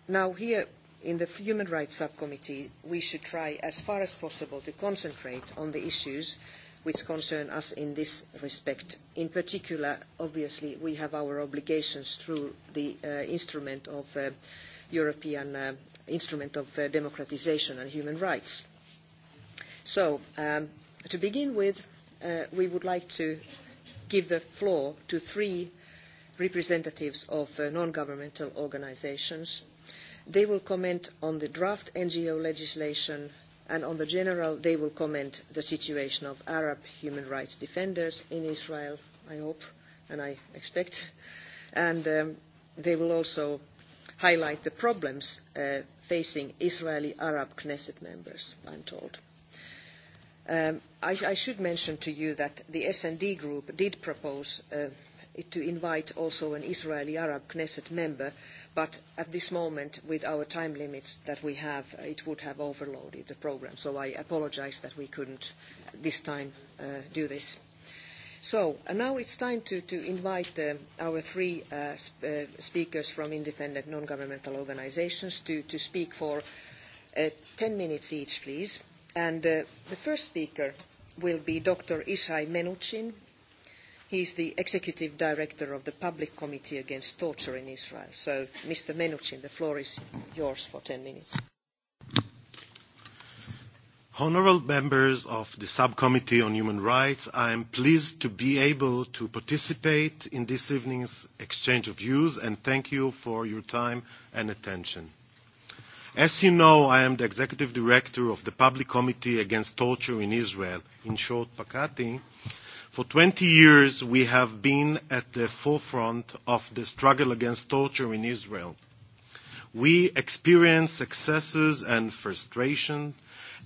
Now here in the Human Rights Subcommittee, we should try as far as possible to concentrate on the issues which concern us in this respect. In particular, obviously, we have our obligations through the instrument of European Instrument of Democratisation and Human Rights. So, to begin with, we would like to give the floor to three representatives of non-governmental organisations. They will comment on the draft NGO legislation and on the general, they will comment the situation of Arab human rights defenders in Israel, I hope and I expect. And they will also highlight the problems facing Israeli Arab Knesset members, I am told. I, should mention to you that the D group did propose to invite also an Israeli Arab Knesset member, but at this moment, with our time limits that we have, it would have overloaded the programme. So I apologise that we couldn't this time do this. So now it's time to, to invite our three speakers from independent non-governmental organizations to, to speak for uh, 10 minutes each, please. And the first speaker will be Dr. Isai Menuchin. He is the Executive Director of the Public Committee Against Torture in Israel. So, Mr. Menuchin, the floor is yours for 10 minutes. Honourable members of the Subcommittee on Human Rights, I am pleased to be able to participate in this evening's exchange of views and thank you for your time and attention. As you know, I am the Executive Director of the Public Committee Against Torture in Israel, in short, Pakati. For 20 years, we have been at the forefront of the struggle against torture in Israel. We experience successes and frustrations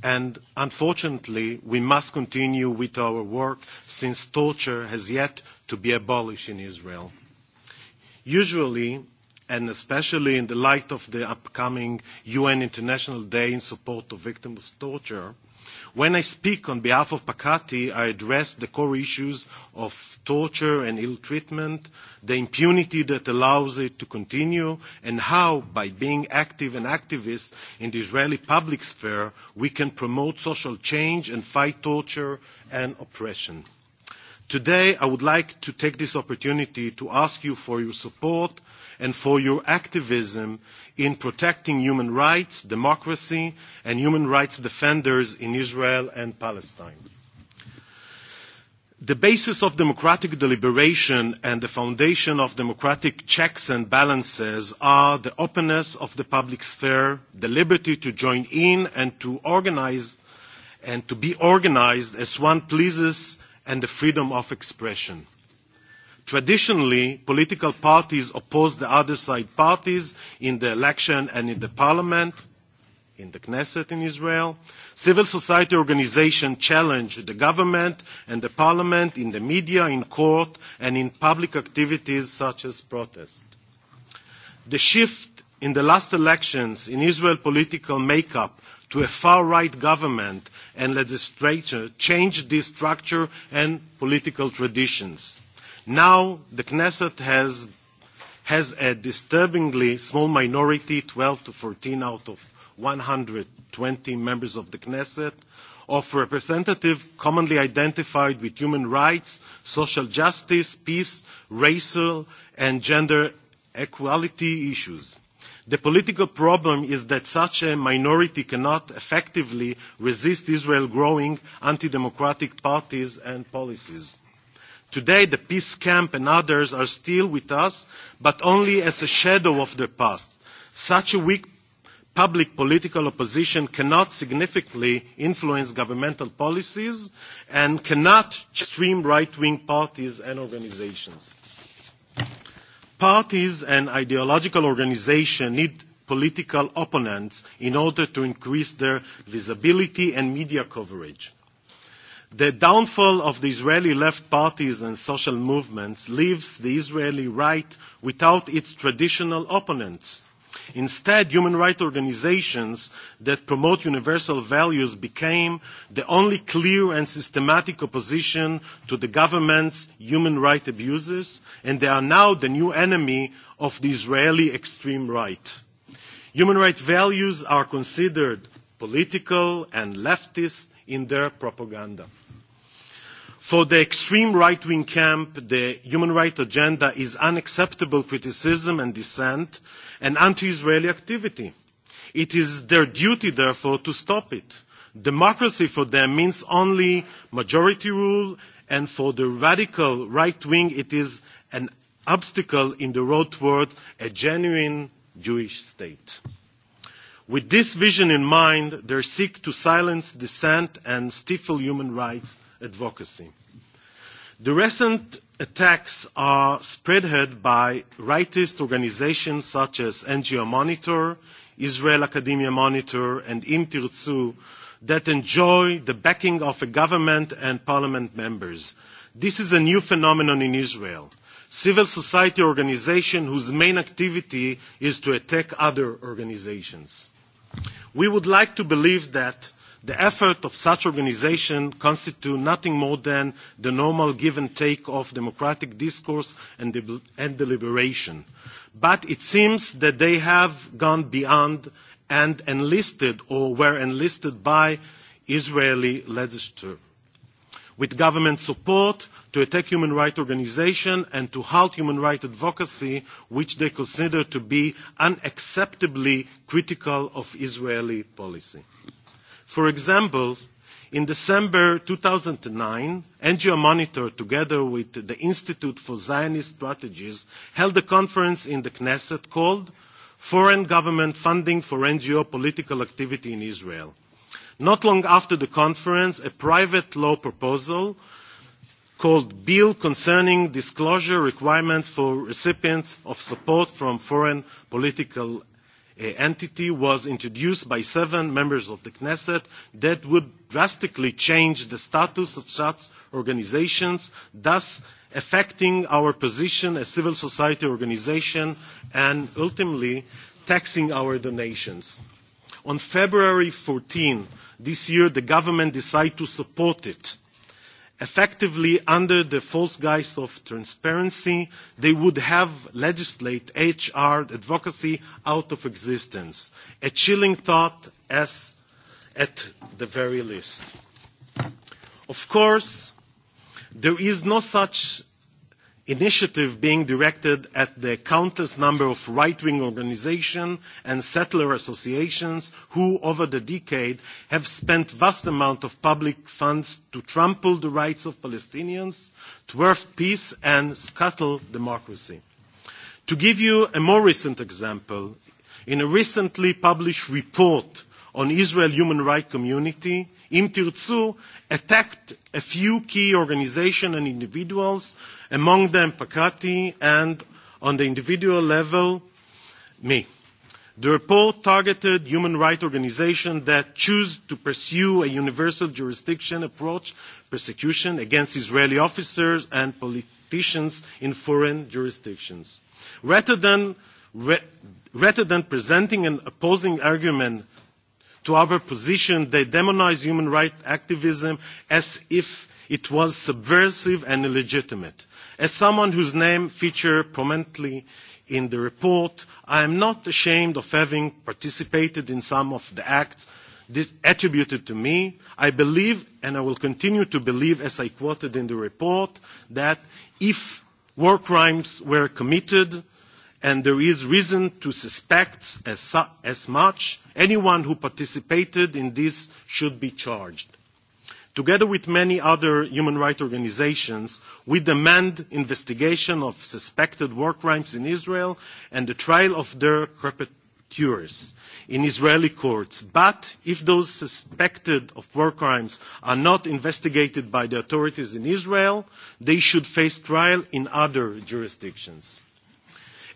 and unfortunately we must continue with our work since torture has yet to be abolished in Israel. Usually, and especially in the light of the upcoming UN International Day in support of victims of torture, When I speak on behalf of Pakati, I address the core issues of torture and ill treatment, the impunity that allows it to continue, and how, by being active and activists in the Israeli public sphere, we can promote social change and fight torture and oppression. Today, I would like to take this opportunity to ask you for your support and for your activism in protecting human rights, democracy, and human rights defenders in Israel and Palestine. The basis of democratic deliberation and the foundation of democratic checks and balances are the openness of the public sphere, the liberty to join in and to organize and to be organized as one pleases, and the freedom of expression. Traditionally, political parties oppose the other side parties in the election and in the parliament, in the Knesset in Israel. Civil society organizations challenge the government and the parliament in the media, in court, and in public activities such as protest. The shift in the last elections in Israel political makeup to a far-right government and legislature changed this structure and political traditions Now the Knesset has, has a disturbingly small minority, 12 to 14 out of 120 members of the Knesset, of representatives commonly identified with human rights, social justice, peace, racial and gender equality issues. The political problem is that such a minority cannot effectively resist Israel's growing anti-democratic parties and policies. Today, the peace camp and others are still with us, but only as a shadow of their past. Such a weak public political opposition cannot significantly influence governmental policies and cannot stream right-wing parties and organizations. Parties and ideological organizations need political opponents in order to increase their visibility and media coverage The downfall of the Israeli left parties and social movements leaves the Israeli right without its traditional opponents. Instead, human rights organizations that promote universal values became the only clear and systematic opposition to the government's human rights abuses, and they are now the new enemy of the Israeli extreme right. Human rights values are considered political and leftist in their propaganda. For the extreme right-wing camp, the human rights agenda is unacceptable criticism and dissent and anti-Israeli activity. It is their duty, therefore, to stop it. Democracy for them means only majority rule, and for the radical right wing, it is an obstacle in the road toward a genuine Jewish state. With this vision in mind, they seek to silence dissent and stifle human rights advocacy. The recent attacks are spread by rightist organizations such as NGO Monitor, Israel Academia Monitor, and Im Tirzu that enjoy the backing of a government and parliament members. This is a new phenomenon in Israel. Civil society organization whose main activity is to attack other organizations. We would like to believe that The effort of such organization constitute nothing more than the normal give and take of democratic discourse and, de- and deliberation. But it seems that they have gone beyond and enlisted or were enlisted by Israeli legislature with government support to attack human rights organization and to halt human rights advocacy, which they consider to be unacceptably critical of Israeli policy. For example, in December 2009, NGO Monitor, together with the Institute for Zionist Strategies, held a conference in the Knesset called Foreign Government Funding for NGO Political Activity in Israel. Not long after the conference, a private law proposal called Bill Concerning Disclosure Requirements for Recipients of Support from Foreign Political entity was introduced by seven members of the Knesset that would drastically change the status of such organizations, thus affecting our position as civil society organization and ultimately taxing our donations. On February 14 this year, the government decided to support it effectively under the false guise of transparency, they would have legislate HR advocacy out of existence. A chilling thought as at the very least. Of course, there is no such initiative being directed at the countless number of right-wing organisations and settler associations who, over the decade, have spent vast amounts of public funds to trample the rights of Palestinians, thwart peace, and scuttle democracy. To give you a more recent example, in a recently published report on Israel human rights community, Im Tirzu attacked a few key organisations and individuals among them Pakati and, on the individual level, me. The report targeted human rights organizations that choose to pursue a universal jurisdiction approach, persecution against Israeli officers and politicians in foreign jurisdictions. Rather than, re, rather than presenting an opposing argument to our position, they demonize human rights activism as if it was subversive and illegitimate. As someone whose name features prominently in the report, I am not ashamed of having participated in some of the acts attributed to me. I believe, and I will continue to believe, as I quoted in the report, that if war crimes were committed, and there is reason to suspect as, as much, anyone who participated in this should be charged. Together with many other human rights organizations, we demand investigation of suspected war crimes in Israel and the trial of their perpetrators in Israeli courts. But if those suspected of war crimes are not investigated by the authorities in Israel, they should face trial in other jurisdictions.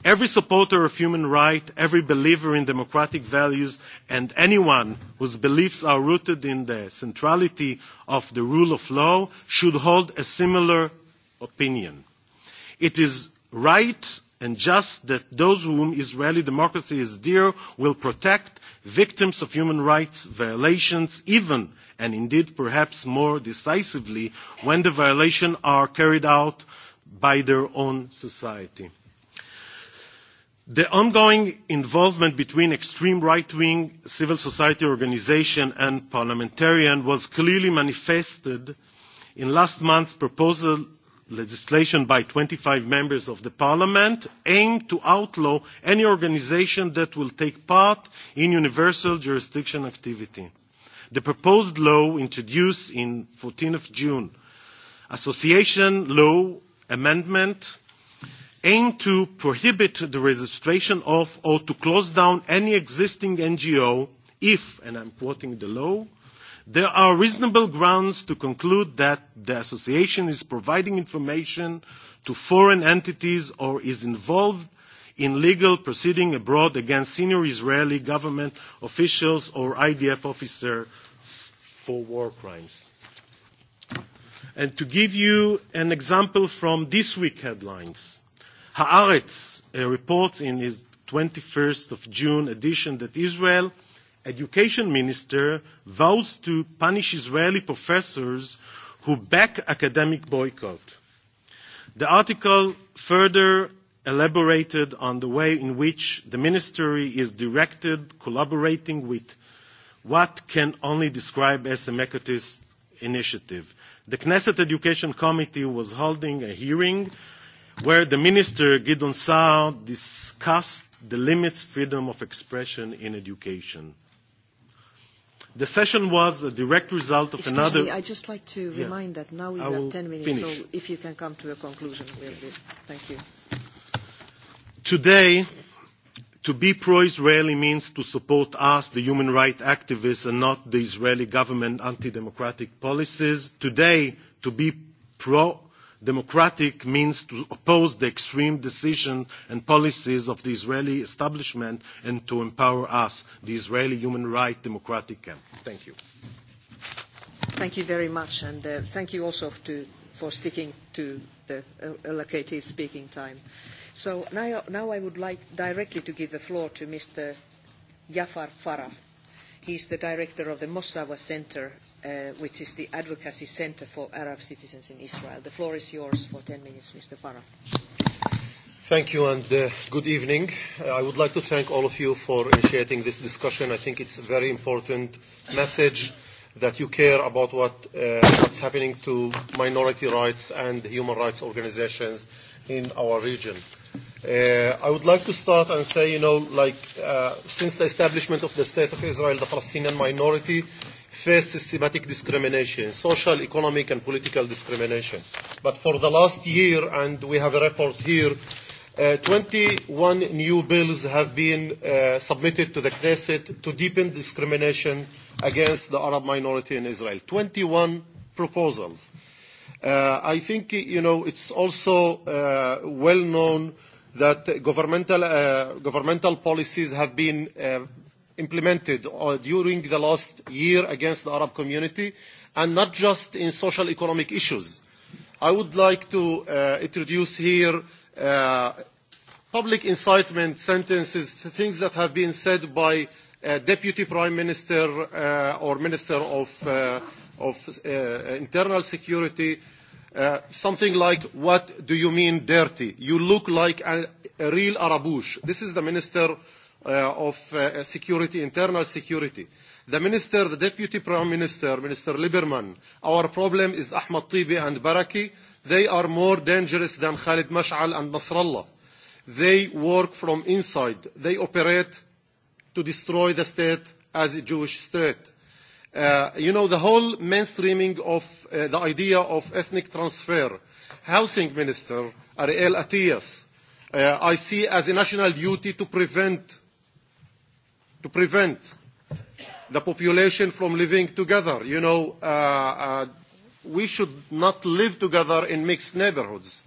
Every supporter of human rights, every believer in democratic values, and anyone whose beliefs are rooted in the centrality of the rule of law should hold a similar opinion. It is right and just that those whom Israeli democracy is dear will protect victims of human rights violations even and indeed perhaps more decisively when the violations are carried out by their own society. The ongoing involvement between extreme right-wing civil society organization and parliamentarian was clearly manifested in last month's proposal legislation by 25 members of the parliament aimed to outlaw any organization that will take part in universal jurisdiction activity. The proposed law introduced in 14th of June association law amendment aim to prohibit the registration of or to close down any existing NGO if, and I'm quoting the law, there are reasonable grounds to conclude that the association is providing information to foreign entities or is involved in legal proceeding abroad against senior Israeli government officials or IDF officers for war crimes. And to give you an example from this week's headlines, Haaretz uh, reports in his 21st of June edition that Israel education minister vows to punish Israeli professors who back academic boycott. The article further elaborated on the way in which the ministry is directed, collaborating with what can only describe as a Mekotist initiative. The Knesset Education Committee was holding a hearing where the minister Gidon Sao discussed the limits freedom of expression in education. The session was a direct result of Excuse another. Me, I just like to remind that now we have 10 minutes, so if you can come to a conclusion, we'll be. Thank you. Today, to be pro-Israeli means to support us, the human rights activists, and not the Israeli government anti-democratic policies. Today, to be pro Democratic means to oppose the extreme decision and policies of the Israeli establishment and to empower us, the Israeli human rights democratic camp. Thank you. Thank you very much, and thank you also to, for sticking to the allocated speaking time. So now, now I would like directly to give the floor to Mr. Jafar Farah. He is the director of the Mossawa Center which is the Advocacy Center for Arab Citizens in Israel. The floor is yours for 10 minutes, Mr. Farah. Thank you and uh, good evening. I would like to thank all of you for initiating this discussion. I think it's a very important message that you care about what, uh, what's happening to minority rights and human rights organizations in our region. Uh, I would like to start and say, you know, like uh, since the establishment of the State of Israel, the Palestinian minority face systematic discrimination, social, economic, and political discrimination. But for the last year, and we have a report here, uh, 21 new bills have been uh, submitted to the Knesset to deepen discrimination against the Arab minority in Israel. 21 proposals. Uh, I think, you know, it's also uh, well known that governmental, uh, governmental policies have been uh, implemented uh, during the last year against the Arab community, and not just in social economic issues. I would like to uh, introduce here uh, public incitement sentences, things that have been said by uh, Deputy Prime Minister uh, or Minister of, uh, of uh, Internal Security, uh, something like, what do you mean dirty? You look like a, a real Arabush. This is the Minister uh, of security, internal security. The minister, the deputy prime minister, Minister Lieberman, our problem is Ahmad Tibi and Baraki. They are more dangerous than Khalid Mash'al and Nasrallah. They work from inside. They operate to destroy the state as a Jewish state. Uh, you know, the whole mainstreaming of uh, the idea of ethnic transfer, housing minister Ariel Atias, uh, I see as a national duty to prevent to prevent the population from living together. You know, uh, uh, we should not live together in mixed neighborhoods.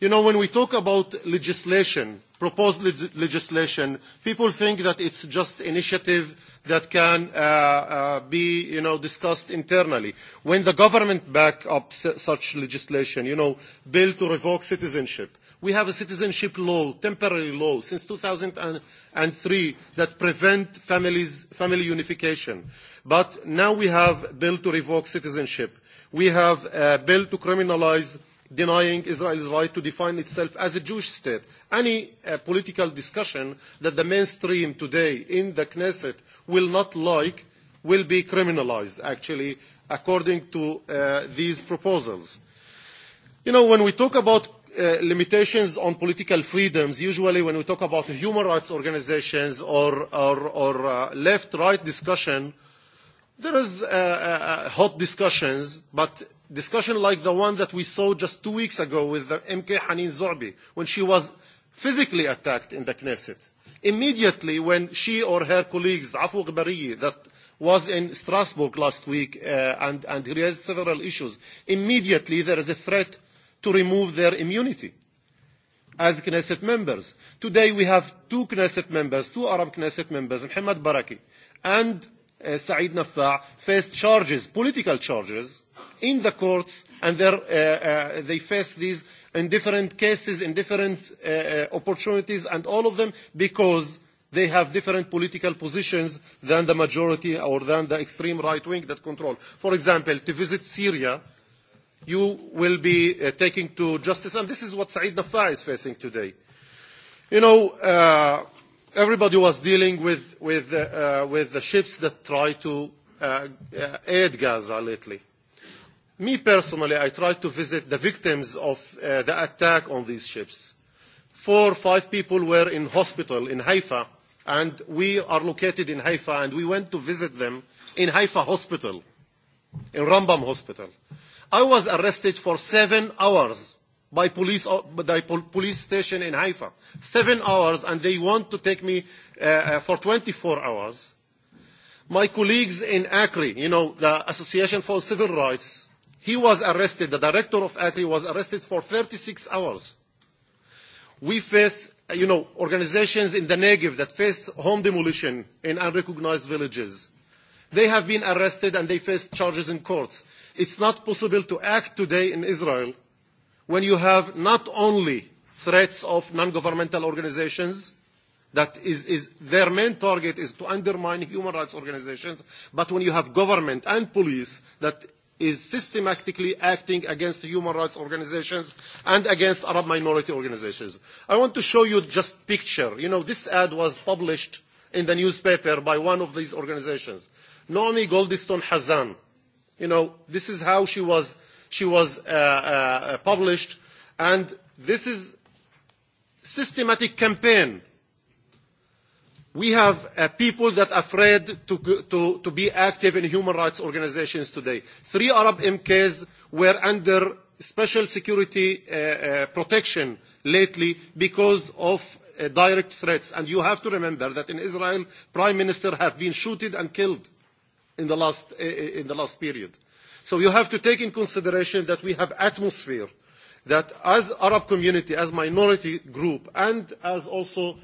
You know, when we talk about legislation, proposed leg- legislation, people think that it's just initiative that can uh, uh, be, you know, discussed internally. When the government back up such legislation, you know, bill to revoke citizenship, we have a citizenship law, temporary law, since 2003 that prevent families, family unification. But now we have a bill to revoke citizenship. We have a bill to criminalize denying Israel's right to define itself as a Jewish state. Any uh, political discussion that the mainstream today in the Knesset will not like will be criminalized, actually, according to uh, these proposals. You know, when we talk about limitations on political freedoms. Usually when we talk about human rights organizations or, or, or uh, left-right discussion, there is uh, uh, hot discussions, but discussion like the one that we saw just two weeks ago with the MK Hanin Zorbi, when she was physically attacked in the Knesset. Immediately when she or her colleagues, Afu Gbariyi, that was in Strasbourg last week uh, and, and raised several issues, immediately there is a threat – to remove their immunity as Knesset members. Today we have two Knesset members, two Arab Knesset members, Mohammed Baraki and uh, Saeed Nafa, faced charges, political charges, in the courts, and uh, uh, they face these in different cases, in different uh, opportunities, and all of them because they have different political positions than the majority or than the extreme right wing that control. For example, to visit Syria you will be uh, taking to justice. And this is what Saeed Nafa is facing today. You know, uh, everybody was dealing with, with, uh, with the ships that try to uh, aid Gaza lately. Me personally, I tried to visit the victims of uh, the attack on these ships. Four or five people were in hospital in Haifa, and we are located in Haifa, and we went to visit them in Haifa Hospital, in Rambam Hospital. I was arrested for seven hours by police, by police station in Haifa. Seven hours, and they want to take me uh, for 24 hours. My colleagues in ACRI, you know, the Association for Civil Rights, he was arrested, the director of ACRI was arrested for 36 hours. We face, you know, organizations in the Negev that face home demolition in unrecognized villages. They have been arrested and they face charges in courts It's not possible to act today in Israel when you have not only threats of non-governmental organizations that is, is their main target is to undermine human rights organizations, but when you have government and police that is systematically acting against human rights organizations and against Arab minority organizations. I want to show you just picture. You know, this ad was published in the newspaper by one of these organizations. Naomi Goldstone Hazan, You know, this is how she was, she was uh, uh, published, and this is systematic campaign. We have uh, people that are afraid to, to, to be active in human rights organizations today. Three Arab MKs were under special security uh, uh, protection lately because of uh, direct threats. And you have to remember that in Israel, prime ministers have been shooted and killed in the last period. So you have to take into consideration that we have atmosphere that as Arab community, as minority group, and as also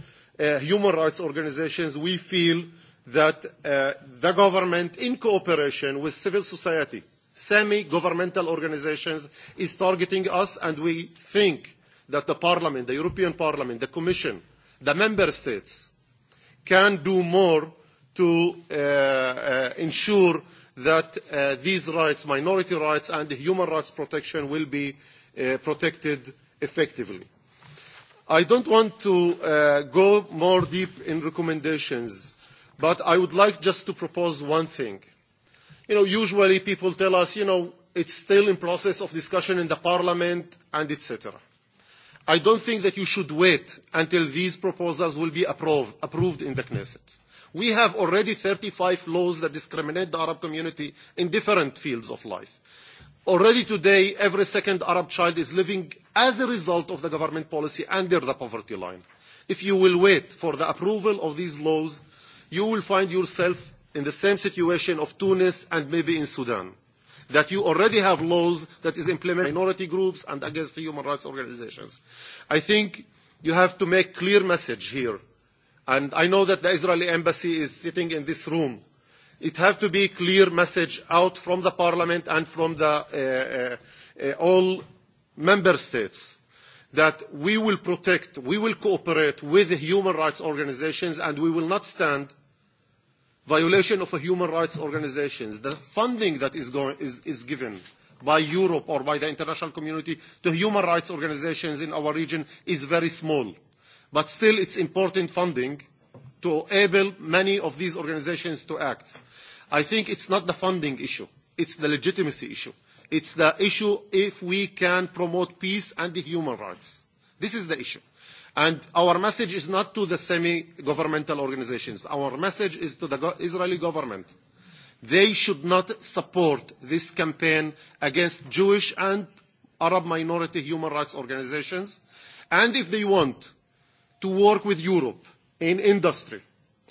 human rights organisations, we feel that the government, in cooperation with civil society, semi-governmental organisations, is targeting us, and we think that the parliament, the European Parliament, the Commission, the member states can do more to uh, uh, ensure that uh, these rights, minority rights and human rights protection will be uh, protected effectively. I don't want to uh, go more deep in recommendations, but I would like just to propose one thing. You know, usually people tell us, you know, it's still in process of discussion in the parliament and etc. I don't think that you should wait until these proposals will be approved, approved in the Knesset. We have already 35 laws that discriminate the Arab community in different fields of life. Already today, every second Arab child is living as a result of the government policy under the poverty line. If you will wait for the approval of these laws, you will find yourself in the same situation of Tunis and maybe in Sudan, that you already have laws that is implemented minority groups and against human rights organizations. I think you have to make clear message here And I know that the Israeli embassy is sitting in this room. It has to be a clear message out from the parliament and from the, all member states that we will protect, we will cooperate with human rights organisations and we will not stand violation of human rights organisations. The funding that is, going, is, is given by Europe or by the international community to human rights organisations in our region is very small. But still, it's important funding to enable many of these organizations to act. I think it's not the funding issue. It's the legitimacy issue. It's the issue if we can promote peace and the human rights. This is the issue. And our message is not to the semi-governmental organizations. Our message is to the Israeli government. They should not support this campaign against Jewish and Arab minority human rights organizations. And if they want to work with Europe in industry,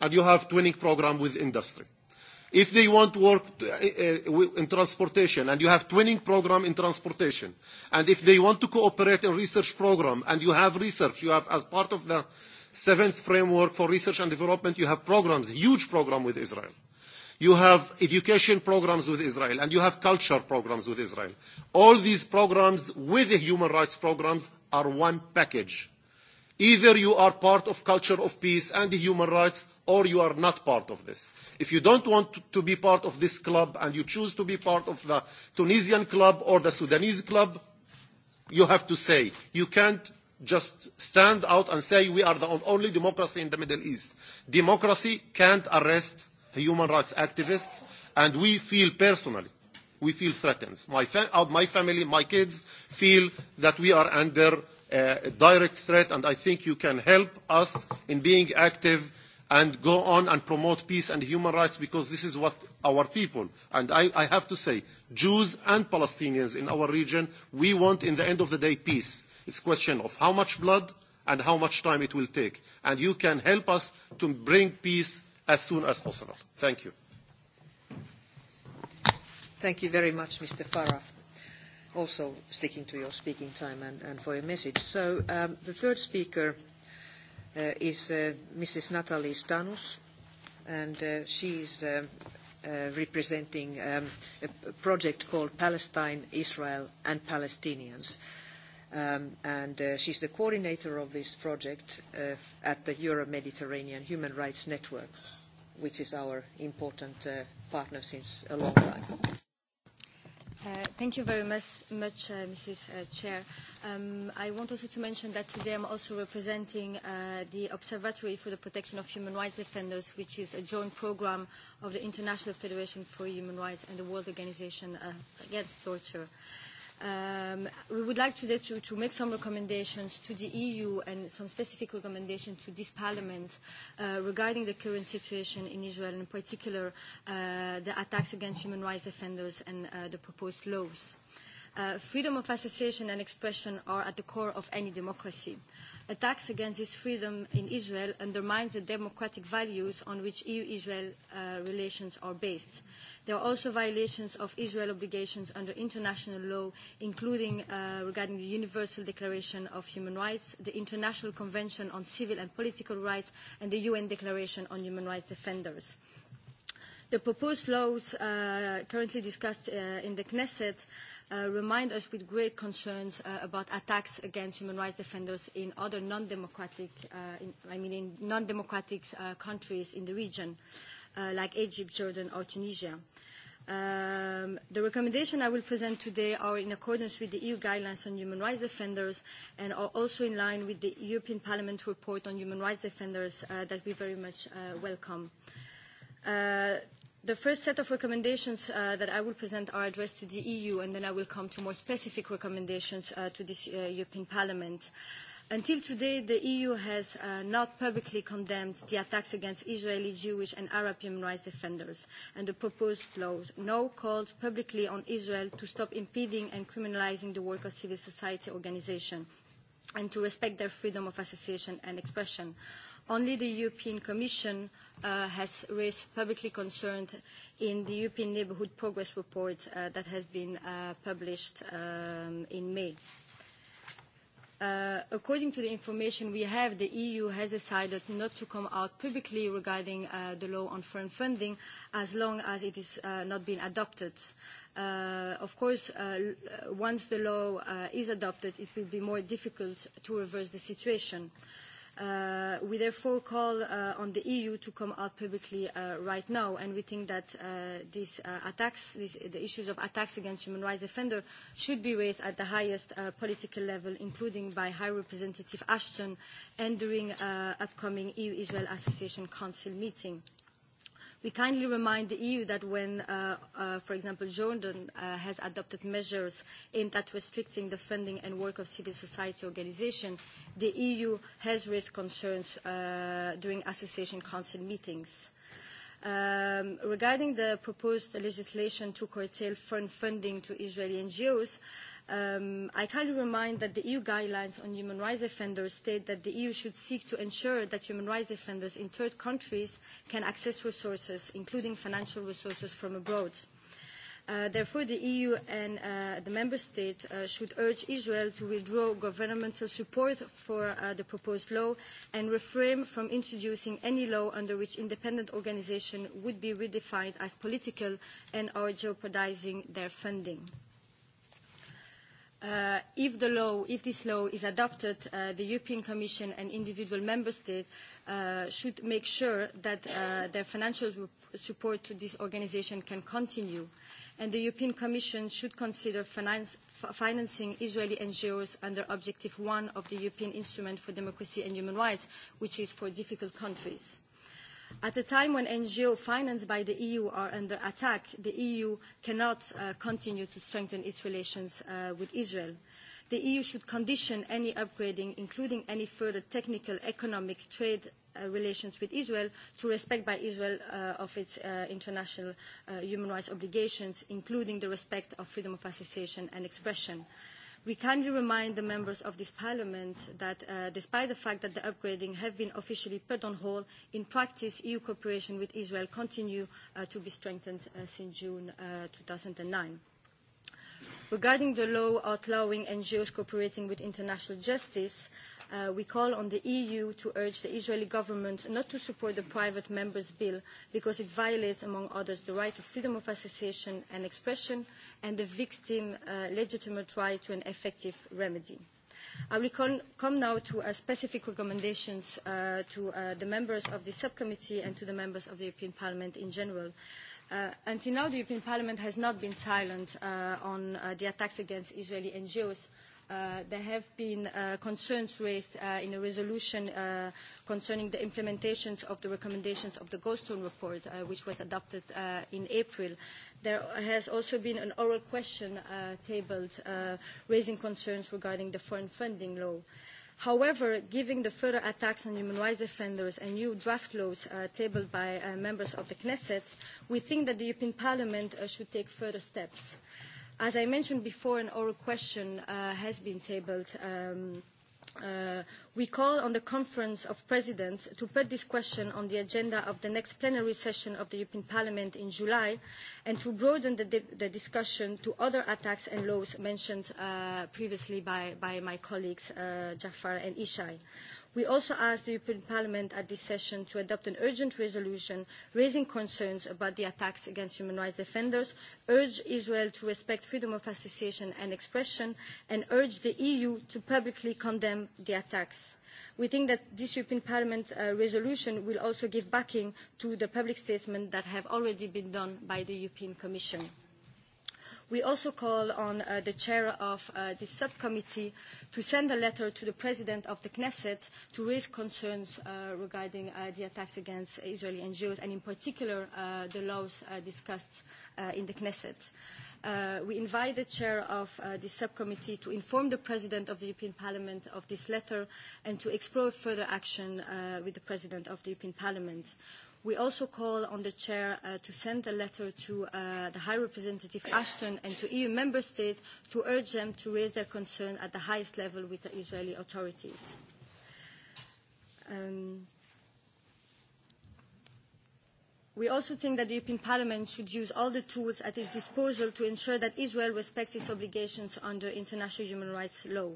and you have twinning program with industry. If they want to work in transportation, and you have twinning program in transportation, and if they want to cooperate in research program, and you have research, you have as part of the seventh framework for research and development, you have programs, huge program with Israel. You have education programs with Israel, and you have culture programs with Israel. All these programs with the human rights programs are one package Either you are part of culture of peace and human rights, or you are not part of this. If you don't want to be part of this club and you choose to be part of the Tunisian club or the Sudanese club, you have to say. You can't just stand out and say we are the only democracy in the Middle East. Democracy can't arrest human rights activists, and we feel personally, we feel threatened. My, fa- my family, my kids feel that we are under a direct threat, and I think you can help us in being active and go on and promote peace and human rights because this is what our people, and I, I have to say, Jews and Palestinians in our region, we want in the end of the day peace. It's a question of how much blood and how much time it will take. And you can help us to bring peace as soon as possible. Thank you. Thank you very much, Mr. Farah also sticking to your speaking time and, and for your message. So um, the third speaker uh, is uh, Mrs. Natalie Stanus, and uh, she is uh, uh, representing um, a project called Palestine, Israel and Palestinians. Um, and uh, she's the coordinator of this project uh, at the Euro-Mediterranean Human Rights Network, which is our important uh, partner since a long time. Thank you very much, much uh, Mrs. Uh, Chair. Um, I want also to mention that today I'm also representing uh, the Observatory for the Protection of Human Rights Defenders, which is a joint program of the International Federation for Human Rights and the World Organization uh, Against Torture. Um, we would like today to, to make some recommendations to the EU and some specific recommendations to this Parliament uh, regarding the current situation in Israel, in particular uh, the attacks against human rights defenders and uh, the proposed laws. Uh, freedom of association and expression are at the core of any democracy. Uh, attacks against this freedom in Israel undermines the democratic values on which EU-Israel relations are based. There are also violations of Israel obligations under international law, including regarding the Universal Declaration of Human Rights, the International Convention on Civil and Political Rights, and the UN Declaration on Human Rights Defenders. The proposed laws currently discussed in the Knesset remind us with great concerns about attacks against human rights defenders in other non-democratic, uh I mean in non-democratic uh countries in the region, like Egypt, Jordan, or Tunisia. the recommendations I will present today are in accordance with the EU guidelines on human rights defenders and are also in line with the European Parliament report on human rights defenders that we very much welcome The first set of recommendations uh, that I will present are addressed to the EU, and then I will come to more specific recommendations uh, to this uh, European Parliament. Until today, the EU has uh, not publicly condemned the attacks against Israeli, Jewish and Arab human rights defenders and the proposed laws. No calls publicly on Israel to stop impeding and criminalising the work of civil society organisations and to respect their freedom of association and expression. Uh, Only the European Commission has raised publicly concern in the European Neighbourhood Progress Report that has been published in May. according to the information we have, the EU has decided not to come out publicly regarding the law on foreign funding as long as it is not been adopted. of course, once the law is adopted, it will be more difficult to reverse the situation. Uh, we therefore call on the EU to come out publicly right now, and we think that these attacks, the issues of attacks against human rights defenders, should be raised at the highest political level, including by High Representative Ashton and during the upcoming EU-Israel Association Council meeting. We kindly remind the EU that when, for example, Jordan has adopted measures aimed at restricting the funding and work of civil society organisations, the EU has raised concerns during association council meetings. regarding the proposed legislation to curtail foreign funding to Israeli NGOs, I kindly remind that the EU guidelines on human rights offenders state that the EU should seek to ensure that human rights offenders in third countries can access resources, including financial resources from abroad. therefore, the EU and the Member States should urge Israel to withdraw governmental support for the proposed law and refrain from introducing any law under which independent organisations would be redefined as political and or jeopardising their funding if the law, if this law is adopted, the European Commission and individual member states should make sure that their financial support to this organisation can continue. And the European Commission should consider financing Israeli NGOs under Objective one of the European Instrument for Democracy and Human Rights, which is for difficult countries At a time when NGOs financed by the EU are under attack, the EU cannot continue to strengthen its relations with Israel. The EU should condition any upgrading, including any further technical, economic, trade relations with Israel, to respect by Israel of its international human rights obligations, including the respect of freedom of association and expression. We kindly remind the members of this Parliament that uh, despite the fact that the upgrading have been officially put on hold, in practice EU cooperation with Israel continues uh, to be strengthened uh, since June uh, 2009. Regarding the law outlawing NGOs cooperating with international justice, uh, we call on the EU to urge the Israeli government not to support the private members' bill because it violates, among others, the right to freedom of association and expression and the victim's legitimate right to an effective remedy. I will come now to our specific recommendations to the members of the subcommittee and to the members of the European Parliament in general. until now, the European Parliament has not been silent on the attacks against Israeli NGOs there have been concerns raised in a resolution concerning the implementation of the recommendations of the Goldstone report, which was adopted in April. There has also been an oral question tabled raising concerns regarding the foreign funding law. However, given the further attacks on human rights defenders and new draft laws tabled by members of the Knesset, we think that the European Parliament should take further steps. Uh, As I mentioned before, an oral question uh, has been tabled. Um, uh, we call on the Conference of Presidents to put this question on the agenda of the next plenary session of the European Parliament in July and to broaden the, the discussion to other attacks and laws mentioned uh, previously by, by my colleagues uh, Jafar and Ishai. We also asked the European Parliament at this session to adopt an urgent resolution raising concerns about the attacks against human rights defenders, urge Israel to respect freedom of association and expression, and urge the EU to publicly condemn the attacks. We think that this European Parliament resolution will also give backing to the public statements that have already been done by the European Commission. We also call on the chair of this subcommittee to send a letter to the president of the Knesset to raise concerns regarding the attacks against Israeli NGOs and in particular the laws discussed in the Knesset we invite the chair of this subcommittee to inform the president of the European Parliament of this letter and to explore further action with the president of the European Parliament. We also call on the Chair uh, to send a letter to uh, the High Representative Ashton and to EU Member States to urge them to raise their concern at the highest level with the Israeli authorities. Um, We also think that the European Parliament should use all the tools at its disposal to ensure that Israel respects its obligations under international human rights law.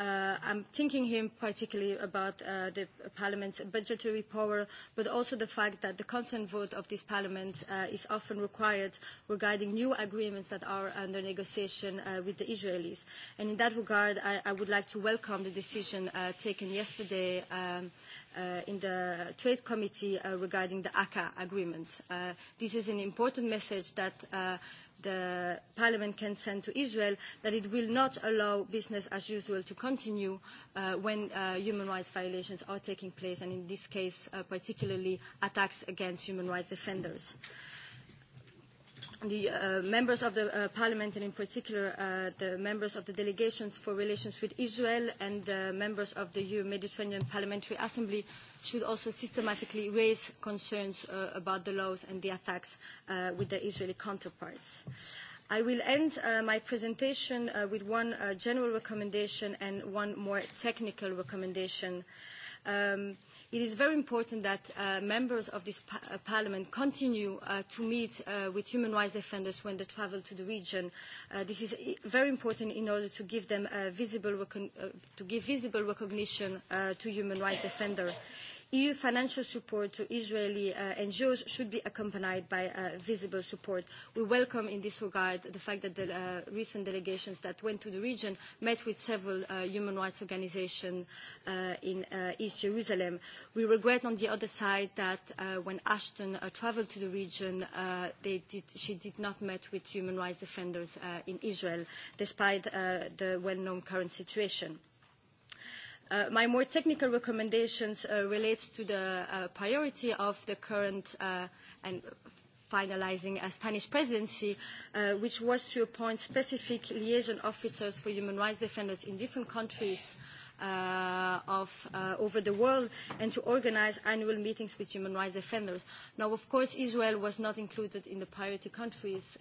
Uh, I'm thinking here particularly about uh, the Parliament's budgetary power, but also the fact that the consent vote of this Parliament uh, is often required regarding new agreements that are under negotiation uh, with the Israelis. And in that regard, I, I would like to welcome the decision uh, taken yesterday um, uh, in the Trade Committee uh, regarding the ACA agreement. Uh, this is an important message that uh, the Parliament can send to Israel, that it will not allow business as usual to continue when human rights violations are taking place, and in this case, particularly attacks against human rights defenders the members of the parliament and in particular the members of the delegations for relations with Israel and the members of the EU Mediterranean Parliamentary Assembly should also systematically raise concerns uh, about the laws and the attacks uh, with their Israeli counterparts. I will end uh, my presentation uh, with one uh, general recommendation and one more technical recommendation uh, it is very important that members of this parliament continue to meet with human rights defenders when they travel to the region. this is very important in order to give them visible, recognition to human rights defenders EU financial support to Israeli NGOs should be accompanied by visible support. We welcome in this regard the fact that the recent delegations that went to the region met with several human rights organisations in East Jerusalem. We regret on the other side that when Ashton travelled to the region, she did not meet with human rights defenders in Israel, despite the well-known current situation my more technical recommendations relate to the priority of the current and finalising a Spanish presidency, which was to appoint specific liaison officers for human rights defenders in different countries over the world and to organise annual meetings with human rights defenders. Now, of course, Israel was not included in the priority countries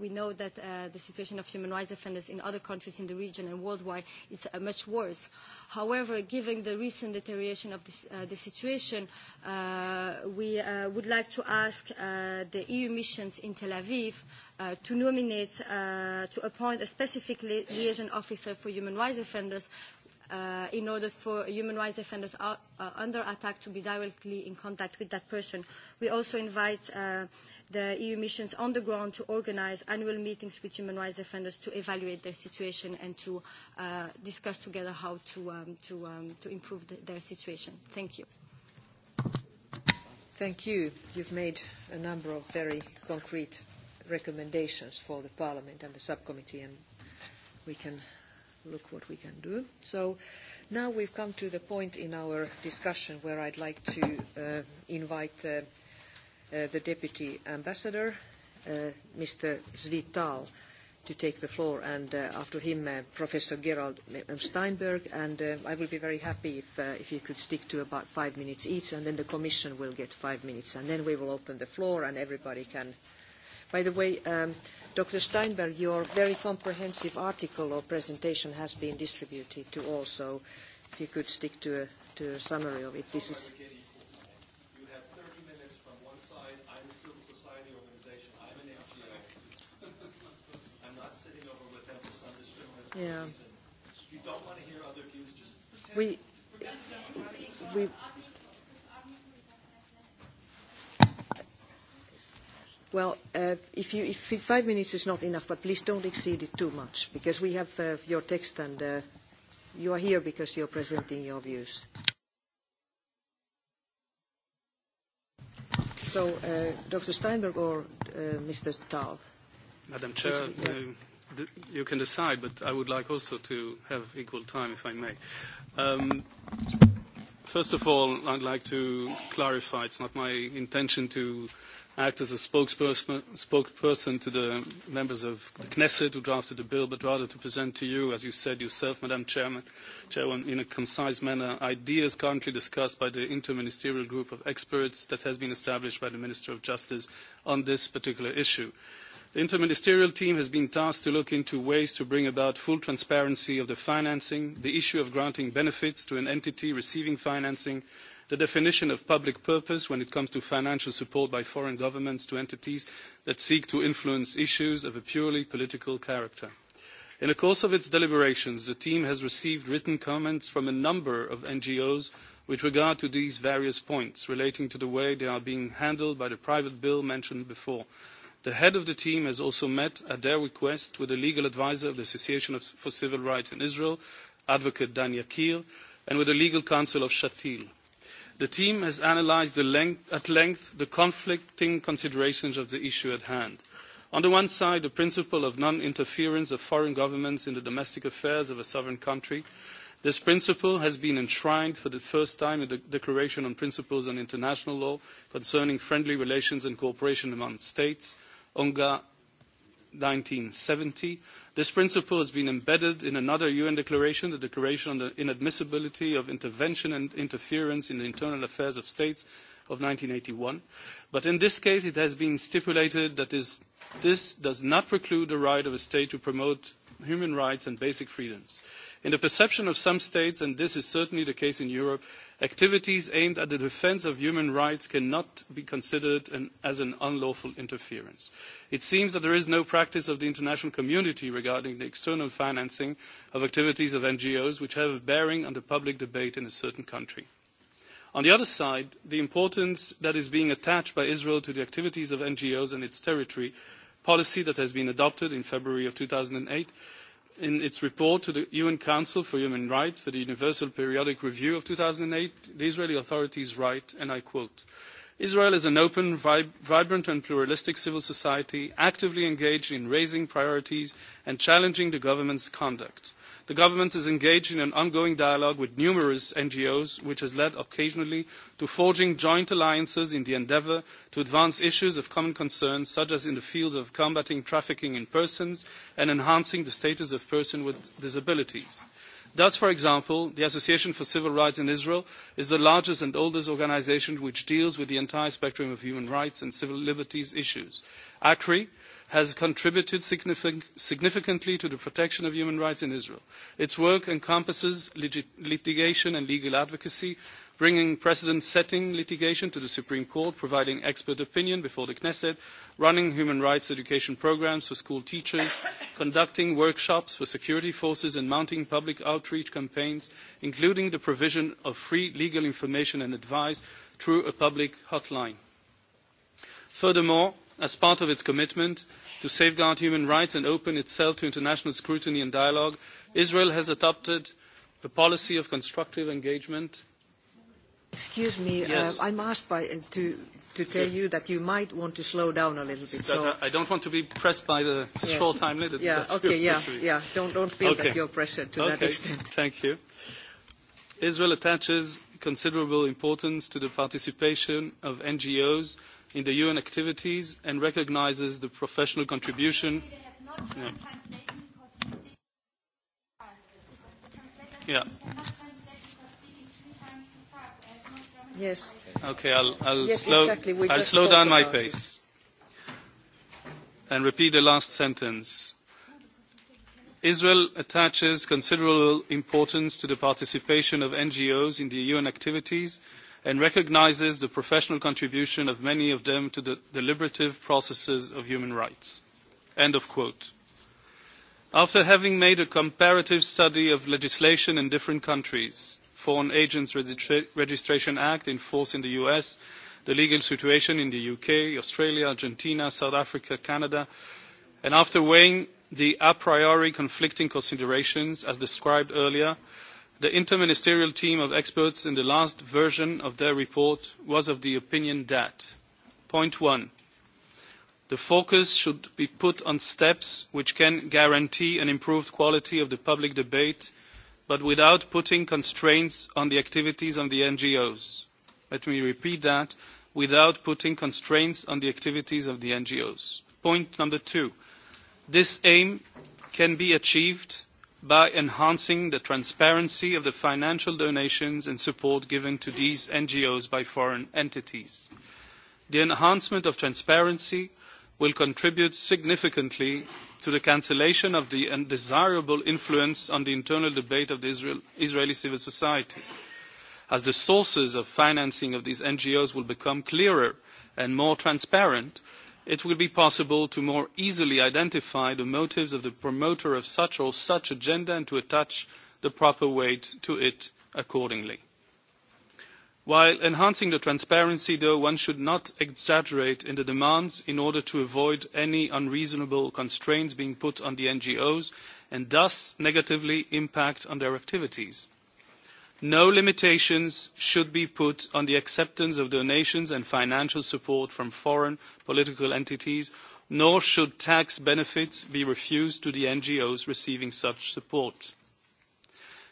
We know that uh, the situation of human rights defenders in other countries in the region and worldwide is uh, much worse. However, given the recent deterioration of this, uh, the situation, uh, we uh, would like to ask uh, the EU missions in Tel Aviv uh, to nominate, uh, to appoint a specific liaison officer for human rights defenders uh, in order for human rights defenders are, uh, under attack to be directly in contact with that person. We also invite uh, the EU missions on the ground to organise annual meetings with human rights defenders to evaluate their situation and to uh, discuss together how to, um, to, um, to improve the, their situation. Thank you. Thank you. You've made a number of very concrete recommendations for the Parliament and the subcommittee, and we can look what we can do. So now we've come to the point in our discussion where I'd like to uh, invite uh, the Deputy Ambassador, Mr. Zvital, to take the floor, and after him, Professor Gerald Steinberg, and I will be very happy if, if you could stick to about five minutes each, and then the Commission will get five minutes, and then we will open the floor, and everybody can. By the way, Dr. Steinberg, your very comprehensive article or presentation has been distributed to all, so if you could stick to a, to a summary of it. This is Yeah. You don't want to hear other views. Just pretend. We, we, Well, uh, if, you, if five minutes is not enough, but please don't exceed it too much, because we have uh, your text and uh, you are here because you're presenting your views. So, uh, Dr. Steinberg or uh, Mr. Tal? Madam Chair, you can decide, but I would like also to have equal time, if I may. Um, first of all, I'd like to clarify it's not my intention to act as a spokesperson, spokesperson to the members of the Knesset who drafted the bill, but rather to present to you, as you said yourself, Madam Chairman, Chairman, in a concise manner, ideas currently discussed by the interministerial group of experts that has been established by the Minister of Justice on this particular issue. The interministerial team has been tasked to look into ways to bring about full transparency of the financing, the issue of granting benefits to an entity receiving financing, the definition of public purpose when it comes to financial support by foreign governments to entities that seek to influence issues of a purely political character. In the course of its deliberations, the team has received written comments from a number of NGOs with regard to these various points relating to the way they are being handled by the private bill mentioned before. The head of the team has also met, at their request, with the legal advisor of the Association for Civil Rights in Israel, Advocate Dan Yakir, and with the legal counsel of Shatil. The team has analysed at length the conflicting considerations of the issue at hand. On the one side, the principle of non-interference of foreign governments in the domestic affairs of a sovereign country. This principle has been enshrined for the first time in the Declaration on Principles on International Law concerning friendly relations and cooperation among states – UNGA 1970. This principle has been embedded in another UN declaration, the Declaration on the Inadmissibility of Intervention and Interference in the Internal Affairs of States of eighty one. But in this case, it has been stipulated that this does not preclude the right of a state to promote human rights and basic freedoms in the perception of some states and this is certainly the case in europe activities aimed at the defence of human rights cannot be considered as an unlawful interference. it seems that there is no practice of the international community regarding the external financing of activities of ngos which have a bearing on the public debate in a certain country. on the other side the importance that is being attached by israel to the activities of ngos in its territory policy that has been adopted in february two thousand and eight in its report to the UN Council for Human Rights for the Universal Periodic Review of two thousand eight, the Israeli authorities write, and I quote, Israel is an open, vibrant, and pluralistic civil society actively engaged in raising priorities and challenging the government's conduct The government is engaged in an ongoing dialogue with numerous NGOs, which has led occasionally to forging joint alliances in the endeavour to advance issues of common concern, such as in the fields of combating trafficking in persons and enhancing the status of persons with disabilities. Thus, for example, the Association for Civil Rights in Israel is the largest and oldest organisation which deals with the entire spectrum of human rights and civil liberties issues. ACRI, has contributed significantly to the protection of human rights in Israel. Its work encompasses litigation and legal advocacy, bringing precedent-setting litigation to the Supreme Court, providing expert opinion before the Knesset, running human rights education programmes for school teachers, conducting workshops for security forces and mounting public outreach campaigns, including the provision of free legal information and advice through a public hotline. Furthermore, as part of its commitment to safeguard human rights and open itself to international scrutiny and dialogue, Israel has adopted a policy of constructive engagement. Excuse me, I am asked to, tell you that you might want to slow down a little bit. So. I don't want to be pressed by the short time limit. Yeah, okay, yeah, yeah. Don't, don't feel that you are pressured to that extent. Thank you. Israel attaches considerable importance to the participation of NGOs in the UN activities and recognises the professional contribution. Yeah. Yes. Okay, I'll, I'll, yes, slow, exactly. I'll slow down my pace and repeat the last sentence. Israel attaches considerable importance to the participation of NGOs in the UN activities and recognises the professional contribution of many of them to the deliberative processes of human rights. End of quote. After having made a comparative study of legislation in different countries, Foreign Agents Registration Act in force in the US, the legal situation in the UK, Australia, Argentina, South Africa, Canada, and after weighing the a priori conflicting considerations as described earlier, the interministerial team of experts in the last version of their report was of the opinion that point one the focus should be put on steps which can guarantee an improved quality of the public debate but without putting constraints on the activities of the ngos let me repeat that without putting constraints on the activities of the ngos point number two this aim can be achieved by enhancing the transparency of the financial donations and support given to these NGOs by foreign entities. The enhancement of transparency will contribute significantly to the cancellation of the undesirable influence on the internal debate of Israeli civil society, as the sources of financing of these NGOs will become clearer and more transparent, it will be possible to more easily identify the motives of the promoter of such or such agenda and to attach the proper weight to it accordingly. While enhancing the transparency, though, one should not exaggerate in the demands in order to avoid any unreasonable constraints being put on the NGOs and thus negatively impact on their activities. No limitations should be put on the acceptance of donations and financial support from foreign political entities, nor should tax benefits be refused to the NGOs receiving such support.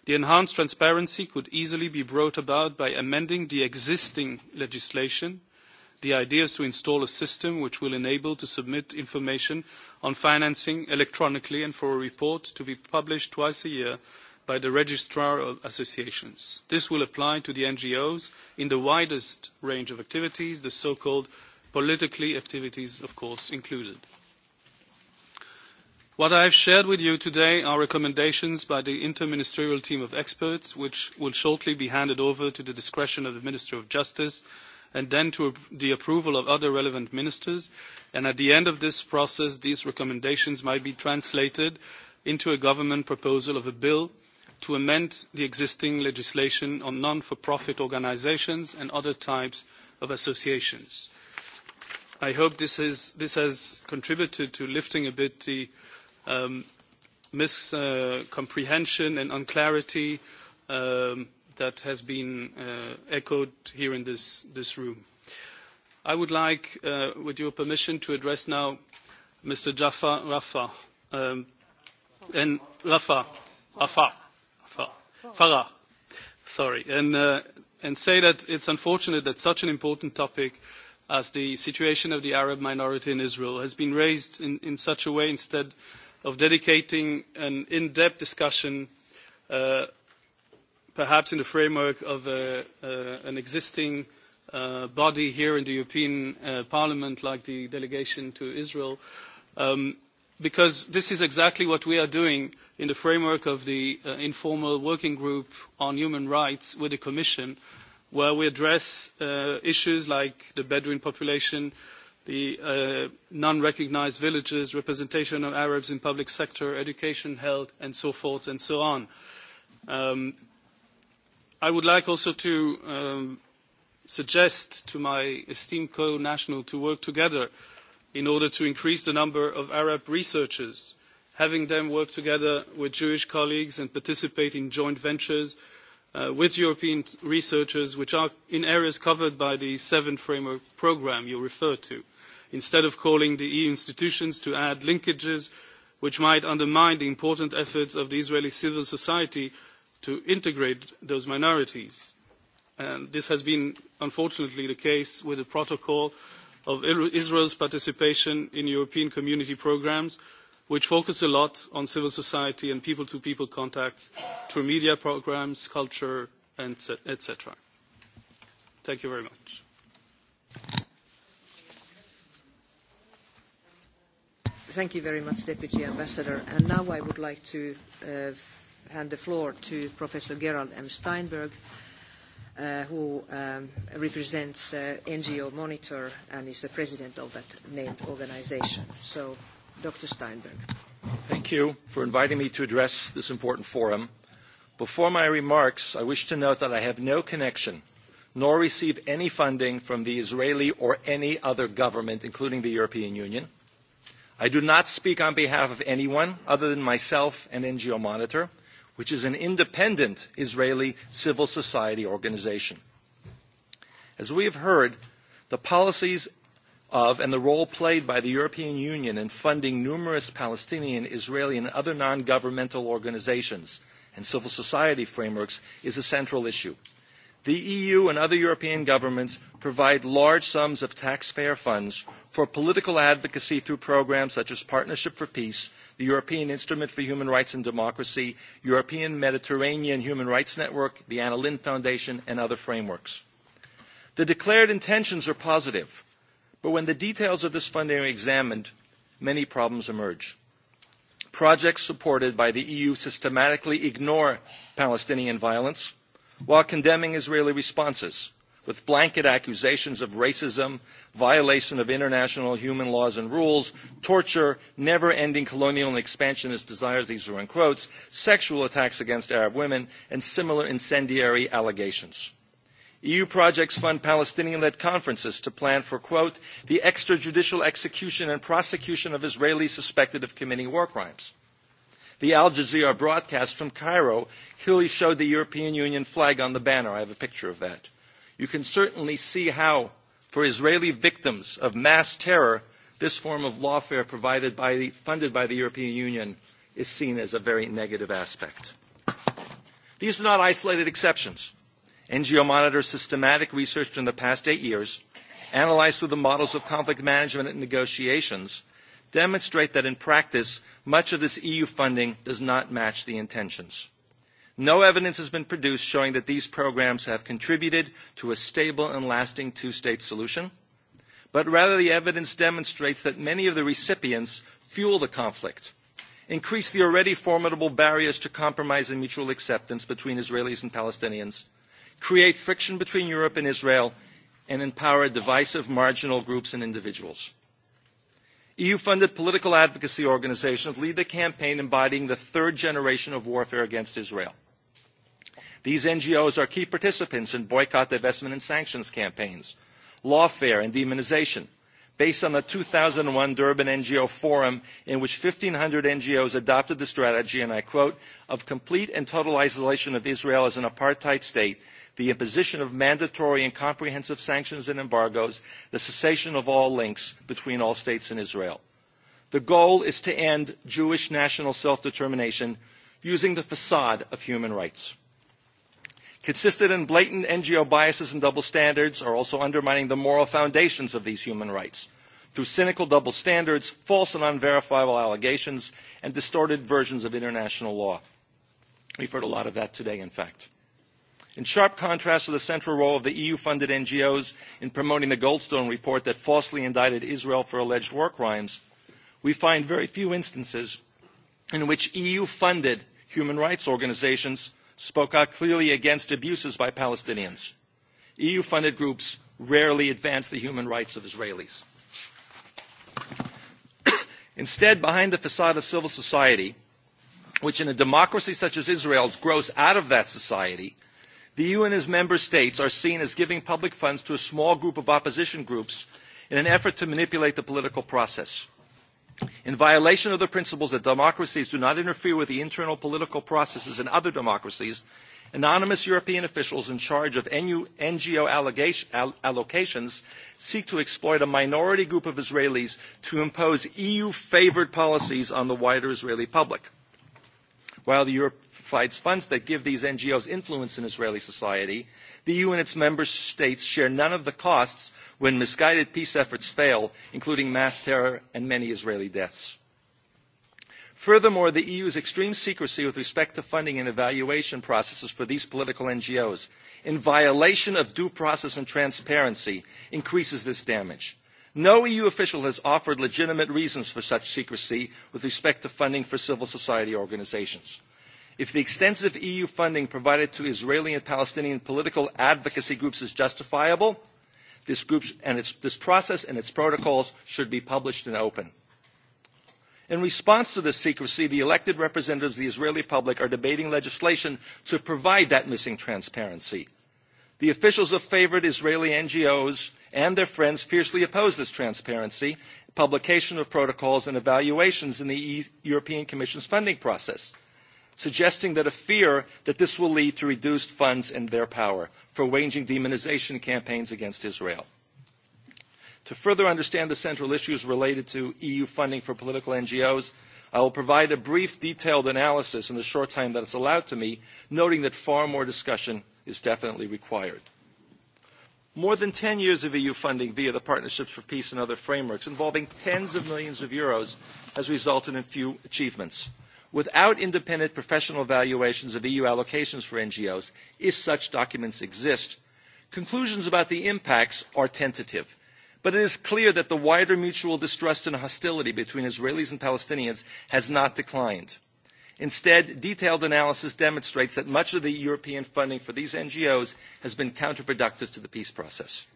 The enhanced transparency could easily be brought about by amending the existing legislation. The idea is to install a system which will enable to submit information on financing electronically and for a report to be published twice a year by the registrar of associations. This will apply to the NGOs in the widest range of activities, the so-called politically activities, of course, included. What I have shared with you today are recommendations by the interministerial team of experts, which will shortly be handed over to the discretion of the Minister of Justice and then to the approval of other relevant ministers. And at the end of this process, these recommendations might be translated into a government proposal of a bill to amend the existing legislation on non-for-profit organisations and other types of associations. I hope this, is, this has contributed to lifting a bit the miscomprehension and unclarity that has been echoed here in this, this room. I would like, with your permission, to address now Mr. Jaffa Rafa. and Rafa. Rafa. Farah, sorry, and, uh, and say that it's unfortunate that such an important topic as the situation of the Arab minority in Israel has been raised in, in such a way instead of dedicating an in-depth discussion uh, perhaps in the framework of a, uh, an existing uh, body here in the European uh, Parliament like the delegation to Israel um, because this is exactly what we are doing in the framework of the informal working group on human rights with the Commission, where we address issues like the Bedouin population, the non-recognised villages, representation of Arabs in public sector, education, health, and so forth and so on. I would like also to suggest to my esteemed co-national to work together in order to increase the number of Arab researchers having them work together with Jewish colleagues and participate in joint ventures with European researchers, which are in areas covered by the seventh framework programme you referred to, instead of calling the EU institutions to add linkages which might undermine the important efforts of the Israeli civil society to integrate those minorities. this has been, unfortunately, the case with the protocol of Israel's participation in European community programmes, which focus a lot on civil society and people-to-people contacts through media programs, culture, and etc. Thank you very much. Thank you very much, Deputy Ambassador. And now I would like to hand the floor to Professor Gerald M. Steinberg, who represents NGO Monitor and is the president of that named organisation. So Dr. Steinberg. Thank you for inviting me to address this important forum. Before my remarks, I wish to note that I have no connection nor receive any funding from the Israeli or any other government, including the European Union. I do not speak on behalf of anyone other than myself and NGO Monitor, which is an independent Israeli civil society organisation. As we have heard, the policies of and the role played by the European Union in funding numerous Palestinian, Israeli, and other non-governmental organizations and civil society frameworks is a central issue. The EU and other European governments provide large sums of taxpayer funds for political advocacy through programs such as Partnership for Peace, the European Instrument for Human Rights and Democracy, European Mediterranean Human Rights Network, the Anna Lindh Foundation, and other frameworks. The declared intentions are positive But when the details of this funding are examined, many problems emerge. Projects supported by the EU systematically ignore Palestinian violence while condemning Israeli responses with blanket accusations of racism, violation of international human laws and rules, torture, never-ending colonial and expansionist desires, these are in quotes, sexual attacks against Arab women, and similar incendiary allegations. EU projects fund Palestinian-led conferences to plan for, quote, the extrajudicial execution and prosecution of Israelis suspected of committing war crimes. The Al Jazeera broadcast from Cairo clearly showed the European Union flag on the banner. I have a picture of that. You can certainly see how, for Israeli victims of mass terror, this form of lawfare provided by the, funded by the European Union is seen as a very negative aspect. These are not isolated exceptions. NGO monitors systematic research during the past eight years, analyzed through the models of conflict management and negotiations, demonstrate that in practice, much of this EU funding does not match the intentions. No evidence has been produced showing that these programs have contributed to a stable and lasting two-state solution, but rather the evidence demonstrates that many of the recipients fuel the conflict, increase the already formidable barriers to compromise and mutual acceptance between Israelis and Palestinians, create friction between Europe and Israel, and empower divisive marginal groups and individuals. EU-funded political advocacy organizations lead the campaign embodying the third generation of warfare against Israel. These NGOs are key participants in boycott, divestment, and sanctions campaigns, lawfare, and demonization, based on the two thousand one Durban NGO Forum, in which 1,500 NGOs adopted the strategy, and I quote, of complete and total isolation of Israel as an apartheid state the imposition of mandatory and comprehensive sanctions and embargoes, the cessation of all links between all states and Israel. The goal is to end Jewish national self-determination using the facade of human rights. Consistent and blatant NGO biases and double standards are also undermining the moral foundations of these human rights through cynical double standards, false and unverifiable allegations, and distorted versions of international law. We've heard a lot of that today, in fact in sharp contrast to the central role of the eu funded ngos in promoting the goldstone report that falsely indicted israel for alleged war crimes we find very few instances in which eu funded human rights organisations spoke out clearly against abuses by palestinians. eu funded groups rarely advance the human rights of israelis. instead behind the facade of civil society which in a democracy such as israel's grows out of that society The EU and its member states are seen as giving public funds to a small group of opposition groups in an effort to manipulate the political process. In violation of the principles that democracies do not interfere with the internal political processes in other democracies, anonymous European officials in charge of NGO allocations seek to exploit a minority group of Israelis to impose eu favoured policies on the wider Israeli public. While the provides funds that give these NGOs influence in Israeli society, the EU and its member states share none of the costs when misguided peace efforts fail, including mass terror and many Israeli deaths. Furthermore, the EU's extreme secrecy with respect to funding and evaluation processes for these political NGOs, in violation of due process and transparency, increases this damage. No EU official has offered legitimate reasons for such secrecy with respect to funding for civil society organisations. If the extensive EU funding provided to Israeli and Palestinian political advocacy groups is justifiable, this, and its, this process and its protocols should be published and open. In response to this secrecy, the elected representatives of the Israeli public are debating legislation to provide that missing transparency. The officials of favoured Israeli NGOs and their friends fiercely oppose this transparency, publication of protocols, and evaluations in the European Commission's funding process suggesting that a fear that this will lead to reduced funds in their power for waging demonization campaigns against Israel. To further understand the central issues related to EU funding for political NGOs, I will provide a brief detailed analysis in the short time that is allowed to me, noting that far more discussion is definitely required. More than 10 years of EU funding via the Partnerships for Peace and other frameworks involving tens of millions of euros has resulted in few achievements. Without independent professional evaluations of EU allocations for NGOs, if such documents exist, conclusions about the impacts are tentative. But it is clear that the wider mutual distrust and hostility between Israelis and Palestinians has not declined. Instead, detailed analysis demonstrates that much of the European funding for these NGOs has been counterproductive to the peace process.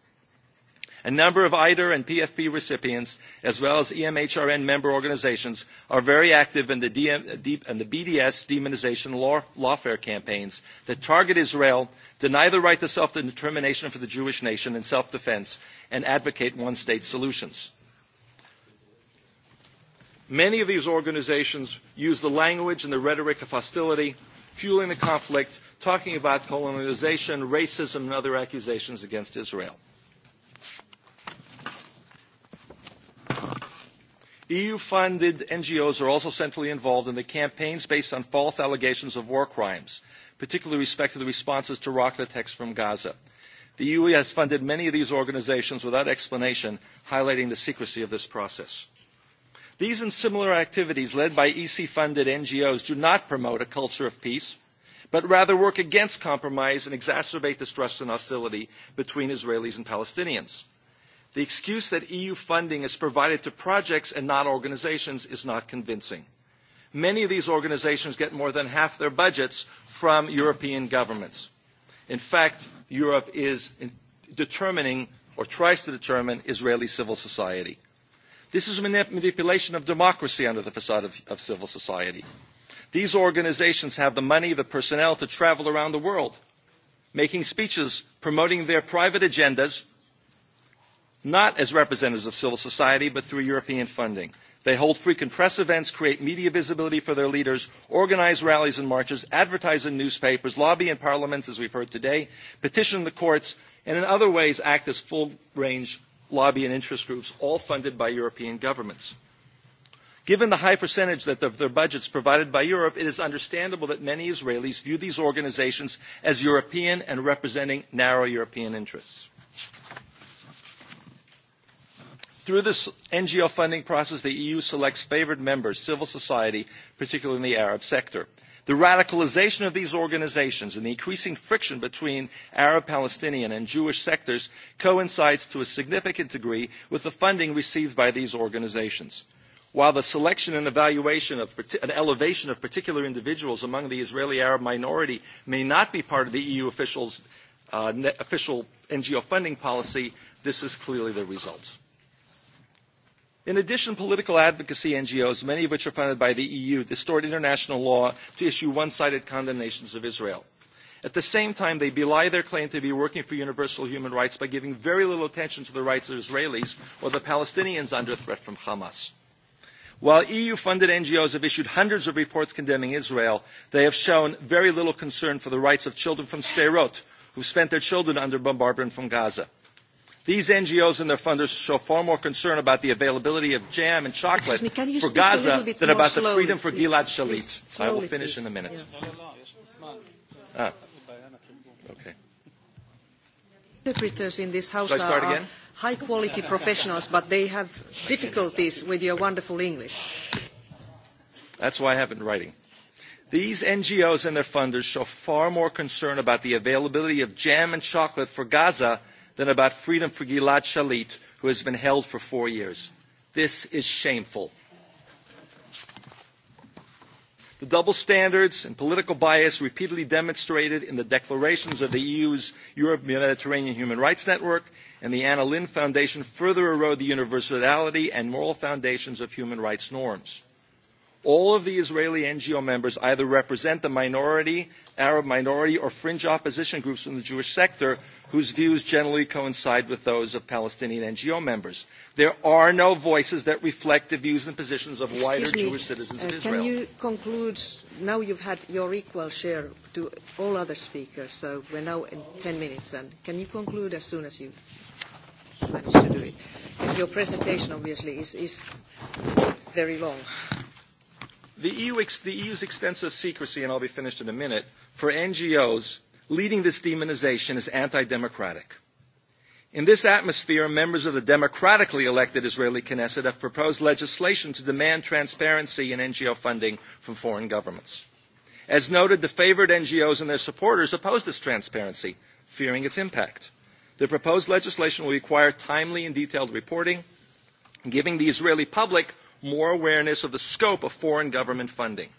A number of ITER and PFP recipients, as well as EMHRN member organizations, are very active in the, DM, in the BDS demonization lawfare campaigns that target Israel, deny the right to self-determination for the Jewish nation and self-defense, and advocate one-state solutions. Many of these organizations use the language and the rhetoric of hostility, fueling the conflict, talking about colonization, racism, and other accusations against Israel. EU-funded NGOs are also centrally involved in the campaigns based on false allegations of war crimes, particularly with respect to the responses to rocket attacks from Gaza. The EU has funded many of these organizations without explanation, highlighting the secrecy of this process. These and similar activities led by EC-funded NGOs do not promote a culture of peace, but rather work against compromise and exacerbate distrust and hostility between Israelis and Palestinians. The excuse that EU funding is provided to projects and not organizations is not convincing. Many of these organizations get more than half their budgets from European governments. In fact, Europe is determining or tries to determine Israeli civil society. This is manipulation of democracy under the facade of, of civil society. These organizations have the money, the personnel to travel around the world, making speeches, promoting their private agendas not as representatives of civil society, but through European funding. They hold frequent press events, create media visibility for their leaders, organise rallies and marches, advertise in newspapers, lobby in parliaments, as we have heard today, petition the courts, and in other ways act as full-range lobby and interest groups, all funded by European governments. Given the high percentage that of their budgets provided by Europe, it is understandable that many Israelis view these organisations as European and representing narrow European interests. Through this NGO funding process, the EU selects favoured members, civil society, particularly in the Arab sector. The radicalisation of these organisations and the increasing friction between Arab, Palestinian, and Jewish sectors coincides to a significant degree with the funding received by these organisations. While the selection and evaluation of an elevation of particular individuals among the Israeli Arab minority may not be part of the EU official NGO funding policy, this is clearly the result. In addition, political advocacy NGOs, many of which are funded by the EU, distort international law to issue one-sided condemnations of Israel. At the same time, they belie their claim to be working for universal human rights by giving very little attention to the rights of Israelis or the Palestinians under threat from Hamas. While EU-funded NGOs have issued hundreds of reports condemning Israel, they have shown very little concern for the rights of children from Sderot, who spent their children under bombardment from Gaza. These NGOs and their funders show far more concern about the availability of jam and chocolate me, for Gaza than about slowly, the freedom for please. Gilad Shalit. slowly, I will finish please. in a minute. Yeah. Ah. Okay. Interpreters in this house are high quality professionals, but they have difficulties with your wonderful English. That's why I have it in writing. These NGOs and their funders show far more concern about the availability of jam and chocolate for Gaza than about freedom for Gilad Shalit, who has been held for four years. This is shameful. The double standards and political bias repeatedly demonstrated in the declarations of the EU's Europe Mediterranean Human Rights Network and the Anna Lynn Foundation further erode the universality and moral foundations of human rights norms. All of the Israeli NGO members either represent the minority Arab minority or fringe opposition groups from the Jewish sector whose views generally coincide with those of Palestinian NGO members. There are no voices that reflect the views and positions of wider Jewish citizens of Israel. Can you conclude? Now you've had your equal share to all other speakers, so we're now in 10 minutes. And can you conclude as soon as you manage to do it? Because your presentation obviously is, is very long the, EU's extensive secrecy, and I'll be finished in a minute, for NGOs leading this demonization is anti-democratic. In this atmosphere, members of the democratically elected Israeli Knesset have proposed legislation to demand transparency in NGO funding from foreign governments. As noted, the favored NGOs and their supporters oppose this transparency, fearing its impact. The proposed legislation will require timely and detailed reporting, giving the Israeli public more awareness of the scope of foreign government funding.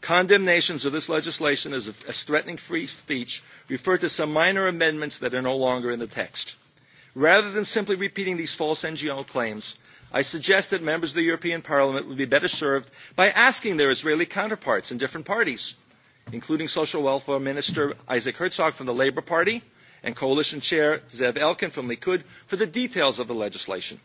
Condemnations of this legislation as, as threatening free speech refer to some minor amendments that are no longer in the text. Rather than simply repeating these false NGO claims, I suggest that members of the European Parliament would be better served by asking their Israeli counterparts in different parties, including Social Welfare Minister Isaac Herzog from the Labour Party and Coalition Chair Zev Elkin from Likud, for the details of the legislation.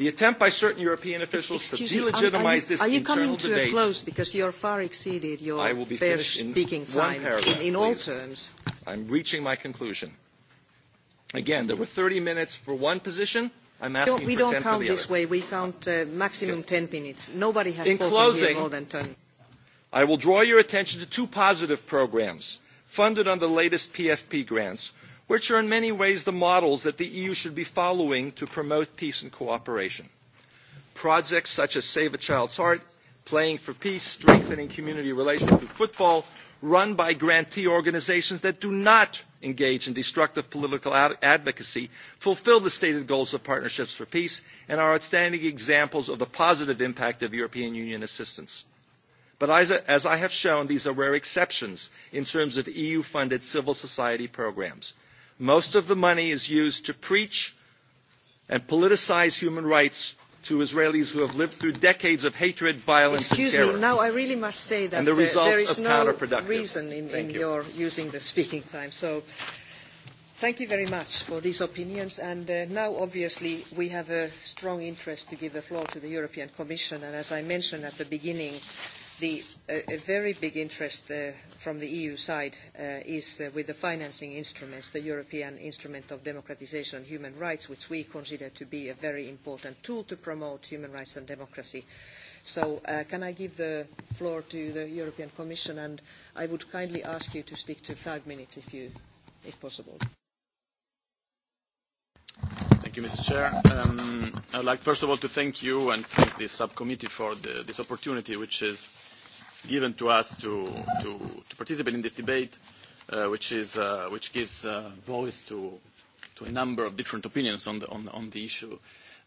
The attempt by certain European officials to delegitimize this internal debate. Are you coming to a close because you're far exceeded your I will be fair speaking time in, all terms? I'm reaching my conclusion. Again, there were 30 minutes for one position. I'm asking we don't count this way. We count maximum 10 minutes. Nobody has spoken here more than 10. I will draw your attention to two positive programs funded on the latest PFP grants which are in many ways the models that the EU should be following to promote peace and cooperation. Projects such as Save a Child's Heart, Playing for Peace, Strengthening Community Relations through Football, run by grantee organizations that do not engage in destructive political advocacy, fulfill the stated goals of Partnerships for Peace, and are outstanding examples of the positive impact of European Union assistance. But as I have shown, these are rare exceptions in terms of EU-funded civil society programs. Most of the money is used to preach and politicise human rights to Israelis who have lived through decades of hatred, violence, and terror. Excuse me, now I really must say that the there is no reason in, in your using the speaking time. So thank you very much for these opinions. And now, obviously, we have a strong interest to give the floor to the European Commission. And as I mentioned at the beginning, uh, the, a, very big interest from the EU side is with the financing instruments, the European Instrument of Democratisation and Human Rights, which we consider to be a very important tool to promote human rights and democracy. So can I give the floor to the European Commission? And I would kindly ask you to stick to five minutes if, you, if possible. Thank you, Mr. Chair. I would like, first of all, to thank you and thank the subcommittee for this opportunity, which is given to us to, to, to participate in this debate, uh, which, is, uh, which gives uh, voice to, to a number of different opinions on the, on, on the issue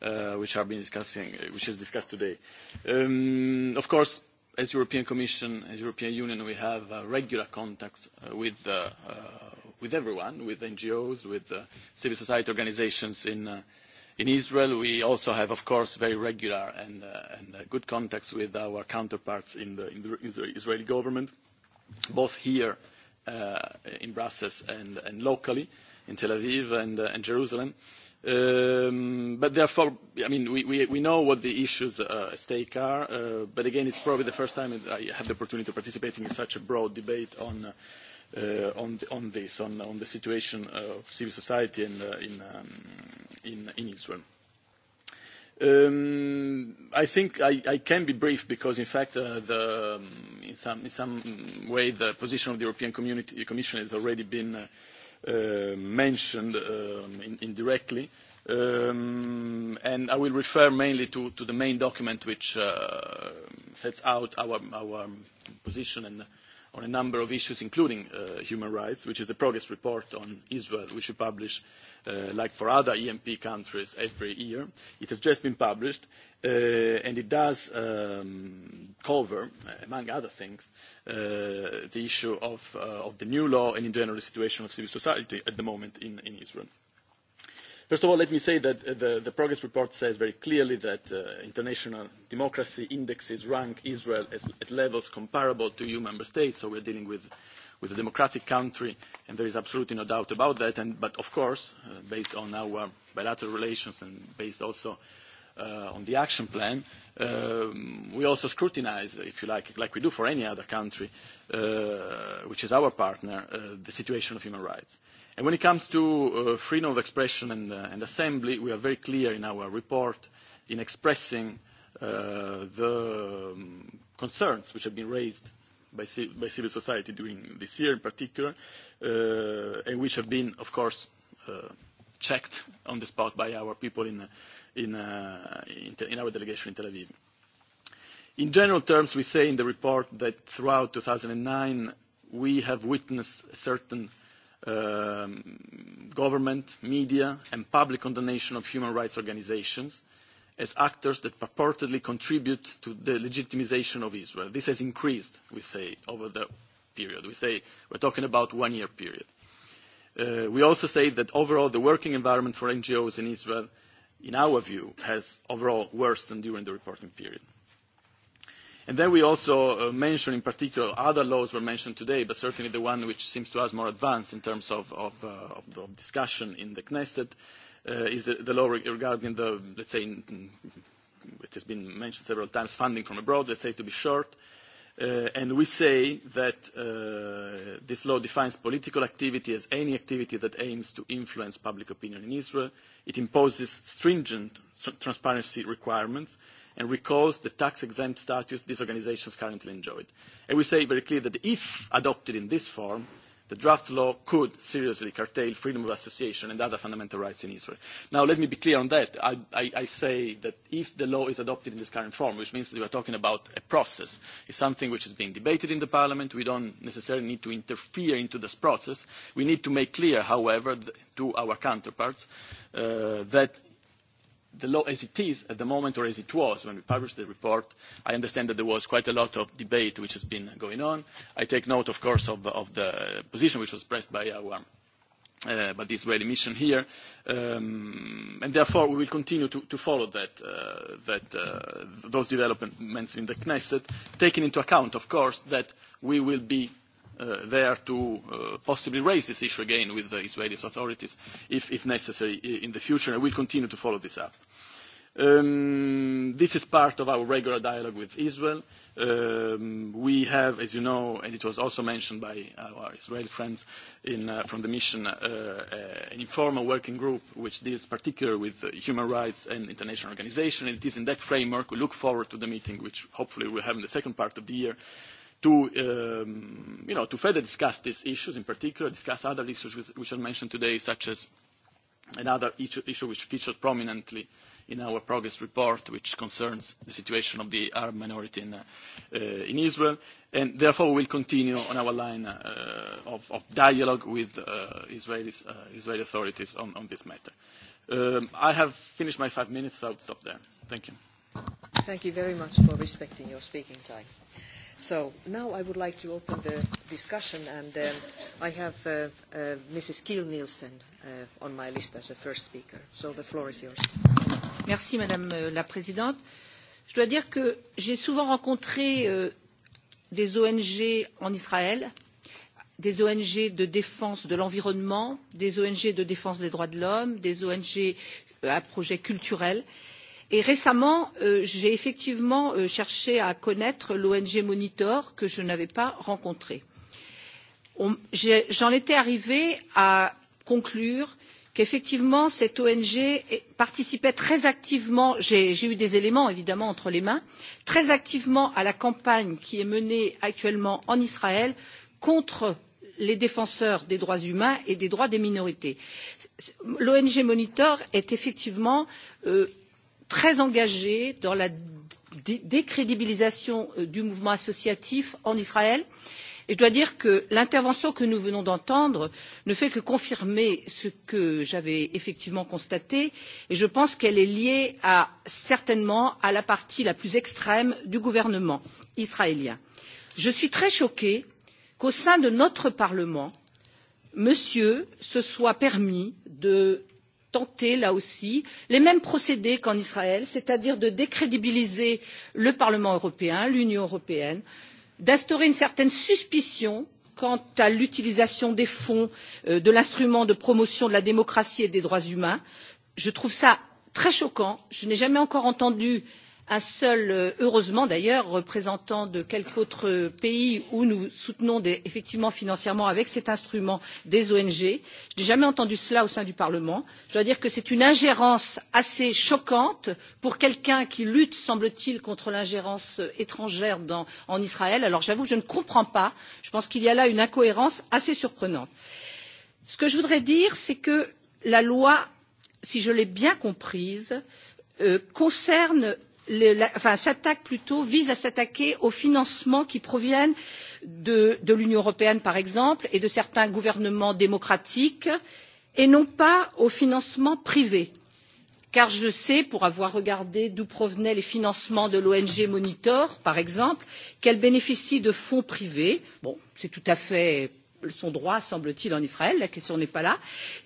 uh, which, are being discussing, which is discussed today. Um, of course, as the European Commission, as European Union, we have uh, regular contacts uh, with, uh, uh, with everyone, with NGOs, with uh, civil society organizations in, uh, In Israel, we also have, of course, very regular and good contacts with our counterparts in the Israeli government, both here in Brussels and locally in Tel Aviv and Jerusalem. But therefore, I mean, we know what the issues at stake are, but again, it's probably the first time I had the opportunity to participate in such a broad debate on on this, on on the situation of civil society in in in um Israel. I think I I can be brief because, in fact, uh the in some in some way, the position of the European Commission has already been mentioned in indirectly. And I will refer mainly to to the main document which uh sets out our position and on a number of issues, including human rights, which is a progress report on Israel, which we publish, like for other EMP countries, every year. It has just been published, and it does cover, among other things, the issue of the new law and, in general, the situation of civil society at the moment in Israel First of all, let me say that the, the progress report says very clearly that uh, international democracy indexes rank Israel as, at levels comparable to EU member states, so we're dealing with, with a democratic country, and there is absolutely no doubt about that. And, but of course, uh, based on our bilateral relations and based also uh, on the action plan, um, we also scrutinize, if you like, like we do for any other country, uh, which is our partner, uh, the situation of human rights. Uh, And when it comes to freedom of expression and, assembly, we are very clear in our report in expressing the concerns which have been raised by, civil society during this year in particular, and which have been, of course, checked on the spot by our people in, in, our delegation in Tel Aviv. In general terms, we say in the report that throughout two thousand nine we have witnessed a certain government, media, and public condemnation of human rights organisations as actors that purportedly contribute to the legitimisation of Israel. This has increased, we say, over the period. We say we're talking about one year period. we also say that overall the working environment for NGOs in Israel, in our view, has overall worsened during the reporting period. And then we also uh, in particular other laws were mentioned today, but certainly the one which seems to us more advanced in terms of, of, uh, of, of discussion in the Knesset uh, is the, the law regarding the, let's say, it has been mentioned several times, funding from abroad, let's say to be short. Uh, and we say that uh, this law defines political activity as any activity that aims to influence public opinion in Israel. It imposes stringent transparency requirements and recalls the tax-exempt status these organisations currently enjoy. And we say very clearly that if adopted in this form, the draft law could seriously curtail freedom of association and other fundamental rights in Israel. Now, let me be clear on that. I, I, I say that if the law is adopted in this current form, which means that we are talking about a process, it's something which is being debated in the parliament. We don't necessarily need to interfere into this process. We need to make clear, however, to our counterparts that the law as it is at the moment, or as it was when we published the report, I understand that there was quite a lot of debate which has been going on. I take note, of course, of, of the position which was expressed by our uh, by the Israeli mission here, um, and therefore we will continue to, to follow that, uh, that, uh, those developments in the Knesset, taking into account, of course, that we will be there to possibly raise this issue again with the Israeli authorities if, necessary in the future, and we will continue to follow this up. this is part of our regular dialogue with Israel. we have, as you know, and it was also mentioned by our Israeli friends from the mission, an informal working group which deals particularly with human rights and international organisations. And it is in that framework we look forward to the meeting, which hopefully we will have in the second part of the year, to, um, you know, to further discuss these issues, in particular, discuss other issues which are mentioned today, such as another issue which featured prominently in our progress report, which concerns the situation of the Arab minority in, uh, in Israel. And therefore, we will continue on our line uh, of, of dialogue with uh, Israelis, uh, Israeli authorities on, on this matter. Um, I have finished my five minutes, so I will stop there. Thank you. Thank you very much for respecting your speaking time. So now I would like to open the discussion, and I have Mrs. Kiil Nielsen on my list as the first speaker. So the floor is yours. Merci, Madame la Présidente. Je dois dire que j'ai souvent rencontré des ONG en Israël, des ONG de défense de l'environnement, des ONG de défense des droits de l'homme, des ONG à projet culturel. Euh, Et récemment, j'ai effectivement cherché à connaître l'ONG Monitor que je n'avais pas rencontrée. J'en étais arrivée à conclure qu'effectivement cette ONG participait très activement j'ai eu des éléments évidemment entre les mains très activement à la campagne qui est menée actuellement en Israël contre les défenseurs des droits humains et des droits des minorités. L'ONG Monitor est effectivement très engagée dans la décrédibilisation du mouvement associatif en Israël. Et je dois dire que l'intervention que nous venons d'entendre ne fait que confirmer ce que j'avais effectivement constaté, et je pense qu'elle est liée certainement à la partie la plus extrême du gouvernement israélien. Je suis très choquée qu'au sein de notre Parlement, monsieur se soit permis de tenter là aussi les mêmes procédés qu'en Israël, c'est-à-dire de décrédibiliser le Parlement européen, l'Union européenne, d'instaurer une certaine suspicion quant à l'utilisation des fonds de l'instrument de promotion de la démocratie et des droits humains. Je trouve cela très choquant. Je n'ai jamais encore entendu un seul heureusement d'ailleurs représentant de quelque autre pays où nous soutenons effectivement financièrement avec cet instrument des ong. je n'ai jamais entendu cela au sein du parlement. je dois dire que c'est une ingérence assez choquante pour quelqu'un qui lutte semble t il contre l'ingérence étrangère en israël. alors j'avoue que je ne comprends pas je pense qu'il y a là une incohérence assez surprenante. ce que je voudrais dire c'est que la loi si je l'ai bien comprise concerne s'attaque plutôt vise à s'attaquer aux financements qui proviennent de l'union européenne par exemple et de certains gouvernements démocratiques et non pas aux financements privés car je sais pour avoir regardé d'où provenaient les financements de l'ong monitor par exemple qu'elle bénéficie de fonds privés c'est tout à fait son droit semble t il en israël la question n'est pas là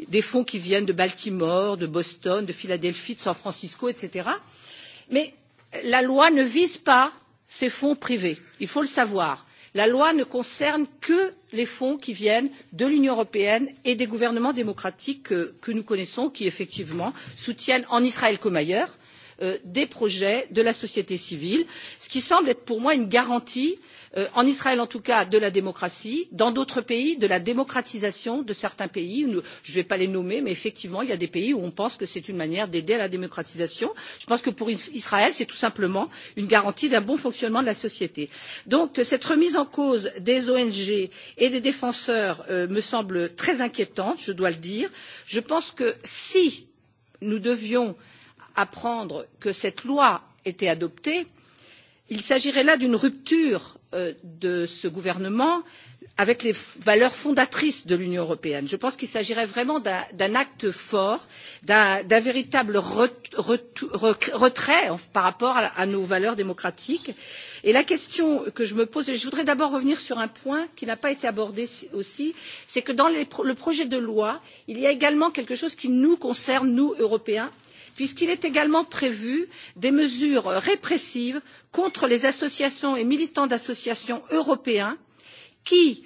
des fonds qui viennent de baltimore de boston de philadelphie de san francisco etc. mais la loi ne vise pas ces fonds privés, il faut le savoir. La loi ne concerne que les fonds qui viennent de l'Union européenne et des gouvernements démocratiques que, nous connaissons, qui effectivement soutiennent en Israël comme ailleurs des projets de la société civile, ce qui semble être pour moi une garantie en israël en tout cas de la démocratie dans d'autres pays de la démocratisation de certains pays je ne vais pas les nommer mais effectivement il y a des pays où on pense que c'est une manière d'aider à la démocratisation. je pense que pour israël c'est tout simplement une garantie d'un bon fonctionnement de la société. donc cette remise en cause des ong et des défenseurs me semble très inquiétante je dois le dire. je pense que si nous devions apprendre que cette loi était adoptée il s'agirait là d'une rupture de ce gouvernement avec les valeurs fondatrices de l'Union européenne. Je pense qu'il s'agirait vraiment d'un acte fort, d'un véritable retrait par rapport à nos valeurs démocratiques. Et la question que je me pose, et je voudrais d'abord revenir sur un point qui n'a pas été abordé aussi, c'est que dans le projet de loi, il y a également quelque chose qui nous concerne, nous, Européens, puisqu'il est également prévu des mesures répressives contre les associations et militants d'associations européens qui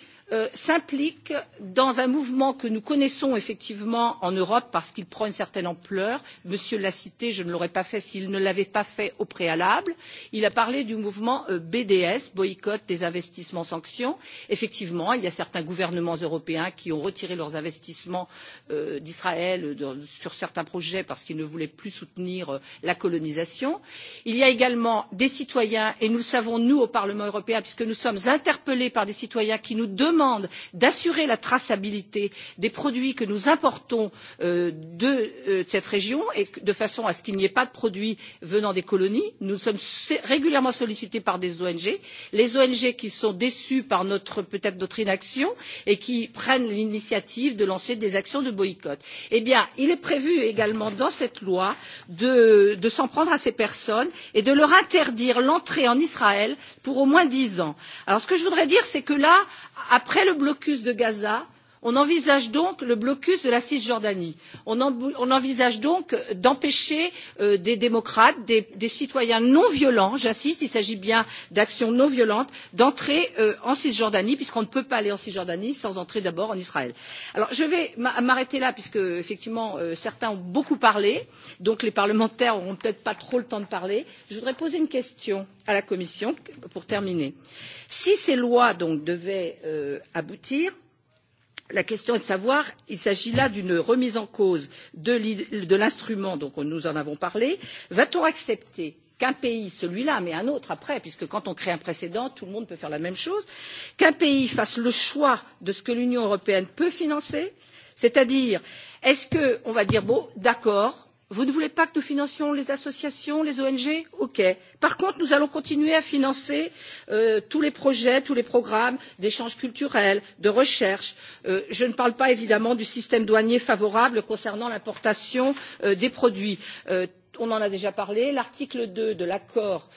s'implique dans un mouvement que nous connaissons effectivement en Europe parce qu'il prend une certaine ampleur. Monsieur l'a cité, je ne l'aurais pas fait s'il ne l'avait pas fait au préalable. Il a parlé du mouvement BDS, boycott des investissements sanctions. Effectivement, il y a certains gouvernements européens qui ont retiré leurs investissements d'Israël sur certains projets parce qu'ils ne voulaient plus soutenir la colonisation. Il y a également des citoyens, et nous le savons nous au Parlement européen, puisque nous sommes interpellés par des citoyens qui nous demandent demande d'assurer la traçabilité des produits que nous importons de cette région de façon à ce qu'il n'y ait pas de produits venant des colonies. Nous sommes régulièrement sollicités par des ONG, les ONG qui sont déçues par peut-être notre inaction et qui prennent l'initiative de lancer des actions de boycott. Eh bien, il est prévu également dans cette loi de s'en prendre à ces personnes et de leur interdire l'entrée en Israël pour au moins dix ans. Alors ce que je voudrais dire, c'est que là, après le blocus de gaza on envisage donc le blocus de la cisjordanie on envisage donc d'empêcher des démocrates des citoyens non violents j'insiste il s'agit bien d'actions non violentes d'entrer en cisjordanie puisqu'on ne peut pas aller en cisjordanie sans entrer d'abord en israël. je vais m'arrêter là puisque effectivement certains ont beaucoup parlé donc les parlementaires n'auront peut être pas trop le temps de parler. je voudrais poser une question à la commission pour terminer si ces lois devaient aboutir la question est de savoir il s'agit là d'une remise en cause de l'instrument dont nous en avons parlé va t on accepter qu'un pays celui là mais un autre après puisque quand on crée un précédent tout le monde peut faire la même chose fasse le choix de ce que l'union européenne peut financer c'est à dire est ce qu'on va dire bon d'accord Vous ne voulez pas que nous financions les associations, les ONG Ok. Par contre, nous allons continuer à financer tous les projets, tous les programmes d'échanges culturels, de recherche. je ne parle pas évidemment du système douanier favorable concernant l'importation des produits. on en a déjà parlé. L'article deux de l'accord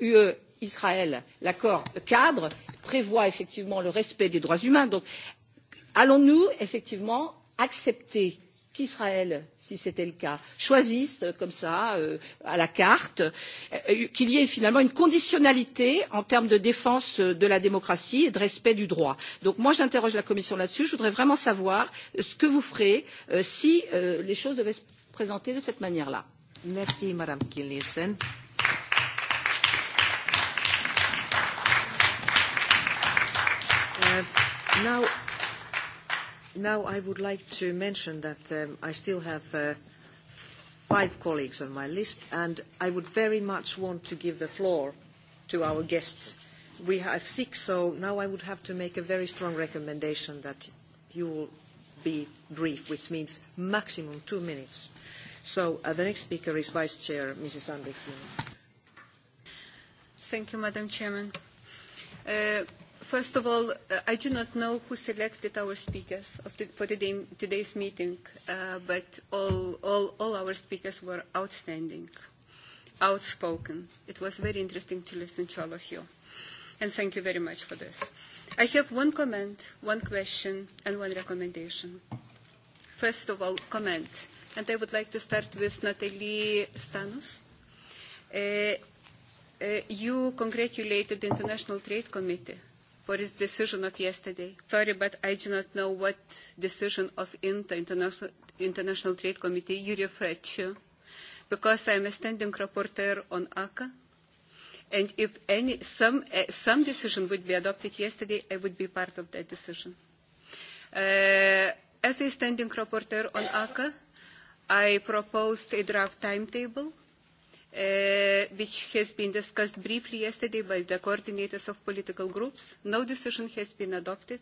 UE Israël, l'accord cadre, prévoit effectivement le respect des droits humains. Donc, allons-nous effectivement accepter qu'Israël, si c'était le cas, choisisse comme cela, à la carte, qu'il y ait finalement une conditionnalité en termes de défense de la démocratie et de respect du droit. Donc moi j'interroge la Commission là-dessus. Je voudrais vraiment savoir ce que vous ferez si les choses devaient se présenter de cette manière-là. Merci Madame now Now I would like to mention that I still have five colleagues on my list, and I would very much want to give the floor to our guests. We have six, so now I would have to make a very strong recommendation that you will be brief, which means maximum two minutes. So the next speaker is Vice Chair Mrs. Andrikien. Thank you, Madam Chairman. First of all, I do not know who selected our speakers of the, for today, today's meeting, uh, but all, all, all our speakers were outstanding, outspoken. It was very interesting to listen to all of you. And thank you very much for this. I have one comment, one question, and one recommendation. First of all, comment. And I would like to start with Natalie Stanus. Uh, uh, you congratulated the International Trade Committee for his decision of yesterday. Sorry, but I do not know what decision of INTA, International, International Trade Committee, you refer to, because I am a standing rapporteur on ACA, and if any, some, uh, some decision would be adopted yesterday, I would be part of that decision. Uh, as a standing rapporteur on ACA, I proposed a draft timetable – which has been discussed briefly yesterday by the coordinators of political groups. No decision has been adopted,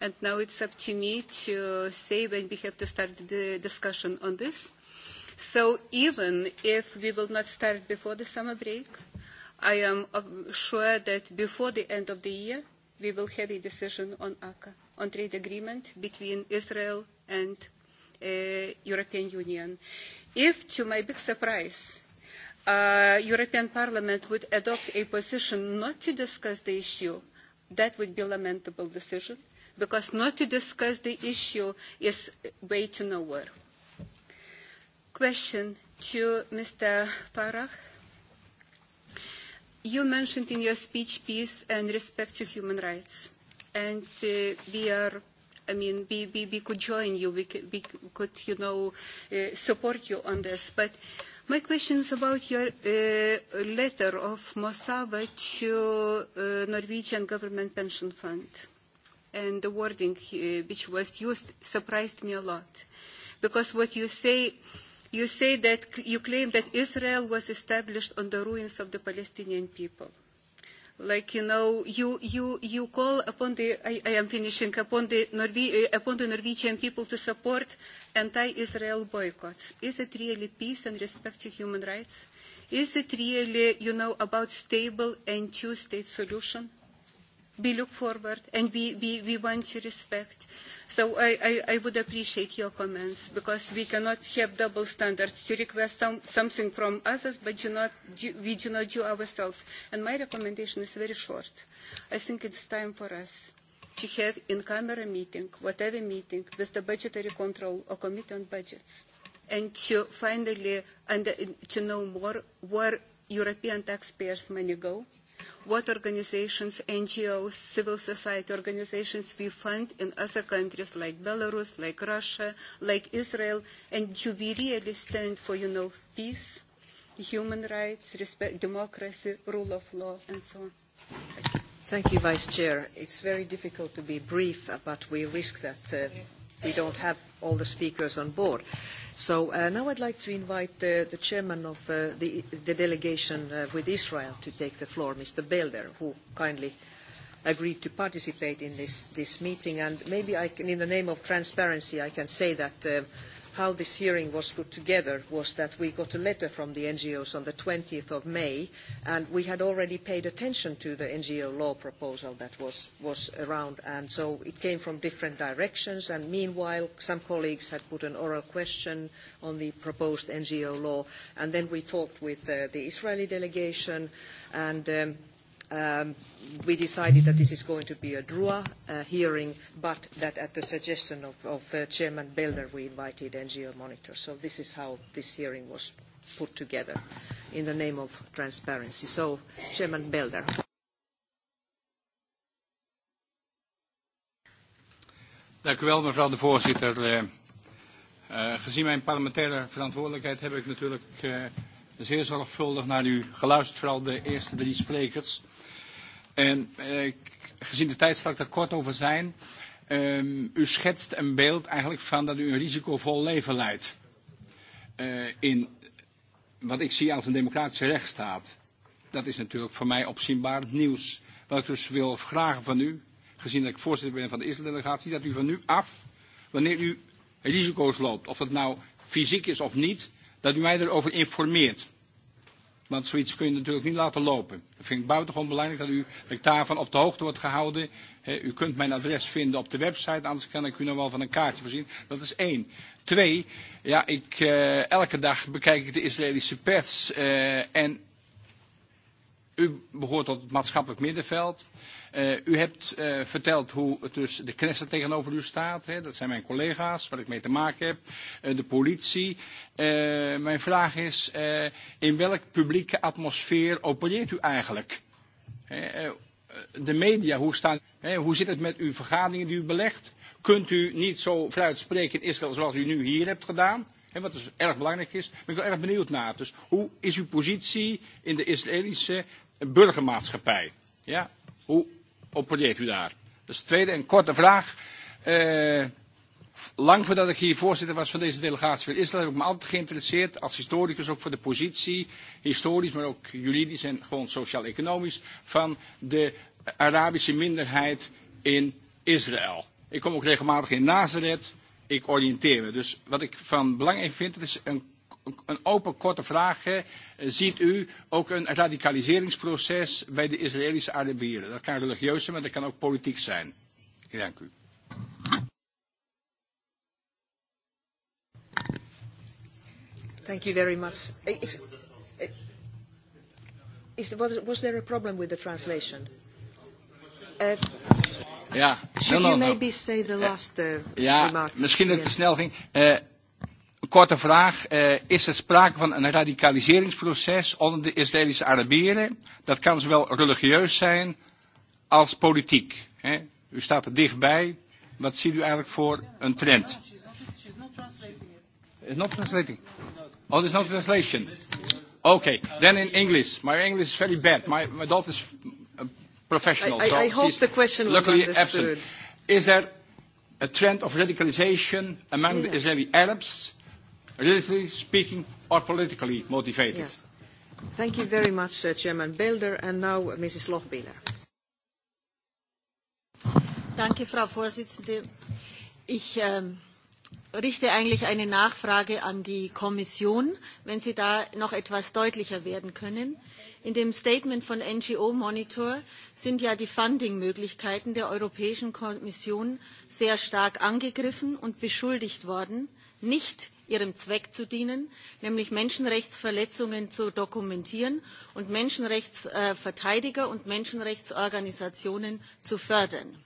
and now it's up to me to say when we have to start the discussion on this. So even if we will not start before the summer break, I am sure that before the end of the year, we will have a decision on ACA, on trade agreement between Israel and uh, European Union. If, to my big surprise, European Parliament would adopt a position not to discuss the issue, that would be a lamentable decision, because not to discuss the issue is way to nowhere. Question to Mr. Farah. You mentioned in your speech peace and respect to human rights, and we are I mean, we, we, we could join you, we could, we could you know, uh, support you on this. But My question is about your letter of Mosaba to Norwegian Government Pension Fund, and the wording which was used surprised me a lot. Because what you say, you say that you claim that Israel was established on the ruins of the Palestinian people like you know you you you call upon the I, I am finishing upon the Norwe- upon the Norwegian people to support anti-Israel boycotts. Is it really peace and respect to human rights? Is it really you know about stable and two-state solution? we look forward and we, we, we want to respect. So I, I, I would appreciate your comments because we cannot have double standards to request some, something from others, but do not, do, we do not do ourselves. And my recommendation is very short. I think it's time for us to have in-camera meeting, whatever meeting, with the budgetary control or committee on budgets, and to finally under, to know more where European taxpayers' money go what organizations, NGOs, civil society organizations we fund in other countries like Belarus, like Russia, like Israel, and do we really stand for, you know, peace, human rights, respect, democracy, rule of law, and so on. Thank you. Thank you, Vice Chair. It's very difficult to be brief, but we risk that we don't have all the speakers on board. So now I'd like to invite the chairman of the, delegation with Israel to take the floor, Mr. Belder, who kindly agreed to participate in this, meeting. And maybe I can, in the name of transparency, I can say that how this hearing was put together was that we got a letter from the NGOs on the 20th of May, and we had already paid attention to the NGO law proposal that was, was around, and so it came from different directions, and meanwhile some colleagues had put an oral question on the proposed NGO law, and then we talked with uh, the Israeli delegation, and um, we decided that this is going to be a DRUA hearing, but that at the suggestion of, Chairman Belder, we invited NGO monitors. So this is how this hearing was put together in the name of transparency. So, Chairman Belder. Dank u wel, mevrouw de voorzitter. gezien mijn parlementaire verantwoordelijkheid heb ik natuurlijk zeer zorgvuldig naar u geluisterd, vooral de eerste drie sprekers. En gezien de tijd zal ik daar kort over zijn. u schetst een beeld eigenlijk van dat u een risicovol leven leidt. in wat ik zie als een democratische rechtsstaat. Dat is natuurlijk voor mij opzienbaar nieuws. Wat ik dus wil vragen van u, gezien dat ik voorzitter ben van de Israël-delegatie, dat u van nu af, wanneer u risico's loopt, of dat nou fysiek is of niet, dat u mij erover informeert. Want zoiets kun je natuurlijk niet laten lopen. Dat vind ik buitengewoon belangrijk dat u daarvan op de hoogte wordt gehouden. u kunt mijn adres vinden op de website, anders kan ik u nog wel van een kaartje voorzien. Dat is één. Twee, ja, ik, uh, elke dag bekijk ik de Israëlische pers uh, en u behoort tot het maatschappelijk middenveld. Uh, u hebt verteld hoe het dus de Knesset tegenover u staat. Hè? Dat zijn mijn collega's, waar ik mee te maken heb. de politie. mijn vraag is, in welk publieke atmosfeer opereert u eigenlijk? de media, hoe, staan, hoe zit het met uw vergaderingen die u belegt? Kunt u niet zo vooruit spreken in Israël zoals u nu hier hebt gedaan? wat dus erg belangrijk is, ben ik wel erg benieuwd naar. Dus hoe is uw positie in de Israëlische burgermaatschappij? Ja? Hoe opereert u daar? Dus de tweede en korte vraag. Uh, lang voordat ik hier voorzitter was van deze delegatie van Israël, heb ik me altijd geïnteresseerd, als historicus ook voor de positie, historisch, maar ook juridisch en gewoon sociaal-economisch, van de Arabische minderheid in Israël. Ik kom ook regelmatig in Nazareth. Ik oriënteer me. Dus wat ik van belang vind, het is een een open korte vraag. Ziet u ook een radicaliseringsproces bij de Israëlische Arabieren? Dat kan religieus zijn, maar dat kan ook politiek zijn. Ik dank u. Thank you very much. Is, is, was there a problem with the translation? Uh, yeah. Should no, no, you maybe no. say the last uh, yeah, remark? Misschien dat het te snel ging. Uh, korte vraag. Uh, is er sprake van een radicaliseringsproces onder de Israëlische Arabieren? Dat kan zowel religieus zijn als politiek. Hè? U staat er dichtbij. Wat ziet u eigenlijk voor een trend? is not translating. Oh, there's no translation. Okay, then in English. My English is very bad. My, my daughter is a professional. I, so I hope the question was understood. Absent. Is there a trend of radicalization among the Israeli Arabs realistically speaking, are politically motivated. Thank you very much, Chairman Belder. And now Mrs. Frau Vorsitzende. Ich richte eigentlich eine Nachfrage an die Kommission, wenn Sie da noch etwas deutlicher werden können. In dem Statement von NGO Monitor sind ja die Funding-Möglichkeiten der Europäischen Kommission sehr stark angegriffen und beschuldigt worden nicht ihrem Zweck zu dienen, nämlich Menschenrechtsverletzungen zu dokumentieren und Menschenrechtsverteidiger und Menschenrechtsorganisationen zu fördern.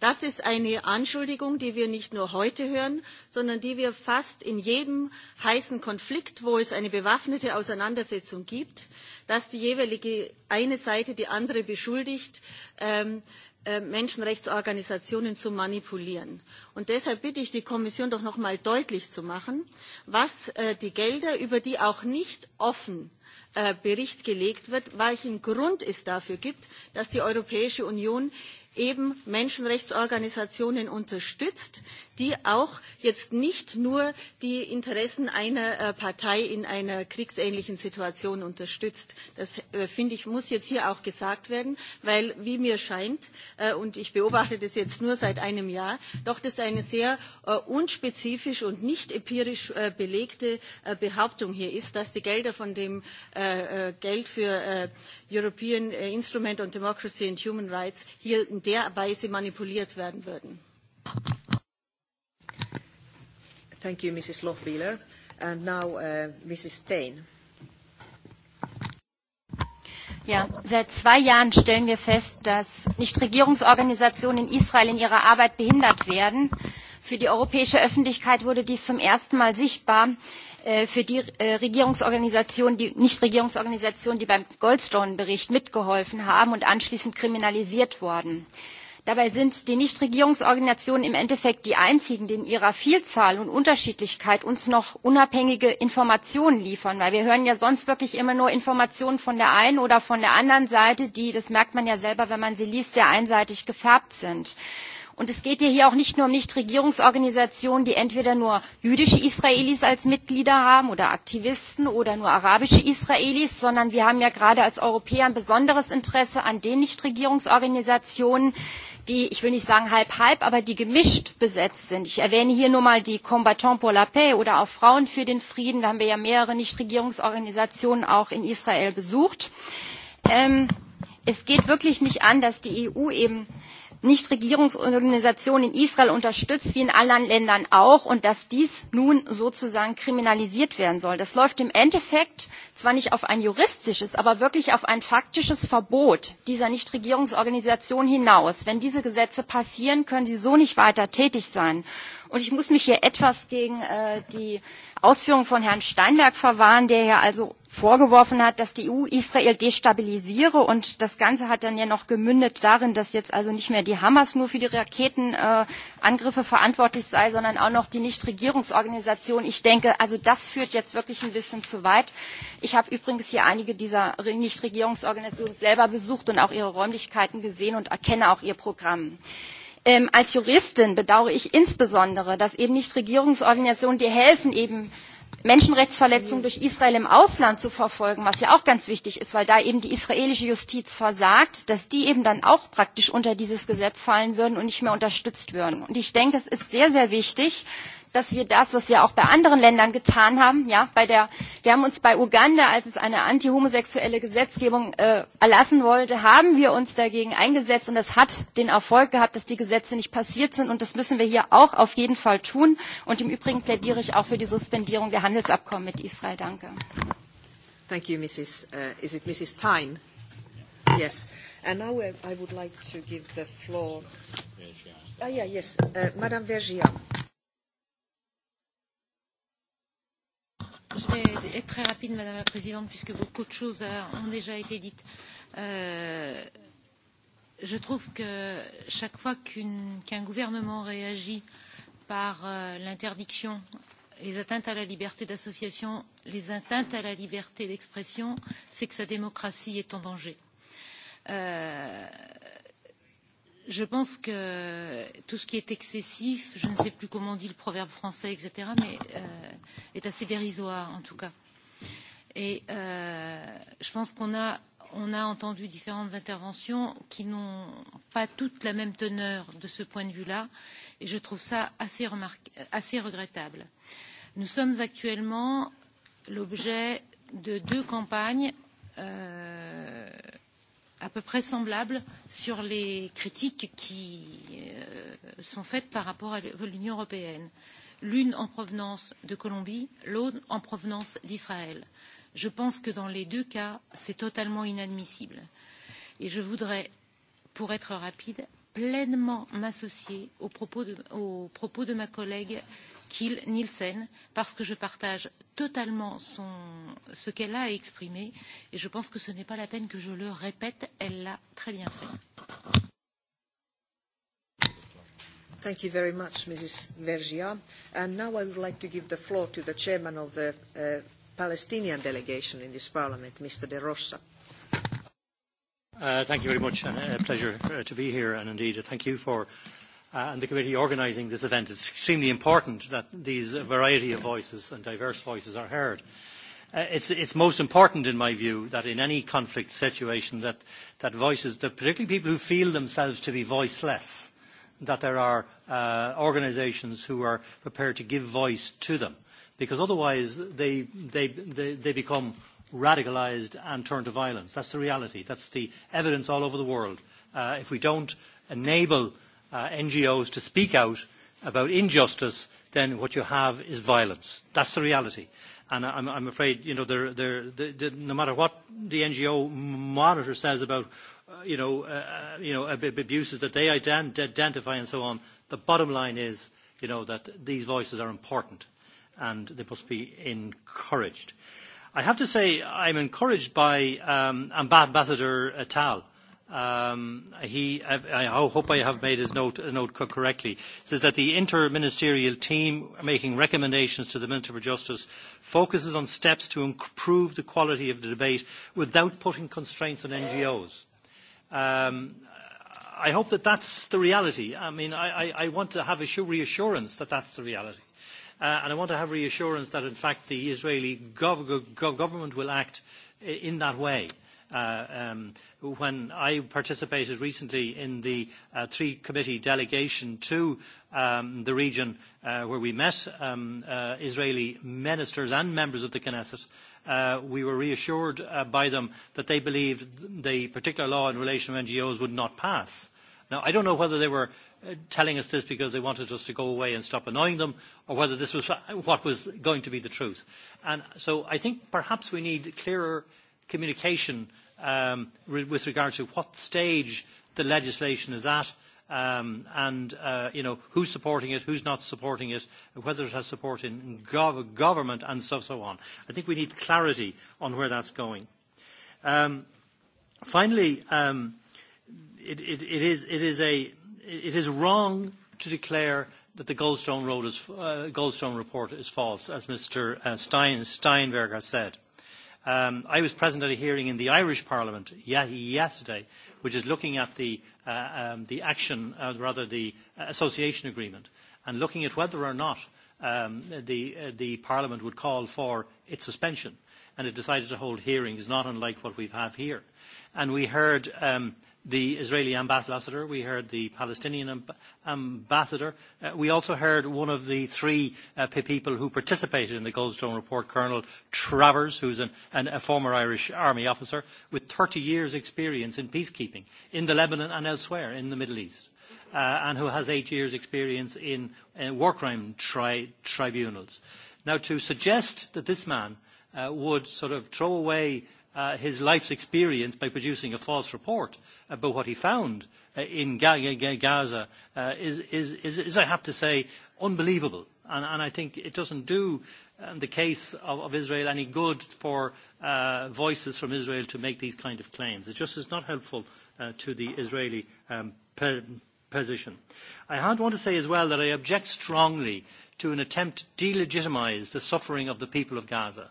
Das ist eine Anschuldigung, die wir nicht nur heute hören, sondern die wir fast in jedem heißen Konflikt, wo es eine bewaffnete Auseinandersetzung gibt, dass die jeweilige eine Seite die andere beschuldigt, Menschenrechtsorganisationen zu manipulieren. Und deshalb bitte ich die Kommission doch noch einmal deutlich zu machen, was die Gelder, über die auch nicht offen Bericht gelegt wird, welchen Grund es dafür gibt, dass die Europäische Union eben Menschenrechtsorganisationen unterstützt, die auch jetzt nicht nur die Interessen einer Partei in einer kriegsähnlichen Situation unterstützt. Das, finde ich, muss jetzt hier auch gesagt werden, weil, wie mir scheint, und ich beobachte das jetzt nur seit einem Jahr, doch das eine sehr unspezifisch und nicht empirisch belegte Behauptung hier ist, dass die Gelder von dem Geld für European Instrument on Democracy and Human Rights hier in der Weise manipuliert werden würden. Thank you, Mrs. Lochbieler. And now, uh, Mrs. Stein. Ja, seit zwei Jahren stellen wir fest, dass Nichtregierungsorganisationen in Israel in ihrer Arbeit behindert werden. Für die europäische Öffentlichkeit wurde dies zum ersten Mal sichtbar für die Regierungsorganisation, die Nichtregierungsorganisationen, die beim Goldstone-Bericht mitgeholfen haben und anschließend kriminalisiert wurden. Dabei sind die Nichtregierungsorganisationen im Endeffekt die einzigen, die in ihrer Vielzahl und Unterschiedlichkeit uns noch unabhängige Informationen liefern, weil wir hören ja sonst wirklich immer nur Informationen von der einen oder von der anderen Seite, die, das merkt man ja selber, wenn man sie liest, sehr einseitig gefärbt sind. Und es geht ja hier auch nicht nur um Nichtregierungsorganisationen, die entweder nur jüdische Israelis als Mitglieder haben oder Aktivisten oder nur arabische Israelis, sondern wir haben ja gerade als Europäer ein besonderes Interesse an den Nichtregierungsorganisationen, die, ich will nicht sagen halb-halb, aber die gemischt besetzt sind. Ich erwähne hier nur mal die Combattants pour la Paix oder auch Frauen für den Frieden. Da haben wir ja mehrere Nichtregierungsorganisationen auch in Israel besucht. es geht wirklich nicht an, dass die EU eben Nichtregierungsorganisationen in Israel unterstützt, wie in anderen Ländern auch, und dass dies nun sozusagen kriminalisiert werden soll. Das läuft im Endeffekt zwar nicht auf ein juristisches, aber wirklich auf ein faktisches Verbot dieser Nichtregierungsorganisationen hinaus. Wenn diese Gesetze passieren, können sie so nicht weiter tätig sein. Und ich muss mich hier etwas gegen die Ausführungen von Herrn Steinberg verwahren, der ja also vorgeworfen hat, dass die EU Israel destabilisiere. Und das Ganze hat dann ja noch gemündet darin, dass jetzt also nicht mehr die Hamas nur für die Raketenangriffe verantwortlich sei, sondern auch noch die Nichtregierungsorganisation. Ich denke, also das führt jetzt wirklich ein bisschen zu weit. Ich habe übrigens hier einige dieser Nichtregierungsorganisationen selber besucht und auch ihre Räumlichkeiten gesehen und erkenne auch ihr Programm als Juristin bedauere ich insbesondere, dass eben nicht Regierungsorganisationen, die helfen, eben Menschenrechtsverletzungen durch Israel im Ausland zu verfolgen, was ja auch ganz wichtig ist, weil da eben die israelische Justiz versagt, dass die eben dann auch praktisch unter dieses Gesetz fallen würden und nicht mehr unterstützt würden. Und ich denke, es ist sehr, sehr wichtig, dass wir das, was wir auch bei anderen Ländern getan haben, ja, bei der, wir haben uns bei Uganda, als es eine anti homosexuelle Gesetzgebung äh, erlassen wollte, haben wir uns dagegen eingesetzt und es hat den Erfolg gehabt, dass die Gesetze nicht passiert sind und das müssen wir hier auch auf jeden Fall tun. Und im Übrigen plädiere ich auch für die Suspendierung der Handelsabkommen mit Israel. Danke. Thank you, Mrs. Uh, is it Mrs. Tyne? Yes. And now I would like to give the floor. Ah, yeah, yes, uh, Madame je vais être très rapide, Madame la Présidente, puisque beaucoup de choses ont déjà été dites. je trouve que chaque fois qu'un gouvernement réagit par l'interdiction, les atteintes à la liberté d'association, les atteintes à la liberté d'expression, c'est que sa démocratie est en danger je pense que tout ce qui est excessif, je ne sais plus comment on dit le proverbe français, etc., mais euh, est assez dérisoire en tout cas. Et euh, je pense qu'on a, on a entendu différentes interventions qui n'ont pas toutes la même teneur de ce point de vue-là, et je trouve ça assez, assez regrettable. Nous sommes actuellement l'objet de deux campagnes. Euh, à peu près semblable sur les critiques qui sont faites par rapport à l'Union européenne, l'une en provenance de Colombie, l'autre en provenance d'Israël. Je pense que dans les deux cas, c'est totalement inadmissible. Et je voudrais, pour être rapide, pleinement m'associer aux propos de ma collègue Kiel nielsen parce que je partage totalement ce qu'elle a exprimé et je pense que ce n'est pas la peine que je le répète elle l'a très bien fait. Thank you very much, Mrs. Vergia. And now I would like to give the floor to the chairman of the Palestinian delegation in this parliament, Mr. De Rossa. Thank you very much. and A pleasure to be here, and indeed, thank you for and the committee organising this event. It's extremely important that these variety of voices and diverse voices are heard. It is most important, in my view, that in any conflict situation, that voices, that particularly people who feel themselves to be voiceless, that there are organisations who are prepared to give voice to them, because otherwise they they they they become radicalised and turn to violence. That's the reality. That's the evidence all over the world. Uh, if we don't enable uh, NGOs to speak out about injustice, then what you have is violence. That's the reality. And I'm, I'm afraid, you know, they're, they're, they're, no matter what the NGO monitor says about, uh, you know, uh, you know, abuses that they ident- identify and so on, the bottom line is, you know, that these voices are important and they must be encouraged. I have to say I'm encouraged by um, Ambassador Tal. Um, he, I, I hope I have made his note, note correctly. He says that the interministerial team making recommendations to the Minister for Justice focuses on steps to improve the quality of the debate without putting constraints on NGOs. Um, I hope that that's the reality. I mean, I, I, I want to have a reassurance that that's the reality and I want to have reassurance that, in fact, the Israeli government will act in that way. when I participated recently in the three-committee delegation to the region where we met Israeli ministers and members of the Knesset, we were reassured by them that they believed the particular law in relation to NGOs would not pass. Now, I don't know whether they were telling us this because they wanted us to go away and stop annoying them, or whether this was what was going to be the truth. And so I think perhaps we need clearer communication um, with regard to what stage the legislation is at, um, and uh, you know who's supporting it, who's not supporting it, whether it has support in gov- government, and so so on. I think we need clarity on where that's going. Um, finally, um, it, it, it is it is a it is wrong to declare that the Goldstone, Road is, uh Goldstone report is false, as Mr. Steinberg has said. I was present at a hearing in the Irish Parliament yesterday, which is looking at the, action, uh, rather the association agreement, and looking at whether or not the, the Parliament would call for its suspension. And it decided to hold hearings, not unlike what we have here. And we heard um the Israeli ambassador, we heard the Palestinian ambassador. we also heard one of the three people who participated in the Goldstone report, Colonel Travers, who is a former Irish Army officer with thirty years' experience in peacekeeping in the Lebanon and elsewhere in the Middle East, and who has eight years' experience in war crime tribunals. Now, to suggest that this man would sort of throw away his life's experience by producing a false report about what he found in Gaza is, I have to say, unbelievable. And, I think it doesn't do the case of, Israel any good for voices from Israel to make these kind of claims. It just is not helpful to the Israeli position. I want to say as well that I object strongly to an attempt to delegitimise the suffering of the people of Gaza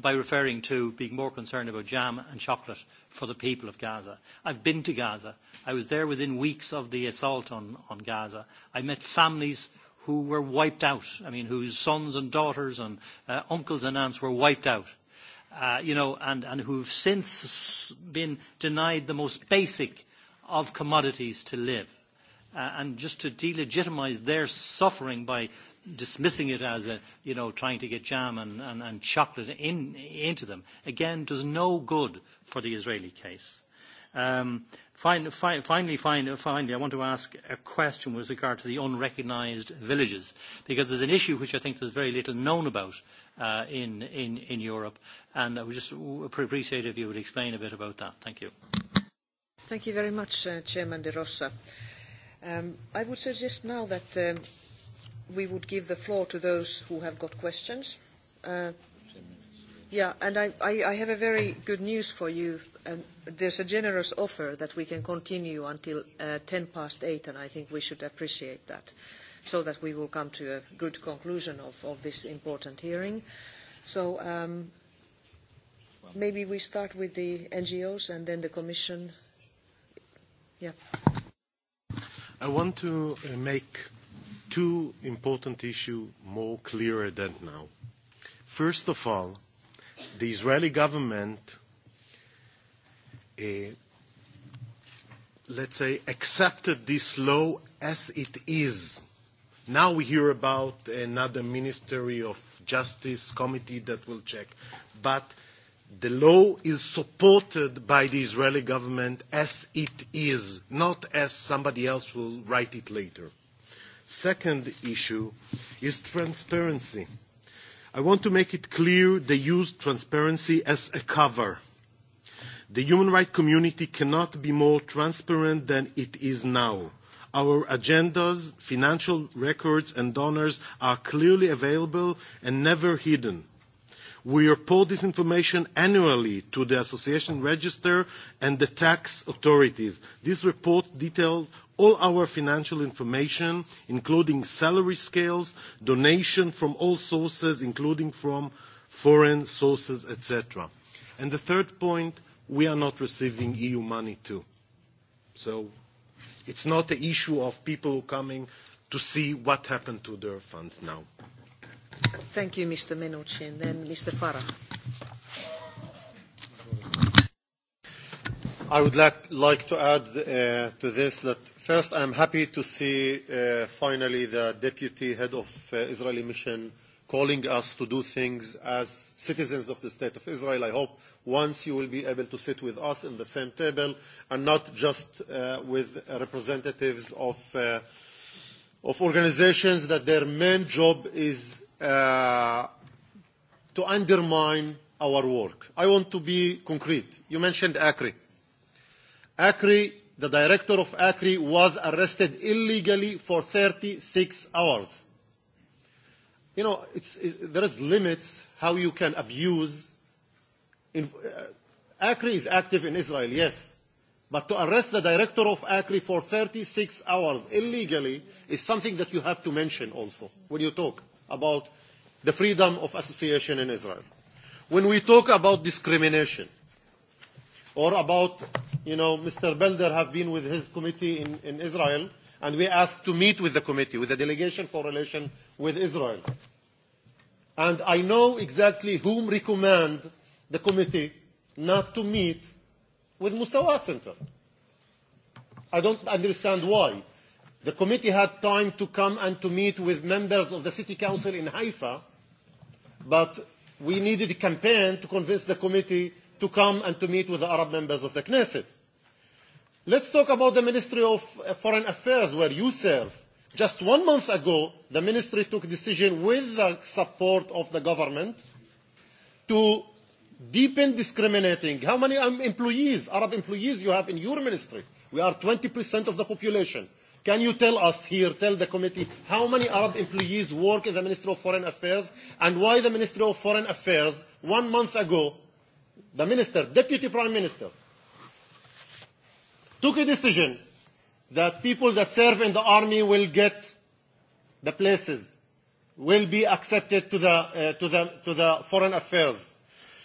by referring to being more concerned about jam and chocolate for the people of Gaza. I've been to Gaza. I was there within weeks of the assault on, on Gaza. I met families who were wiped out, I mean, whose sons and daughters and uh, uncles and aunts were wiped out, uh, you know, and, and who've since been denied the most basic of commodities to live and just to delegitimise their suffering by dismissing it as a, you know, trying to get jam and, and, and chocolate in, into them, again, does no good for the Israeli case. Um, finally, finally, finally, I want to ask a question with regard to the unrecognised villages, because there's an issue which I think there's very little known about uh, in, in, in Europe, and I would just appreciate if you would explain a bit about that. Thank you. Thank you very much, uh, Chairman De Rossa. I would suggest now that we would give the floor to those who have got questions. Yeah, and I, I, I have a very good news for you. Um, there's a generous offer that we can continue until uh, 10 past 8, and I think we should appreciate that so that we will come to a good conclusion of, of this important hearing. So um, maybe we start with the NGOs and then the Commission. Yeah. I want to make two important issues more clearer than now. First of all, the Israeli government, let's say, accepted this law as it is. Now we hear about another Ministry of Justice committee that will check. But the law is supported by the Israeli government as it is, not as somebody else will write it later. Second issue is transparency. I want to make it clear they use transparency as a cover. The human rights community cannot be more transparent than it is now. Our agendas, financial records, and donors are clearly available and never hidden We report this information annually to the association register and the tax authorities. This report details all our financial information, including salary scales, donation from all sources, including from foreign sources, etc. And the third point, we are not receiving EU money too. So it's not an issue of people coming to see what happened to their funds now. Thank you, Mr. Then Mr. Farah. I would like to add to this that first, I'm happy to see finally the deputy head of Israeli mission calling us to do things as citizens of the State of Israel. I hope once you will be able to sit with us in the same table and not just with representatives of organisations that their main job is uh, to undermine our work. I want to be concrete. You mentioned ACRI. ACRI, the director of ACRI, was arrested illegally for 36 hours. You know, it's, it, there is limits how you can abuse. In, uh, ACRI is active in Israel, yes. But to arrest the director of ACRI for 36 hours illegally is something that you have to mention also when you talk about the freedom of association in Israel. When we talk about discrimination, or about, you know, Mr. Belder have been with his committee in, in Israel, and we asked to meet with the committee, with the delegation for relation with Israel. And I know exactly whom recommend the committee not to meet with Musawa Center. I don't understand why. The committee had time to come and to meet with members of the city council in Haifa, but we needed a campaign to convince the committee to come and to meet with the Arab members of the Knesset. Let's talk about the Ministry of Foreign Affairs, where you serve. Just one month ago, the ministry took a decision with the support of the government to deepen discriminating. How many employees, Arab employees you have in your ministry? We are 20% of the population. Can you tell us here, tell the committee, how many Arab employees work in the Ministry of Foreign Affairs and why the Ministry of Foreign Affairs, one month ago, the Minister, Deputy Prime Minister, took a decision that people that serve in the army will get the places, will be accepted to the, uh, to the, to the foreign affairs.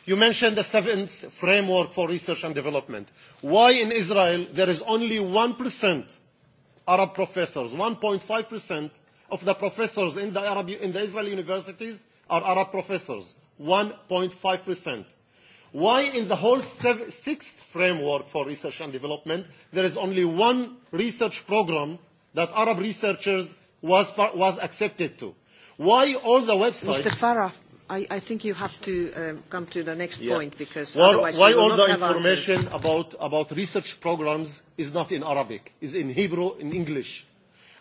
You mentioned the seventh framework for research and development. Why in Israel there is only 1% Arab professors. 1.5% of the professors in the, Arab, in the Israeli universities are Arab professors. 1.5%. Why in the whole seven sixth framework for research and development, there is only one research program that Arab researchers was, was accepted to? Why all the websites... Mr. Farah, I, I think you have to um, come to the next point because why, otherwise why we will all not the have information about about research programs is not in Arabic, is in Hebrew, in English.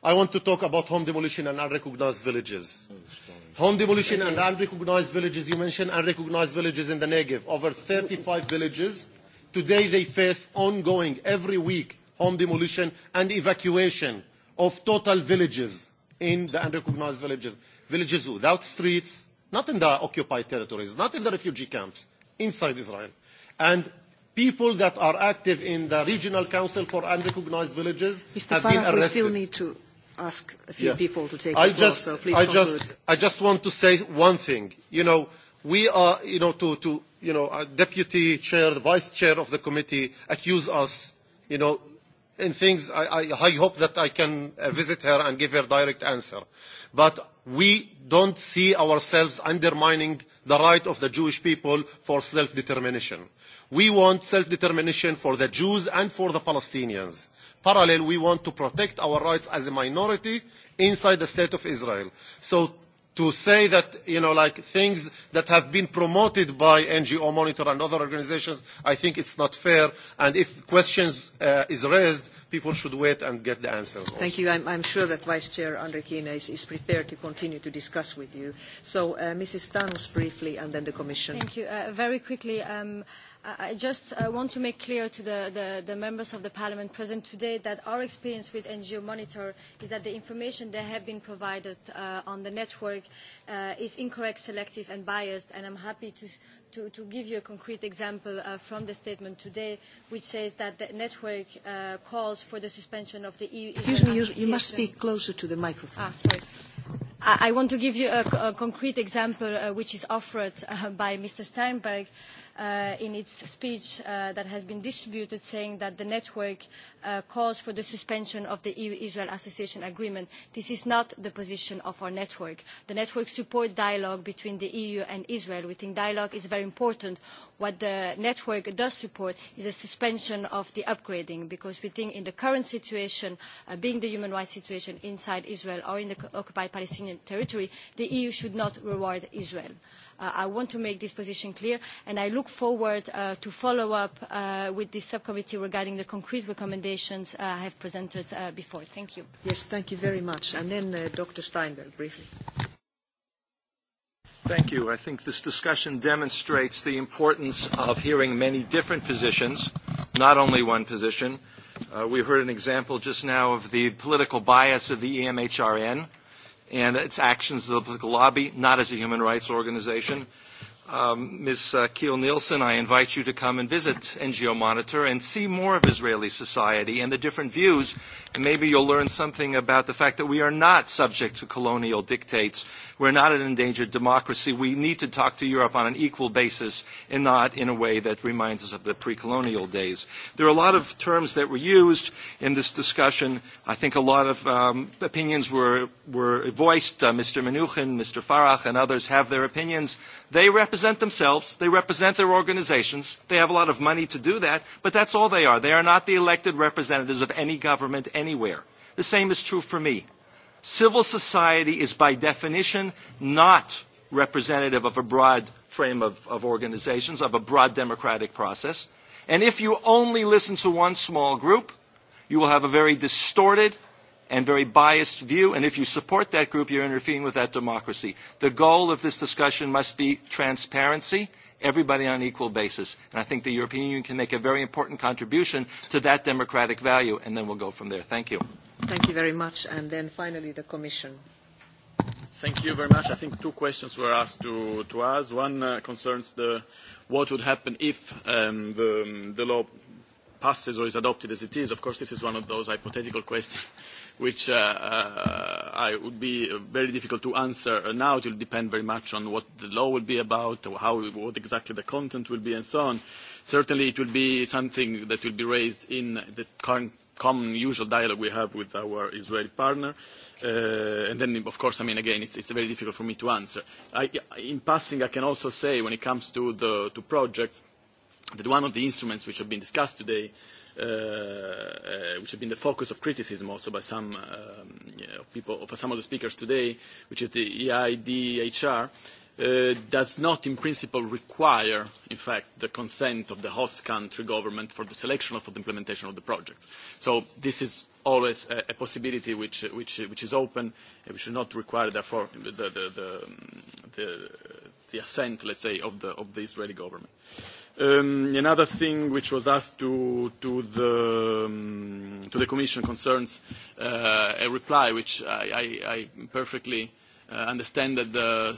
I want to talk about home demolition and unrecognized villages. Home demolition and unrecognized villages. You mentioned unrecognized villages in the Negev. Over 35 villages. Today they face ongoing, every week, home demolition and evacuation of total villages in the unrecognized villages. Villages without streets, not in the occupied territories, not in the refugee camps, inside Israel. And people that are active in the Regional Council for Unrecognized Villages Mr. have been arrested. We still need to ask a few people to take I the floor, so please I just, I just want to say one thing. You know, we are, you know, to, to you know, our deputy chair, the vice chair of the committee accuse us, you know, in things, I, I, I hope that I can visit her and give her direct answer. But we don't see ourselves undermining the right of the Jewish people for self-determination. We want self-determination for the Jews and for the Palestinians. Parallel, we want to protect our rights as a minority inside the state of Israel. So to say that, you know, like things that have been promoted by NGO Monitor and other organizations, I think it's not fair. And if questions uh, is raised, people should wait and get the answers. Thank you. I'm, I'm sure that Vice Chair Andrekina is, is prepared to continue to discuss with you. So uh, Mrs. Tanus briefly and then the Commission. Thank you. Uh, very quickly, um, I just want to make clear to the, members of the parliament present today that our experience with NGO Monitor is that the information that has been provided on the network is incorrect, selective and biased and I'm happy to to, to give you a concrete example uh, from the statement today, which says that the network uh, calls for the suspension of the EU. Excuse me, you, you must speak closer to the microphone. Ah, sorry. I want to give you a, concrete example which is offered by Mr. Steinberg in its speech that has been distributed saying that the network calls for the suspension of the EU-Israel Association Agreement. This is not the position of our network. The network supports dialogue between the EU and Israel. We think dialogue is very important. What the network does support is a suspension of the upgrading because we think in the current situation, being the human rights situation inside Israel or in the occupied Palestinian territory, the EU should not reward Israel. I want to make this position clear, and I look forward to follow up with this subcommittee regarding the concrete recommendations I have presented before. Thank you. Yes, thank you very much. And then Dr. Steinberg, briefly. Thank you. I think this discussion demonstrates the importance of hearing many different positions, not only one position. we heard an example just now of the political bias of the EMHRN and its actions as a political lobby, not as a human rights organization. Um, Ms. Keel Nielsen, I invite you to come and visit NGO Monitor and see more of Israeli society and the different views And maybe you'll learn something about the fact that we are not subject to colonial dictates. We're not an endangered democracy. We need to talk to Europe on an equal basis and not in a way that reminds us of the pre-colonial days. There are a lot of terms that were used in this discussion. I think a lot of um, opinions were, were voiced. Uh, Mr. Mnuchin, Mr. Farah, and others have their opinions. They represent themselves. They represent their organizations. They have a lot of money to do that, but that's all they are. They are not the elected representatives of any government anywhere. The same is true for me. Civil society is by definition not representative of a broad frame of, of organizations, of a broad democratic process. And if you only listen to one small group, you will have a very distorted and very biased view. And if you support that group, you're interfering with that democracy. The goal of this discussion must be transparency everybody on an equal basis. And I think the European Union can make a very important contribution to that democratic value, and then we'll go from there. Thank you. Thank you very much. And then finally, the Commission. Thank you very much. I think two questions were asked to, to us. One uh, concerns the, what would happen if um, the, the law passes or is adopted as it is. Of course, this is one of those hypothetical questions which I would be very difficult to answer now. It will depend very much on what the law will be about, how, what exactly the content will be, and so on. Certainly, it will be something that will be raised in the current common usual dialogue we have with our Israeli partner. Uh, and then, of course, I mean, again, it's, it's very difficult for me to answer. I, in passing, I can also say, when it comes to the to projects, that one of the instruments which have been discussed today which has been the focus of criticism also by some people, for some of the speakers today, which is the EIDHR does not in principle require, in fact, the consent of the host country government for the selection or for the implementation of the projects. So this is always a, possibility which, which, which is open and we should not require, therefore, the, the, the, the, the assent, let's say, of the, of the Israeli government. another thing which was asked to, to, the, to the Commission concerns a reply which I, I, I perfectly understand that the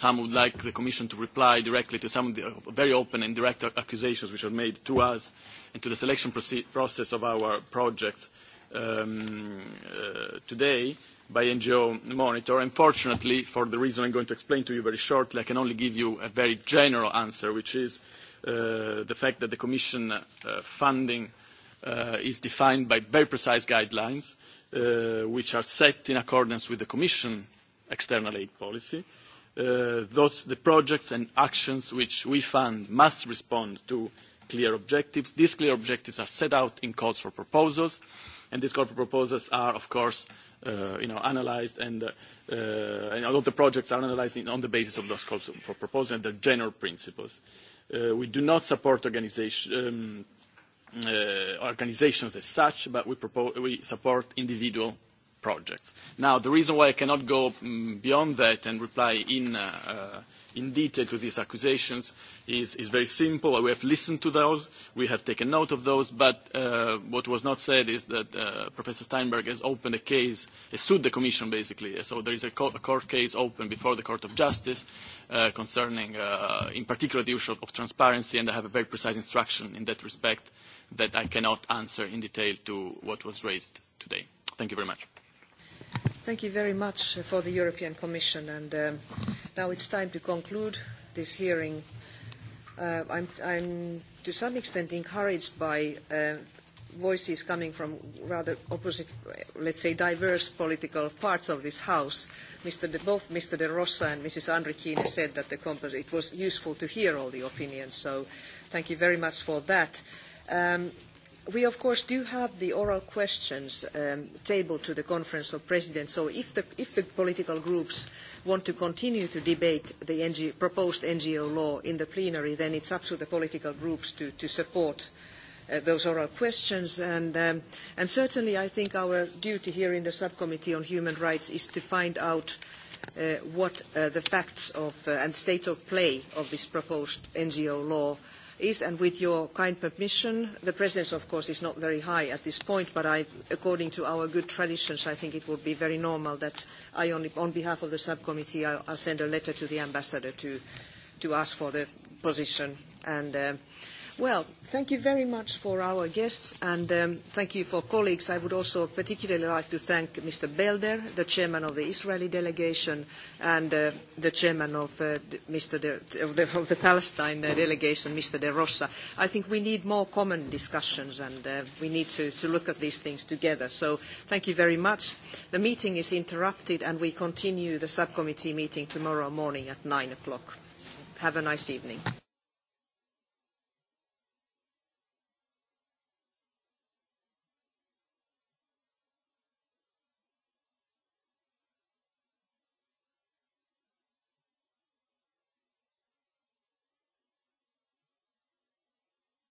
Some would like the Commission to reply directly to some of the very open and direct accusations which are made to us and to the selection process of our project today by NGO Monitor. Unfortunately, for the reason I'm going to explain to you very shortly, I can only give you a very general answer, which is the fact that the Commission funding is defined by very precise guidelines, which are set in accordance with the Commission external aid policy. Uh, the projects and actions which we fund must respond to clear objectives. These clear objectives are set out in calls for proposals, and these calls for proposals are, of course, analysed and, a of the projects are analysed on the basis of those calls for proposals and their general principles. we do not support organisations as such, but we, support individual projects. Now, the reason why I cannot go beyond that and reply in, uh, in detail to these accusations is, is very simple. We have listened to those, we have taken note of those, but uh, what was not said is that uh, Professor Steinberg has opened a case, has sued the Commission basically. So there is a, co a court case open before the Court of Justice uh, concerning, uh, in particular, the issue of, of transparency, and I have a very precise instruction in that respect that I cannot answer in detail to what was raised today. Thank you very much. Thank you very much for the European Commission. And now it's time to conclude this hearing. I'm, I'm to some extent encouraged by voices coming from rather opposite, let's say, diverse political parts of this House. both Mr. De Rossa and Mrs. Andrikine said that the it was useful to hear all the opinions, so thank you very much for that we of course do have the oral questions tabled to the Conference of Presidents, so if the, political groups want to continue to debate the proposed NGO law in the plenary, then it is up to the political groups to, support those oral questions. And, certainly I think our duty here in the Subcommittee on Human Rights is to find out what the facts and state of play of this proposed NGO law is, and with your kind permission, the presence, of course, is not very high at this point, but I, according to our good traditions, I think it would be very normal that I, only, on behalf of the subcommittee, I, I'll send a letter to the ambassador to, to ask for the position. And... Uh, Well, thank you very much for our guests and um, thank you for colleagues. I would also particularly like to thank Mr. Belder, the chairman of the Israeli delegation, and uh, the chairman of, uh, Mr. De, of, the, of the Palestine delegation, Mr. De Rossa. I think we need more common discussions and uh, we need to, to look at these things together. So thank you very much. The meeting is interrupted and we continue the subcommittee meeting tomorrow morning at nine o'clock. Have a nice evening.